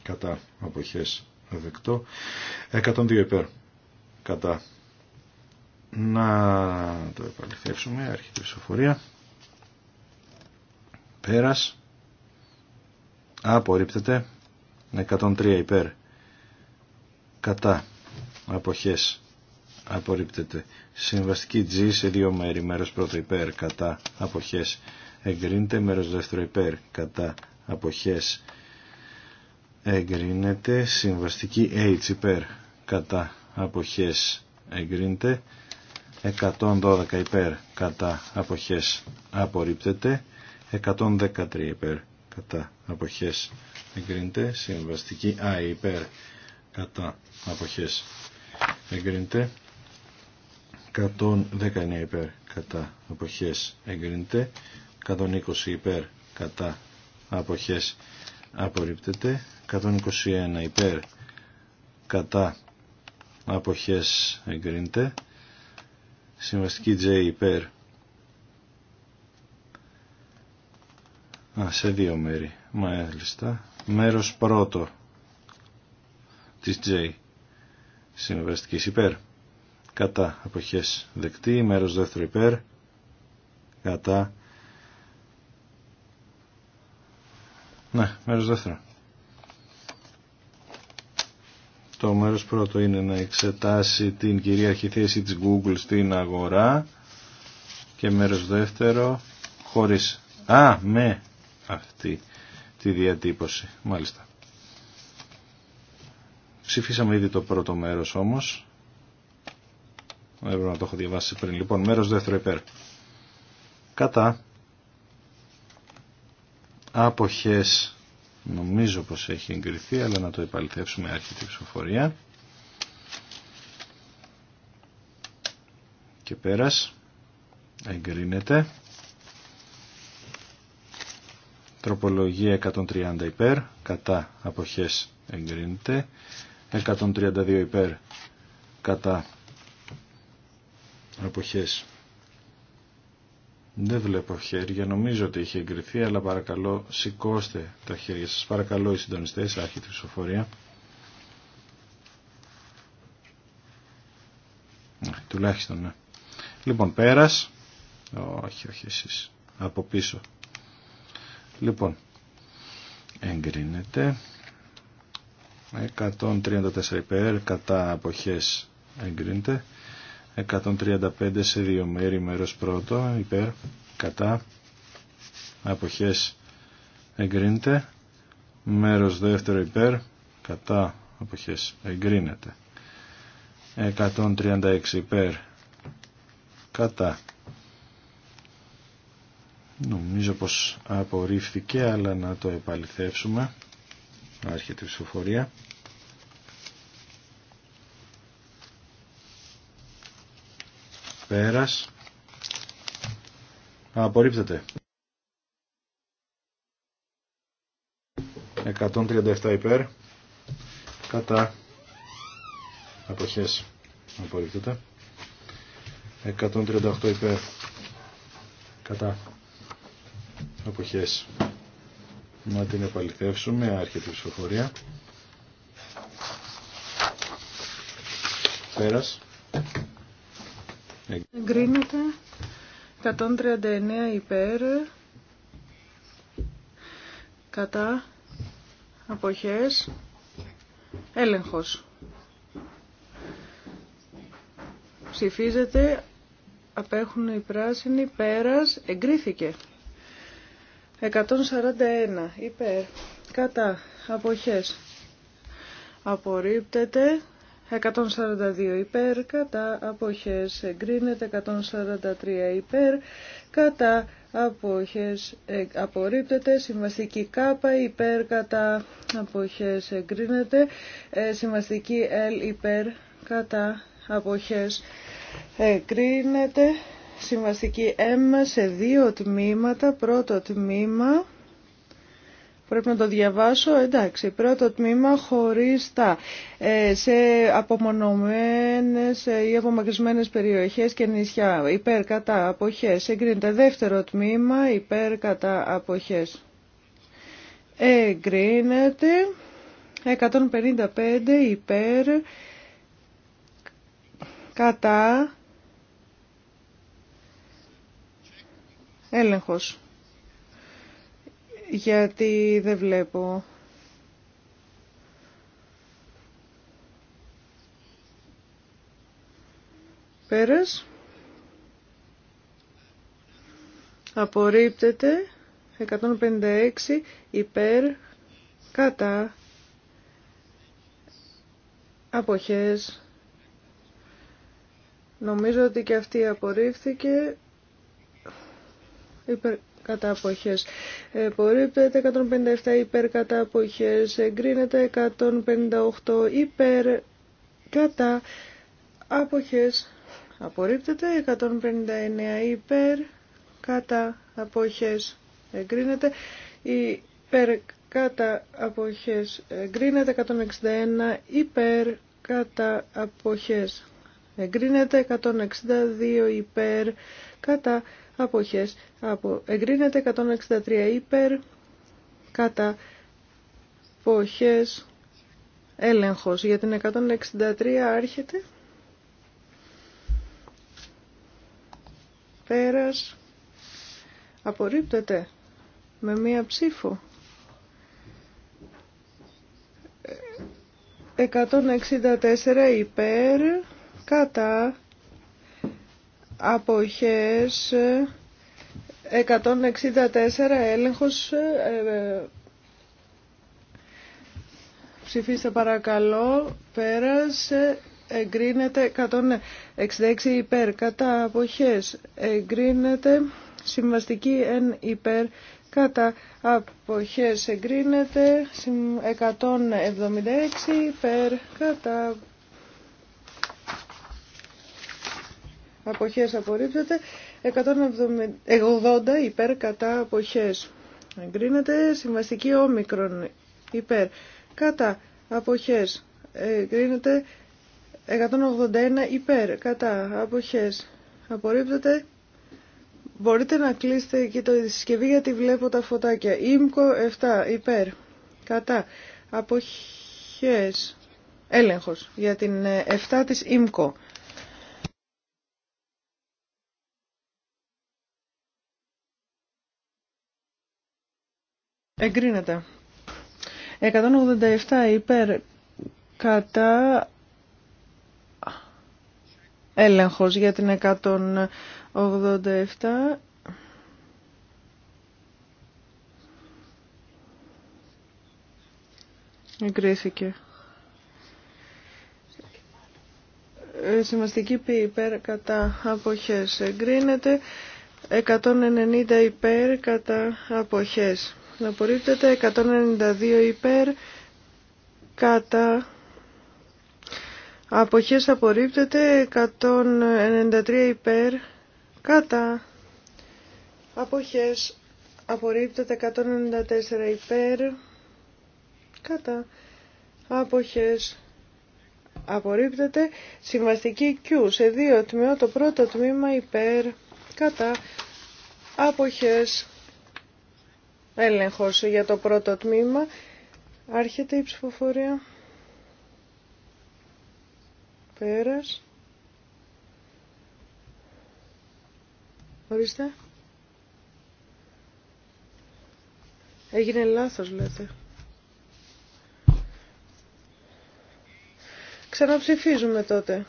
κατά αποχές δεκτό 102 υπέρ κατά να το επαληθεύσουμε αρχική ψηφοφορία πέρας απορρίπτεται 103 υπέρ κατά αποχές απορρίπτεται. Συμβαστική G σε δύο μέρη, μέρος πρώτο υπέρ, κατά, αποχές, εγκρίνεται, μέρος δεύτερο υπέρ, κατά, αποχές, εγκρίνεται, συμβαστική H υπέρ, κατά, αποχές, εγκρίνεται, 112 υπέρ, κατά, αποχές, απορρίπτεται, 113 υπέρ, κατά, αποχές, εγκρίνεται, συμβαστική I υπέρ, κατά, αποχές, εγκρίνεται, 119 υπέρ κατά αποχές εγκρίνεται 120 υπέρ κατά αποχές απορρίπτεται 121 υπέρ κατά αποχές εγκρίνεται συμβαστική J υπέρ Α, σε δύο μέρη μάλιστα μέρος πρώτο της J συμβαστικής υπέρ κατά αποχές δεκτή, μέρος δεύτερο υπέρ, κατά, ναι, μέρος δεύτερο. Το μέρος πρώτο είναι να εξετάσει την κυρίαρχη θέση της Google στην αγορά και μέρος δεύτερο χωρίς, α, με αυτή τη διατύπωση, μάλιστα. Ψηφίσαμε ήδη το πρώτο μέρος όμως. Έπρεπε να το έχω διαβάσει πριν. Λοιπόν, μέρος δεύτερο υπέρ. Κατά άποχες νομίζω πως έχει εγκριθεί αλλά να το επαληθεύσουμε άρχιτη ψηφοφορία και πέρας εγκρίνεται τροπολογία 130 υπέρ κατά αποχές εγκρίνεται 132 υπέρ κατά εποχές. Δεν βλέπω χέρια, νομίζω ότι είχε εγκριθεί, αλλά παρακαλώ σηκώστε τα χέρια σας. Παρακαλώ οι συντονιστές, άρχιτε ψηφοφορία. Τουλάχιστον, ναι. Λοιπόν, πέρας. Όχι, όχι εσείς. Από πίσω. Λοιπόν, εγκρίνεται. 134 υπέρ, κατά αποχές εγκρίνεται. 135 σε δύο μέρη μέρος πρώτο υπέρ κατά αποχές εγκρίνεται μέρος δεύτερο υπέρ κατά αποχές εγκρίνεται 136 υπέρ κατά νομίζω πως απορρίφθηκε αλλά να το επαληθεύσουμε άρχεται η ψηφοφορία Πέρας. Απορρίπτεται. 137 υπέρ. Κατά. Αποχές. Απορρίπτεται. 138 υπέρ. Κατά. Αποχές. Να την επαληθεύσουμε. Άρχεται η ψηφοφορία. Πέρας. Εγκρίνεται 139 υπέρ κατά αποχές έλεγχος. Ψηφίζεται, απέχουν οι πράσινοι, πέρας, εγκρίθηκε. 141 υπέρ κατά αποχές απορρίπτεται 142 υπέρ, κατά αποχές εγκρίνεται, 143 υπέρ, κατά αποχές ε, απορρίπτεται, συμβαστική κάπα υπέρ, κατά αποχές εγκρίνεται, ε, συμβαστική L υπέρ, κατά αποχές εγκρίνεται, συμβαστική M σε δύο τμήματα, πρώτο τμήμα Πρέπει να το διαβάσω. Εντάξει, πρώτο τμήμα χωρίστα τα ε, σε απομονωμένες ή απομακρυσμένες περιοχές και νησιά. Υπέρ κατά αποχές. Εγκρίνεται δεύτερο τμήμα υπέρ κατά αποχές. Εγκρίνεται 155 υπέρ κατά έλεγχος γιατί δεν βλέπω πέρας απορρίπτεται 156 υπέρ κατά αποχές νομίζω ότι και αυτή απορρίφθηκε υπέρ κατά αποχές. 157 υπέρ κατά αποχές. Εγκρίνεται 158 υπέρ κατά αποχές. Απορρίπτεται 159 υπέρ κατά αποχές. Εγκρίνεται υπέρ κατά αποχές. Εγκρίνεται 161 υπέρ κατά αποχές. Εγκρίνεται 162 υπέρ κατά αποχές αποχές από εγκρίνεται 163 υπέρ κατά ποχές έλεγχος για την 163 άρχεται πέρας απορρίπτεται με μία ψήφο 164 ε, υπέρ κατά αποχές 164 έλεγχος ε, ε, ψηφίστε παρακαλώ πέρασε εγκρίνεται 166 υπέρ κατά αποχές εγκρίνεται συμβαστική εν υπέρ κατά αποχές εγκρίνεται 176 υπέρ κατά αποχές απορρίπτεται 180 υπέρ κατά αποχές εγκρίνεται συμβαστική όμικρον υπέρ κατά αποχές εγκρίνεται 181 υπέρ κατά αποχές απορρίπτεται μπορείτε να κλείσετε και το συσκευή γιατί βλέπω τα φωτάκια Ήμκο 7 υπέρ κατά αποχές έλεγχος για την 7 ε, της ΙΜΚΟ Εγκρίνεται. 187 υπέρ κατά έλεγχος για την 187 εγκρίθηκε. Ε, Σημαστική πι υπέρ κατά αποχές εγκρίνεται. 190 υπέρ κατά αποχές απορρίπτεται 192 υπέρ κατά αποχές απορρίπτεται 193 υπέρ κατά αποχές απορρίπτεται 194 υπέρ κατά αποχές απορρίπτεται συμβαστική Q σε δύο τμήμα το πρώτο τμήμα υπέρ κατά αποχές Έλεγχος για το πρώτο τμήμα. Άρχεται η ψηφοφορία. Πέρας. Ορίστε. Έγινε λάθος λέτε. Ξαναψηφίζουμε τότε.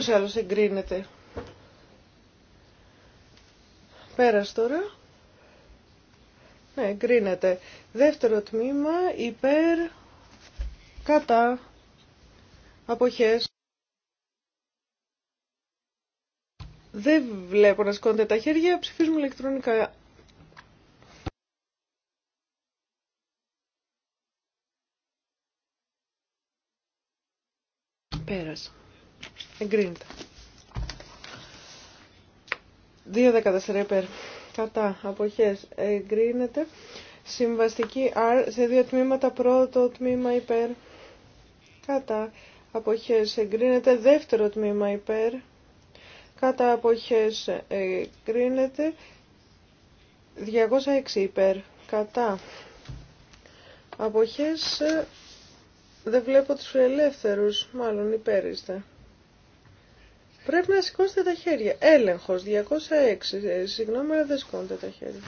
ούτως ή άλλως εγκρίνεται. Πέρας τώρα. Ναι, εγκρίνεται. Δεύτερο τμήμα υπέρ κατά αποχές. Δεν βλέπω να σκόνται τα χέρια, ψηφίζουμε ηλεκτρονικά. Πέρας. Εγκρίνεται. 2.14 υπέρ. Κατά. Αποχές. Εγκρίνεται. Συμβαστική R σε δύο τμήματα. Πρώτο τμήμα υπέρ. Κατά. Αποχές. Εγκρίνεται. Δεύτερο τμήμα υπέρ. Κατά. Αποχές. Εγκρίνεται. 206 υπέρ. Κατά. Αποχές. Δεν βλέπω τους ελεύθερους. Μάλλον υπέρ είστε. Πρέπει να σηκώσετε τα χέρια. Έλεγχος 206. Ε, συγγνώμη, αλλά δεν σηκώνετε τα χέρια.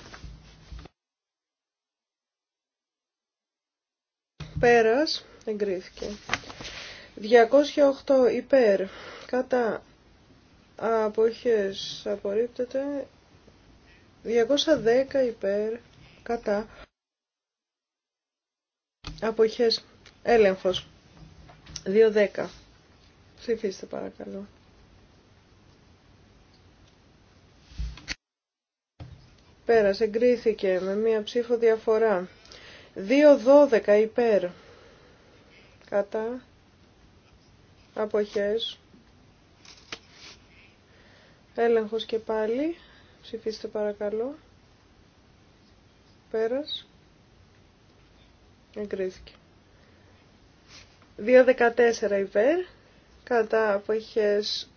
Πέρας, εγκρίθηκε. 208 υπέρ. Κατά αποχές απορρίπτεται. 210 υπέρ. Κατά αποχές έλεγχος. 210. Ψηφίστε παρακαλώ. Πέρας, εγκρίθηκε με μία ψήφο διαφορά. 2-12 υπέρ. Κατά. Αποχές. Έλεγχος και πάλι. Ψηφίστε παρακαλώ. Πέρας. Εγκρίθηκε. 2-14 υπέρ. Κατά αποχές.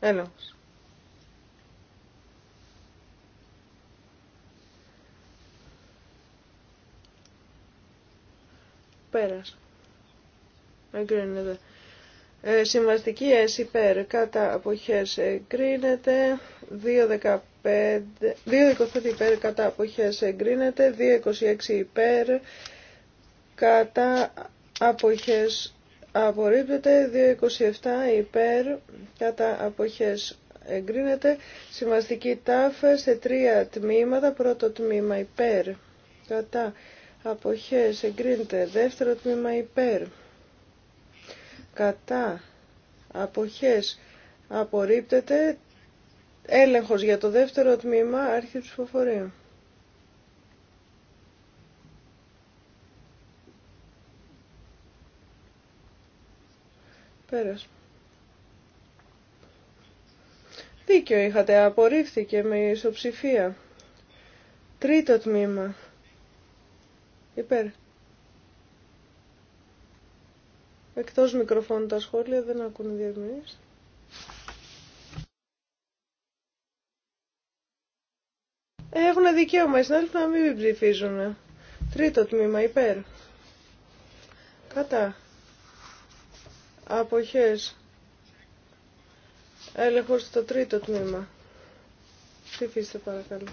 Έλεγχος. Πέρας. Εγκρίνεται. Ε, συμβαστική S υπέρ κατά αποχές εγκρίνεται. 2.15 2.25 υπέρ κατά αποχές εγκρίνεται. 2.26 υπέρ κατά αποχές απορρίπτεται. 2.27 υπέρ κατά αποχές εγκρίνεται. Συμβαστική τάφε σε τρία τμήματα. Πρώτο τμήμα υπέρ κατά αποχές εγκρίνεται δεύτερο τμήμα υπέρ κατά αποχές απορρίπτεται έλεγχος για το δεύτερο τμήμα άρχη ψηφοφορία πέρας δίκιο είχατε απορρίφθηκε με ισοψηφία τρίτο τμήμα Υπέρ. Εκτός μικροφώνου τα σχόλια δεν ακούνε διερμηνείς. Έχουν δικαίωμα οι συνάδελφοι να μην ψηφίζουν. Τρίτο τμήμα, υπέρ. Κατά. Αποχές. Έλεγχος στο τρίτο τμήμα. Ψηφίστε παρακαλώ.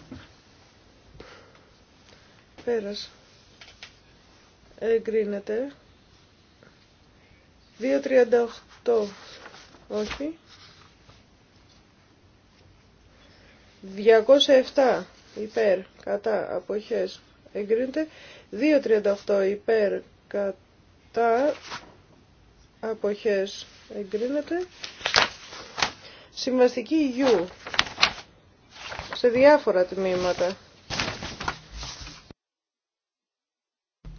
Πέρασε εγκρίνεται. 2.38 όχι. 207 υπέρ κατά αποχές εγκρίνεται. 2.38 υπέρ κατά αποχές εγκρίνεται. Συμβαστική U σε διάφορα τμήματα.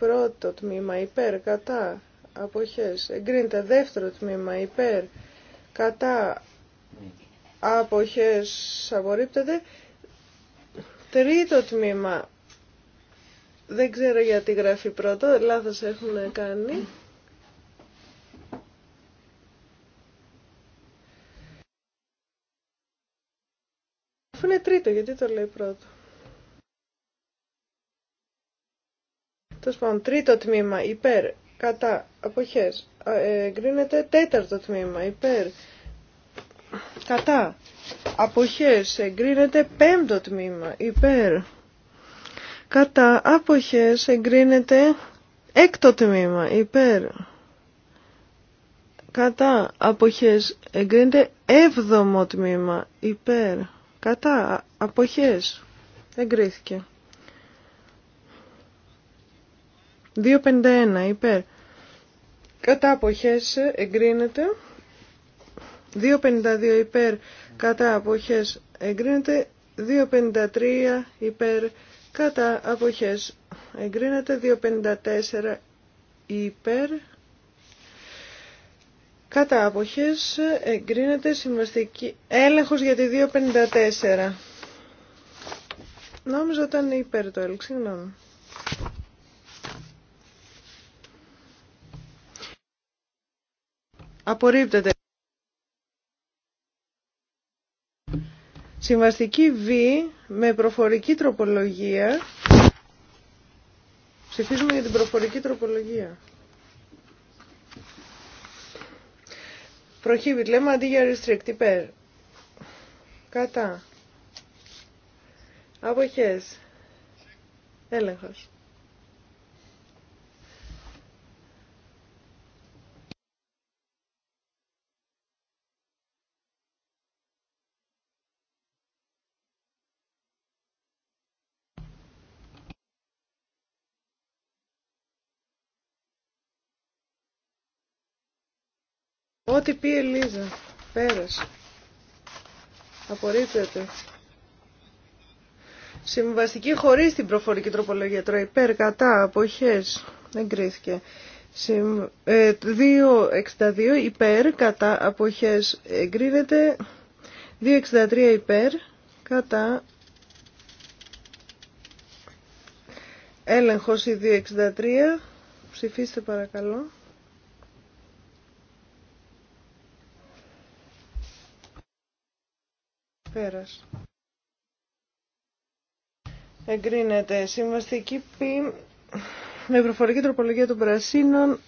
Πρώτο τμήμα υπέρ, κατά, αποχές. Εγκρίνεται δεύτερο τμήμα υπέρ, κατά, αποχές. Απορρίπτεται. Τρίτο τμήμα. Δεν ξέρω γιατί γράφει πρώτο, λάθος έχουν κάνει. Αφού είναι τρίτο, γιατί το λέει πρώτο. Τέλο πάντων, τρίτο τμήμα υπέρ, κατά, αποχές, ε, εγκρίνεται τέταρτο τμήμα υπέρ, κατά, αποχές, εγκρίνεται πέμπτο τμήμα υπέρ, κατά, αποχές, εγκρίνεται έκτο τμήμα υπέρ, κατά, αποχές, εγκρίνεται έβδομο τμήμα υπέρ, κατά, αποχές, εγκρίθηκε. 2.51 υπέρ. Κατά αποχές εγκρίνεται. 2.52 υπέρ. Κατά αποχές εγκρίνεται. 2.53 υπέρ. Κατά αποχές εγκρίνεται. 2.54 υπέρ. Κατά αποχές εγκρίνεται συμβαστική έλεγχος για τη 2.54. Νόμιζα ότι ήταν υπέρ το έλεγχο, συγγνώμη. Απορρίπτεται. Συμβαστική Β με προφορική τροπολογία. Ψηφίζουμε για την προφορική τροπολογία. Προχύβη. λέμε αντί για restrict, υπέρ. Κατά. Αποχές. Έλεγχος. Ό,τι πει η Ελίζα. Πέρασε. Απορρίπτεται. Συμβαστική χωρί την προφορική τροπολογία. Τώρα υπέρ, κατά, αποχές. Εγκρίθηκε. Συμ... Ε, 2.62 υπέρ, κατά, αποχές. Εγκρίνεται. 2.63 υπέρ, κατά, έλεγχος η 2.63. Ψηφίστε παρακαλώ. Πέρας. Εγκρίνεται. Συμβαστική πι με προφορική τροπολογία των πρασίνων.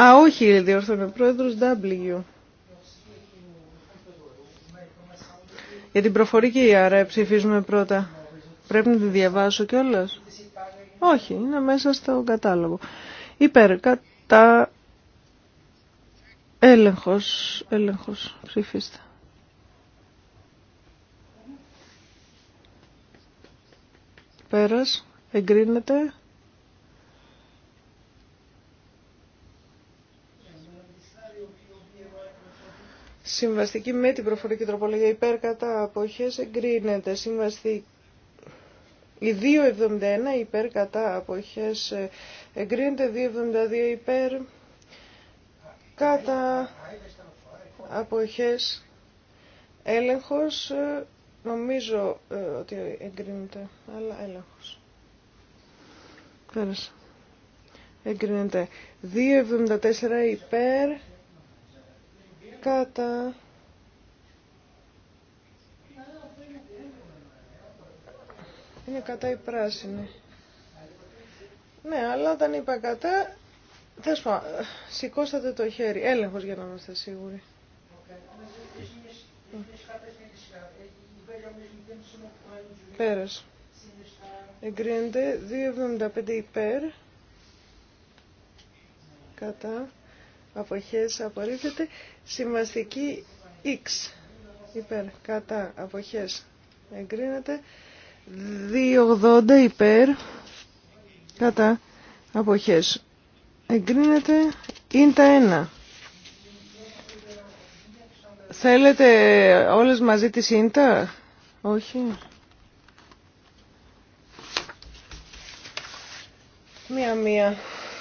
Α, όχι, διορθώνει ο πρόεδρος W. Για την προφορική, άρα ψηφίζουμε πρώτα. Πρέπει να τη διαβάσω κιόλα. Όχι, είναι μέσα στο κατάλογο. Υπέρ, κατά, έλεγχος, έλεγχος, ψηφίστε. Πέρας. Εγκρίνεται. Συμβαστική με την προφορική τροπολογία υπέρ κατά αποχές εγκρίνεται. Συμβαστική η 2.71 υπέρ κατά αποχές εγκρίνεται. 2.72 υπέρ κατά αποχές έλεγχος Νομίζω ε, ότι εγκρίνεται, αλλά έλεγχος. Πέρασα. Εγκρίνεται. 2,74 υπέρ. Κατά. Είναι κατά η πράσινη. Ναι, αλλά όταν είπα κατά, θα σηκώσατε το χέρι. Έλεγχος για να είμαστε σίγουροι. Πέρας. Εγκρίνεται 2,75 υπέρ. Κατά. Αποχές απορρίφεται. Συμβαστική X. Υπέρ. Κατά. Αποχές. Εγκρίνεται. 2,80 υπέρ. Κατά. Αποχές. Εγκρίνεται. Είναι 1. Θέλετε όλες μαζί τη Σύντα όχι.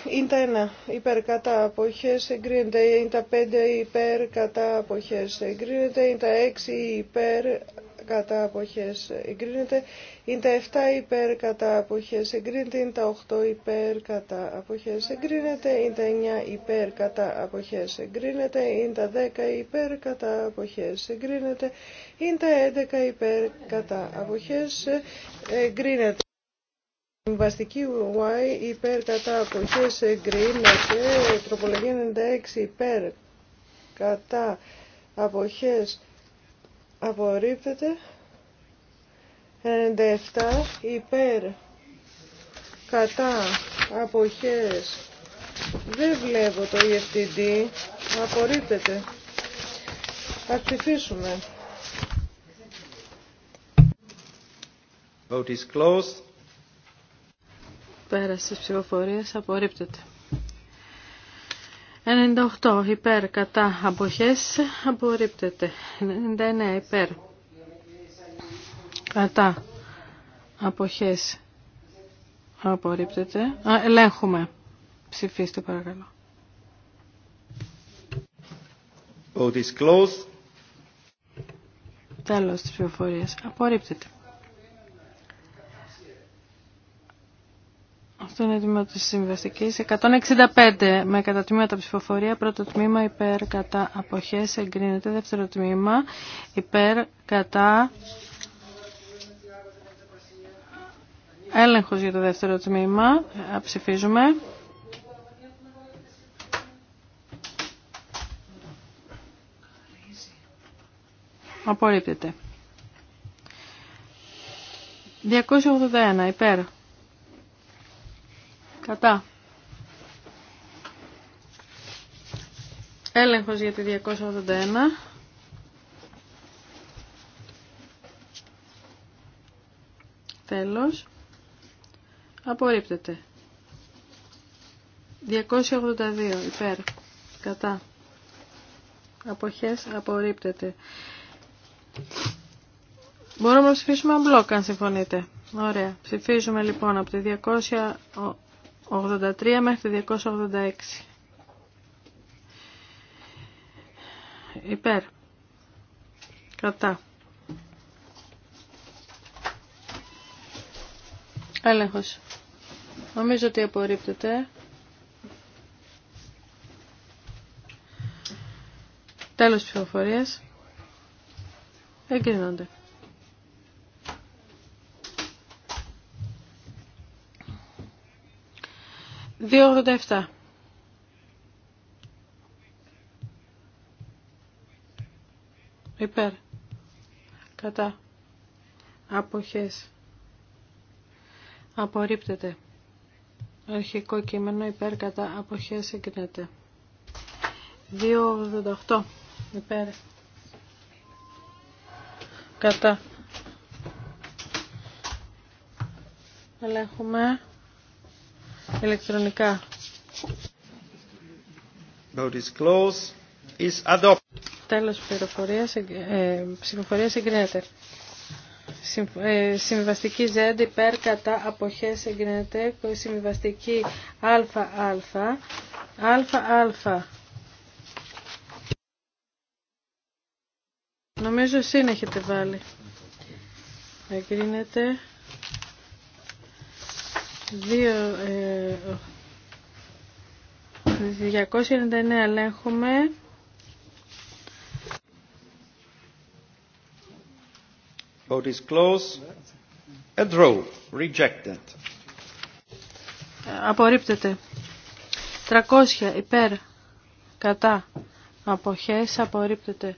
Είναι τα 1 υπέρ κατά αποχέ εγκρίνεται, είναι τα 5 υπέρ κατά αποχέ εγκρίνεται, είναι τα 6 υπέρ κατά αποχέ εγκρίνεται, είναι τα 7 υπέρ κατά αποχέ εγκρίνεται, είναι τα 8 υπέρ κατά αποχέ εγκρίνεται, είναι τα 9 υπέρ κατά αποχέ εγκρίνεται, είναι τα 10 υπέρ κατά αποχέ εγκρίνεται, είναι τα 11 υπέρ κατά αποχέ εγκρίνεται. Συμβαστική Y υπέρ κατά αποχές εγκρίνεται, τροπολογία 96 υπέρ κατά αποχές απορρίπτεται, 97 υπέρ κατά αποχές δεν βλέπω το EFTD, απορρίπτεται. Θα ψηφίσουμε. Vote is closed. Πέραση της ψηφοφορίας απορρίπτεται. 98 υπέρ κατά αποχές απορρίπτεται. 99 υπέρ κατά αποχές απορρίπτεται. Α, ελέγχουμε. Ψηφίστε παρακαλώ. Vote is closed. Τέλος της ψηφοφορίας. Απορρίπτεται. Αυτό είναι τμήμα τη συμβαστική. 165 με κατατμήματα ψηφοφορία. Πρώτο τμήμα υπέρ κατά αποχέ εγκρίνεται. Δεύτερο τμήμα υπέρ κατά. Έλεγχος για το δεύτερο τμήμα. Ε, ψηφίζουμε. Απορρίπτεται. 281 υπέρ. Κατά. Έλεγχος για τη 281. Τέλος. Απορρίπτεται. 282 υπέρ. Κατά. Αποχές απορρίπτεται. Μπορούμε να ψηφίσουμε μπλοκ αν συμφωνείτε. Ωραία. Ψηφίζουμε λοιπόν από τη 83 μέχρι 286. Υπέρ. Κατά. Έλεγχος. Νομίζω ότι απορρίπτεται. Τέλος ψηφοφορίας. Εγκρίνονται. 287. Υπέρ. Κατά. Αποχές. Απορρίπτεται. Αρχικό κείμενο υπέρ κατά αποχές εγκρίνεται. 2.88 υπέρ κατά. Ελέγχουμε ηλεκτρονικά. Τέλος πληροφορίας, ε, ψηφοφορίας εγκρίνεται. Ε, συμβιβαστική Z υπέρ κατά αποχέ εγκρίνεται. Συμβιβαστική ΑΑ. ΑΑ. Νομίζω εσύ έχετε βάλει. Εγκρίνεται. 299 ε, ελέγχουμε. Vote is closed. A draw. Rejected. Απορρίπτεται. 300 υπέρ. Κατά. Αποχές. Απορρίπτεται.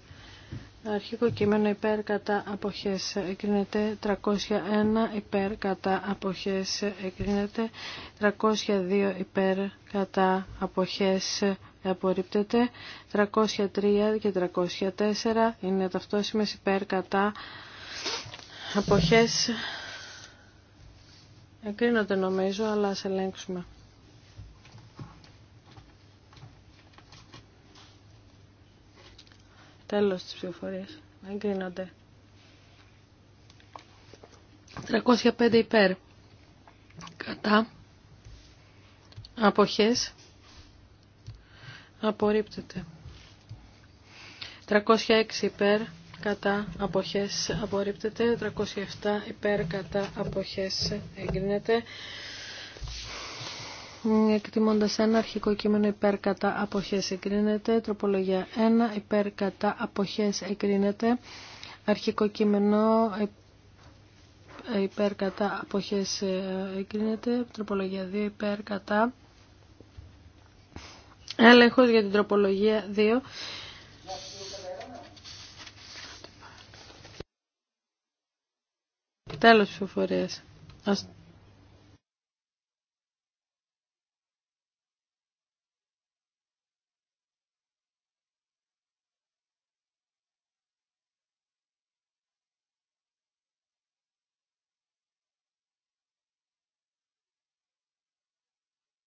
Αρχικό κείμενο υπέρ κατά αποχές εγκρίνεται 301 υπέρ κατά αποχές εγκρίνεται 302 υπέρ κατά αποχές απορρίπτεται 303 και 304 είναι ταυτόσιμες υπέρ κατά αποχές εγκρίνονται νομίζω αλλά ας ελέγξουμε. Τέλος της ψηφοφορίας. Εγκρίνονται. 305 υπέρ. Κατά. Αποχές. Απορρίπτεται. 306 υπέρ κατά αποχές απορρίπτεται, 307 υπέρ κατά αποχές εγκρίνεται, Εκτιμώντα ένα αρχικό κείμενο υπέρ κατά αποχές εγκρίνεται, τροπολογία 1 υπέρ κατά αποχές εγκρίνεται, αρχικό κείμενο ε, ε, υπέρ κατά αποχές ε, εγκρίνεται, τροπολογία 2 υπέρ κατά έλεγχος για την τροπολογία 2 Τέλος ψηφοφορίας.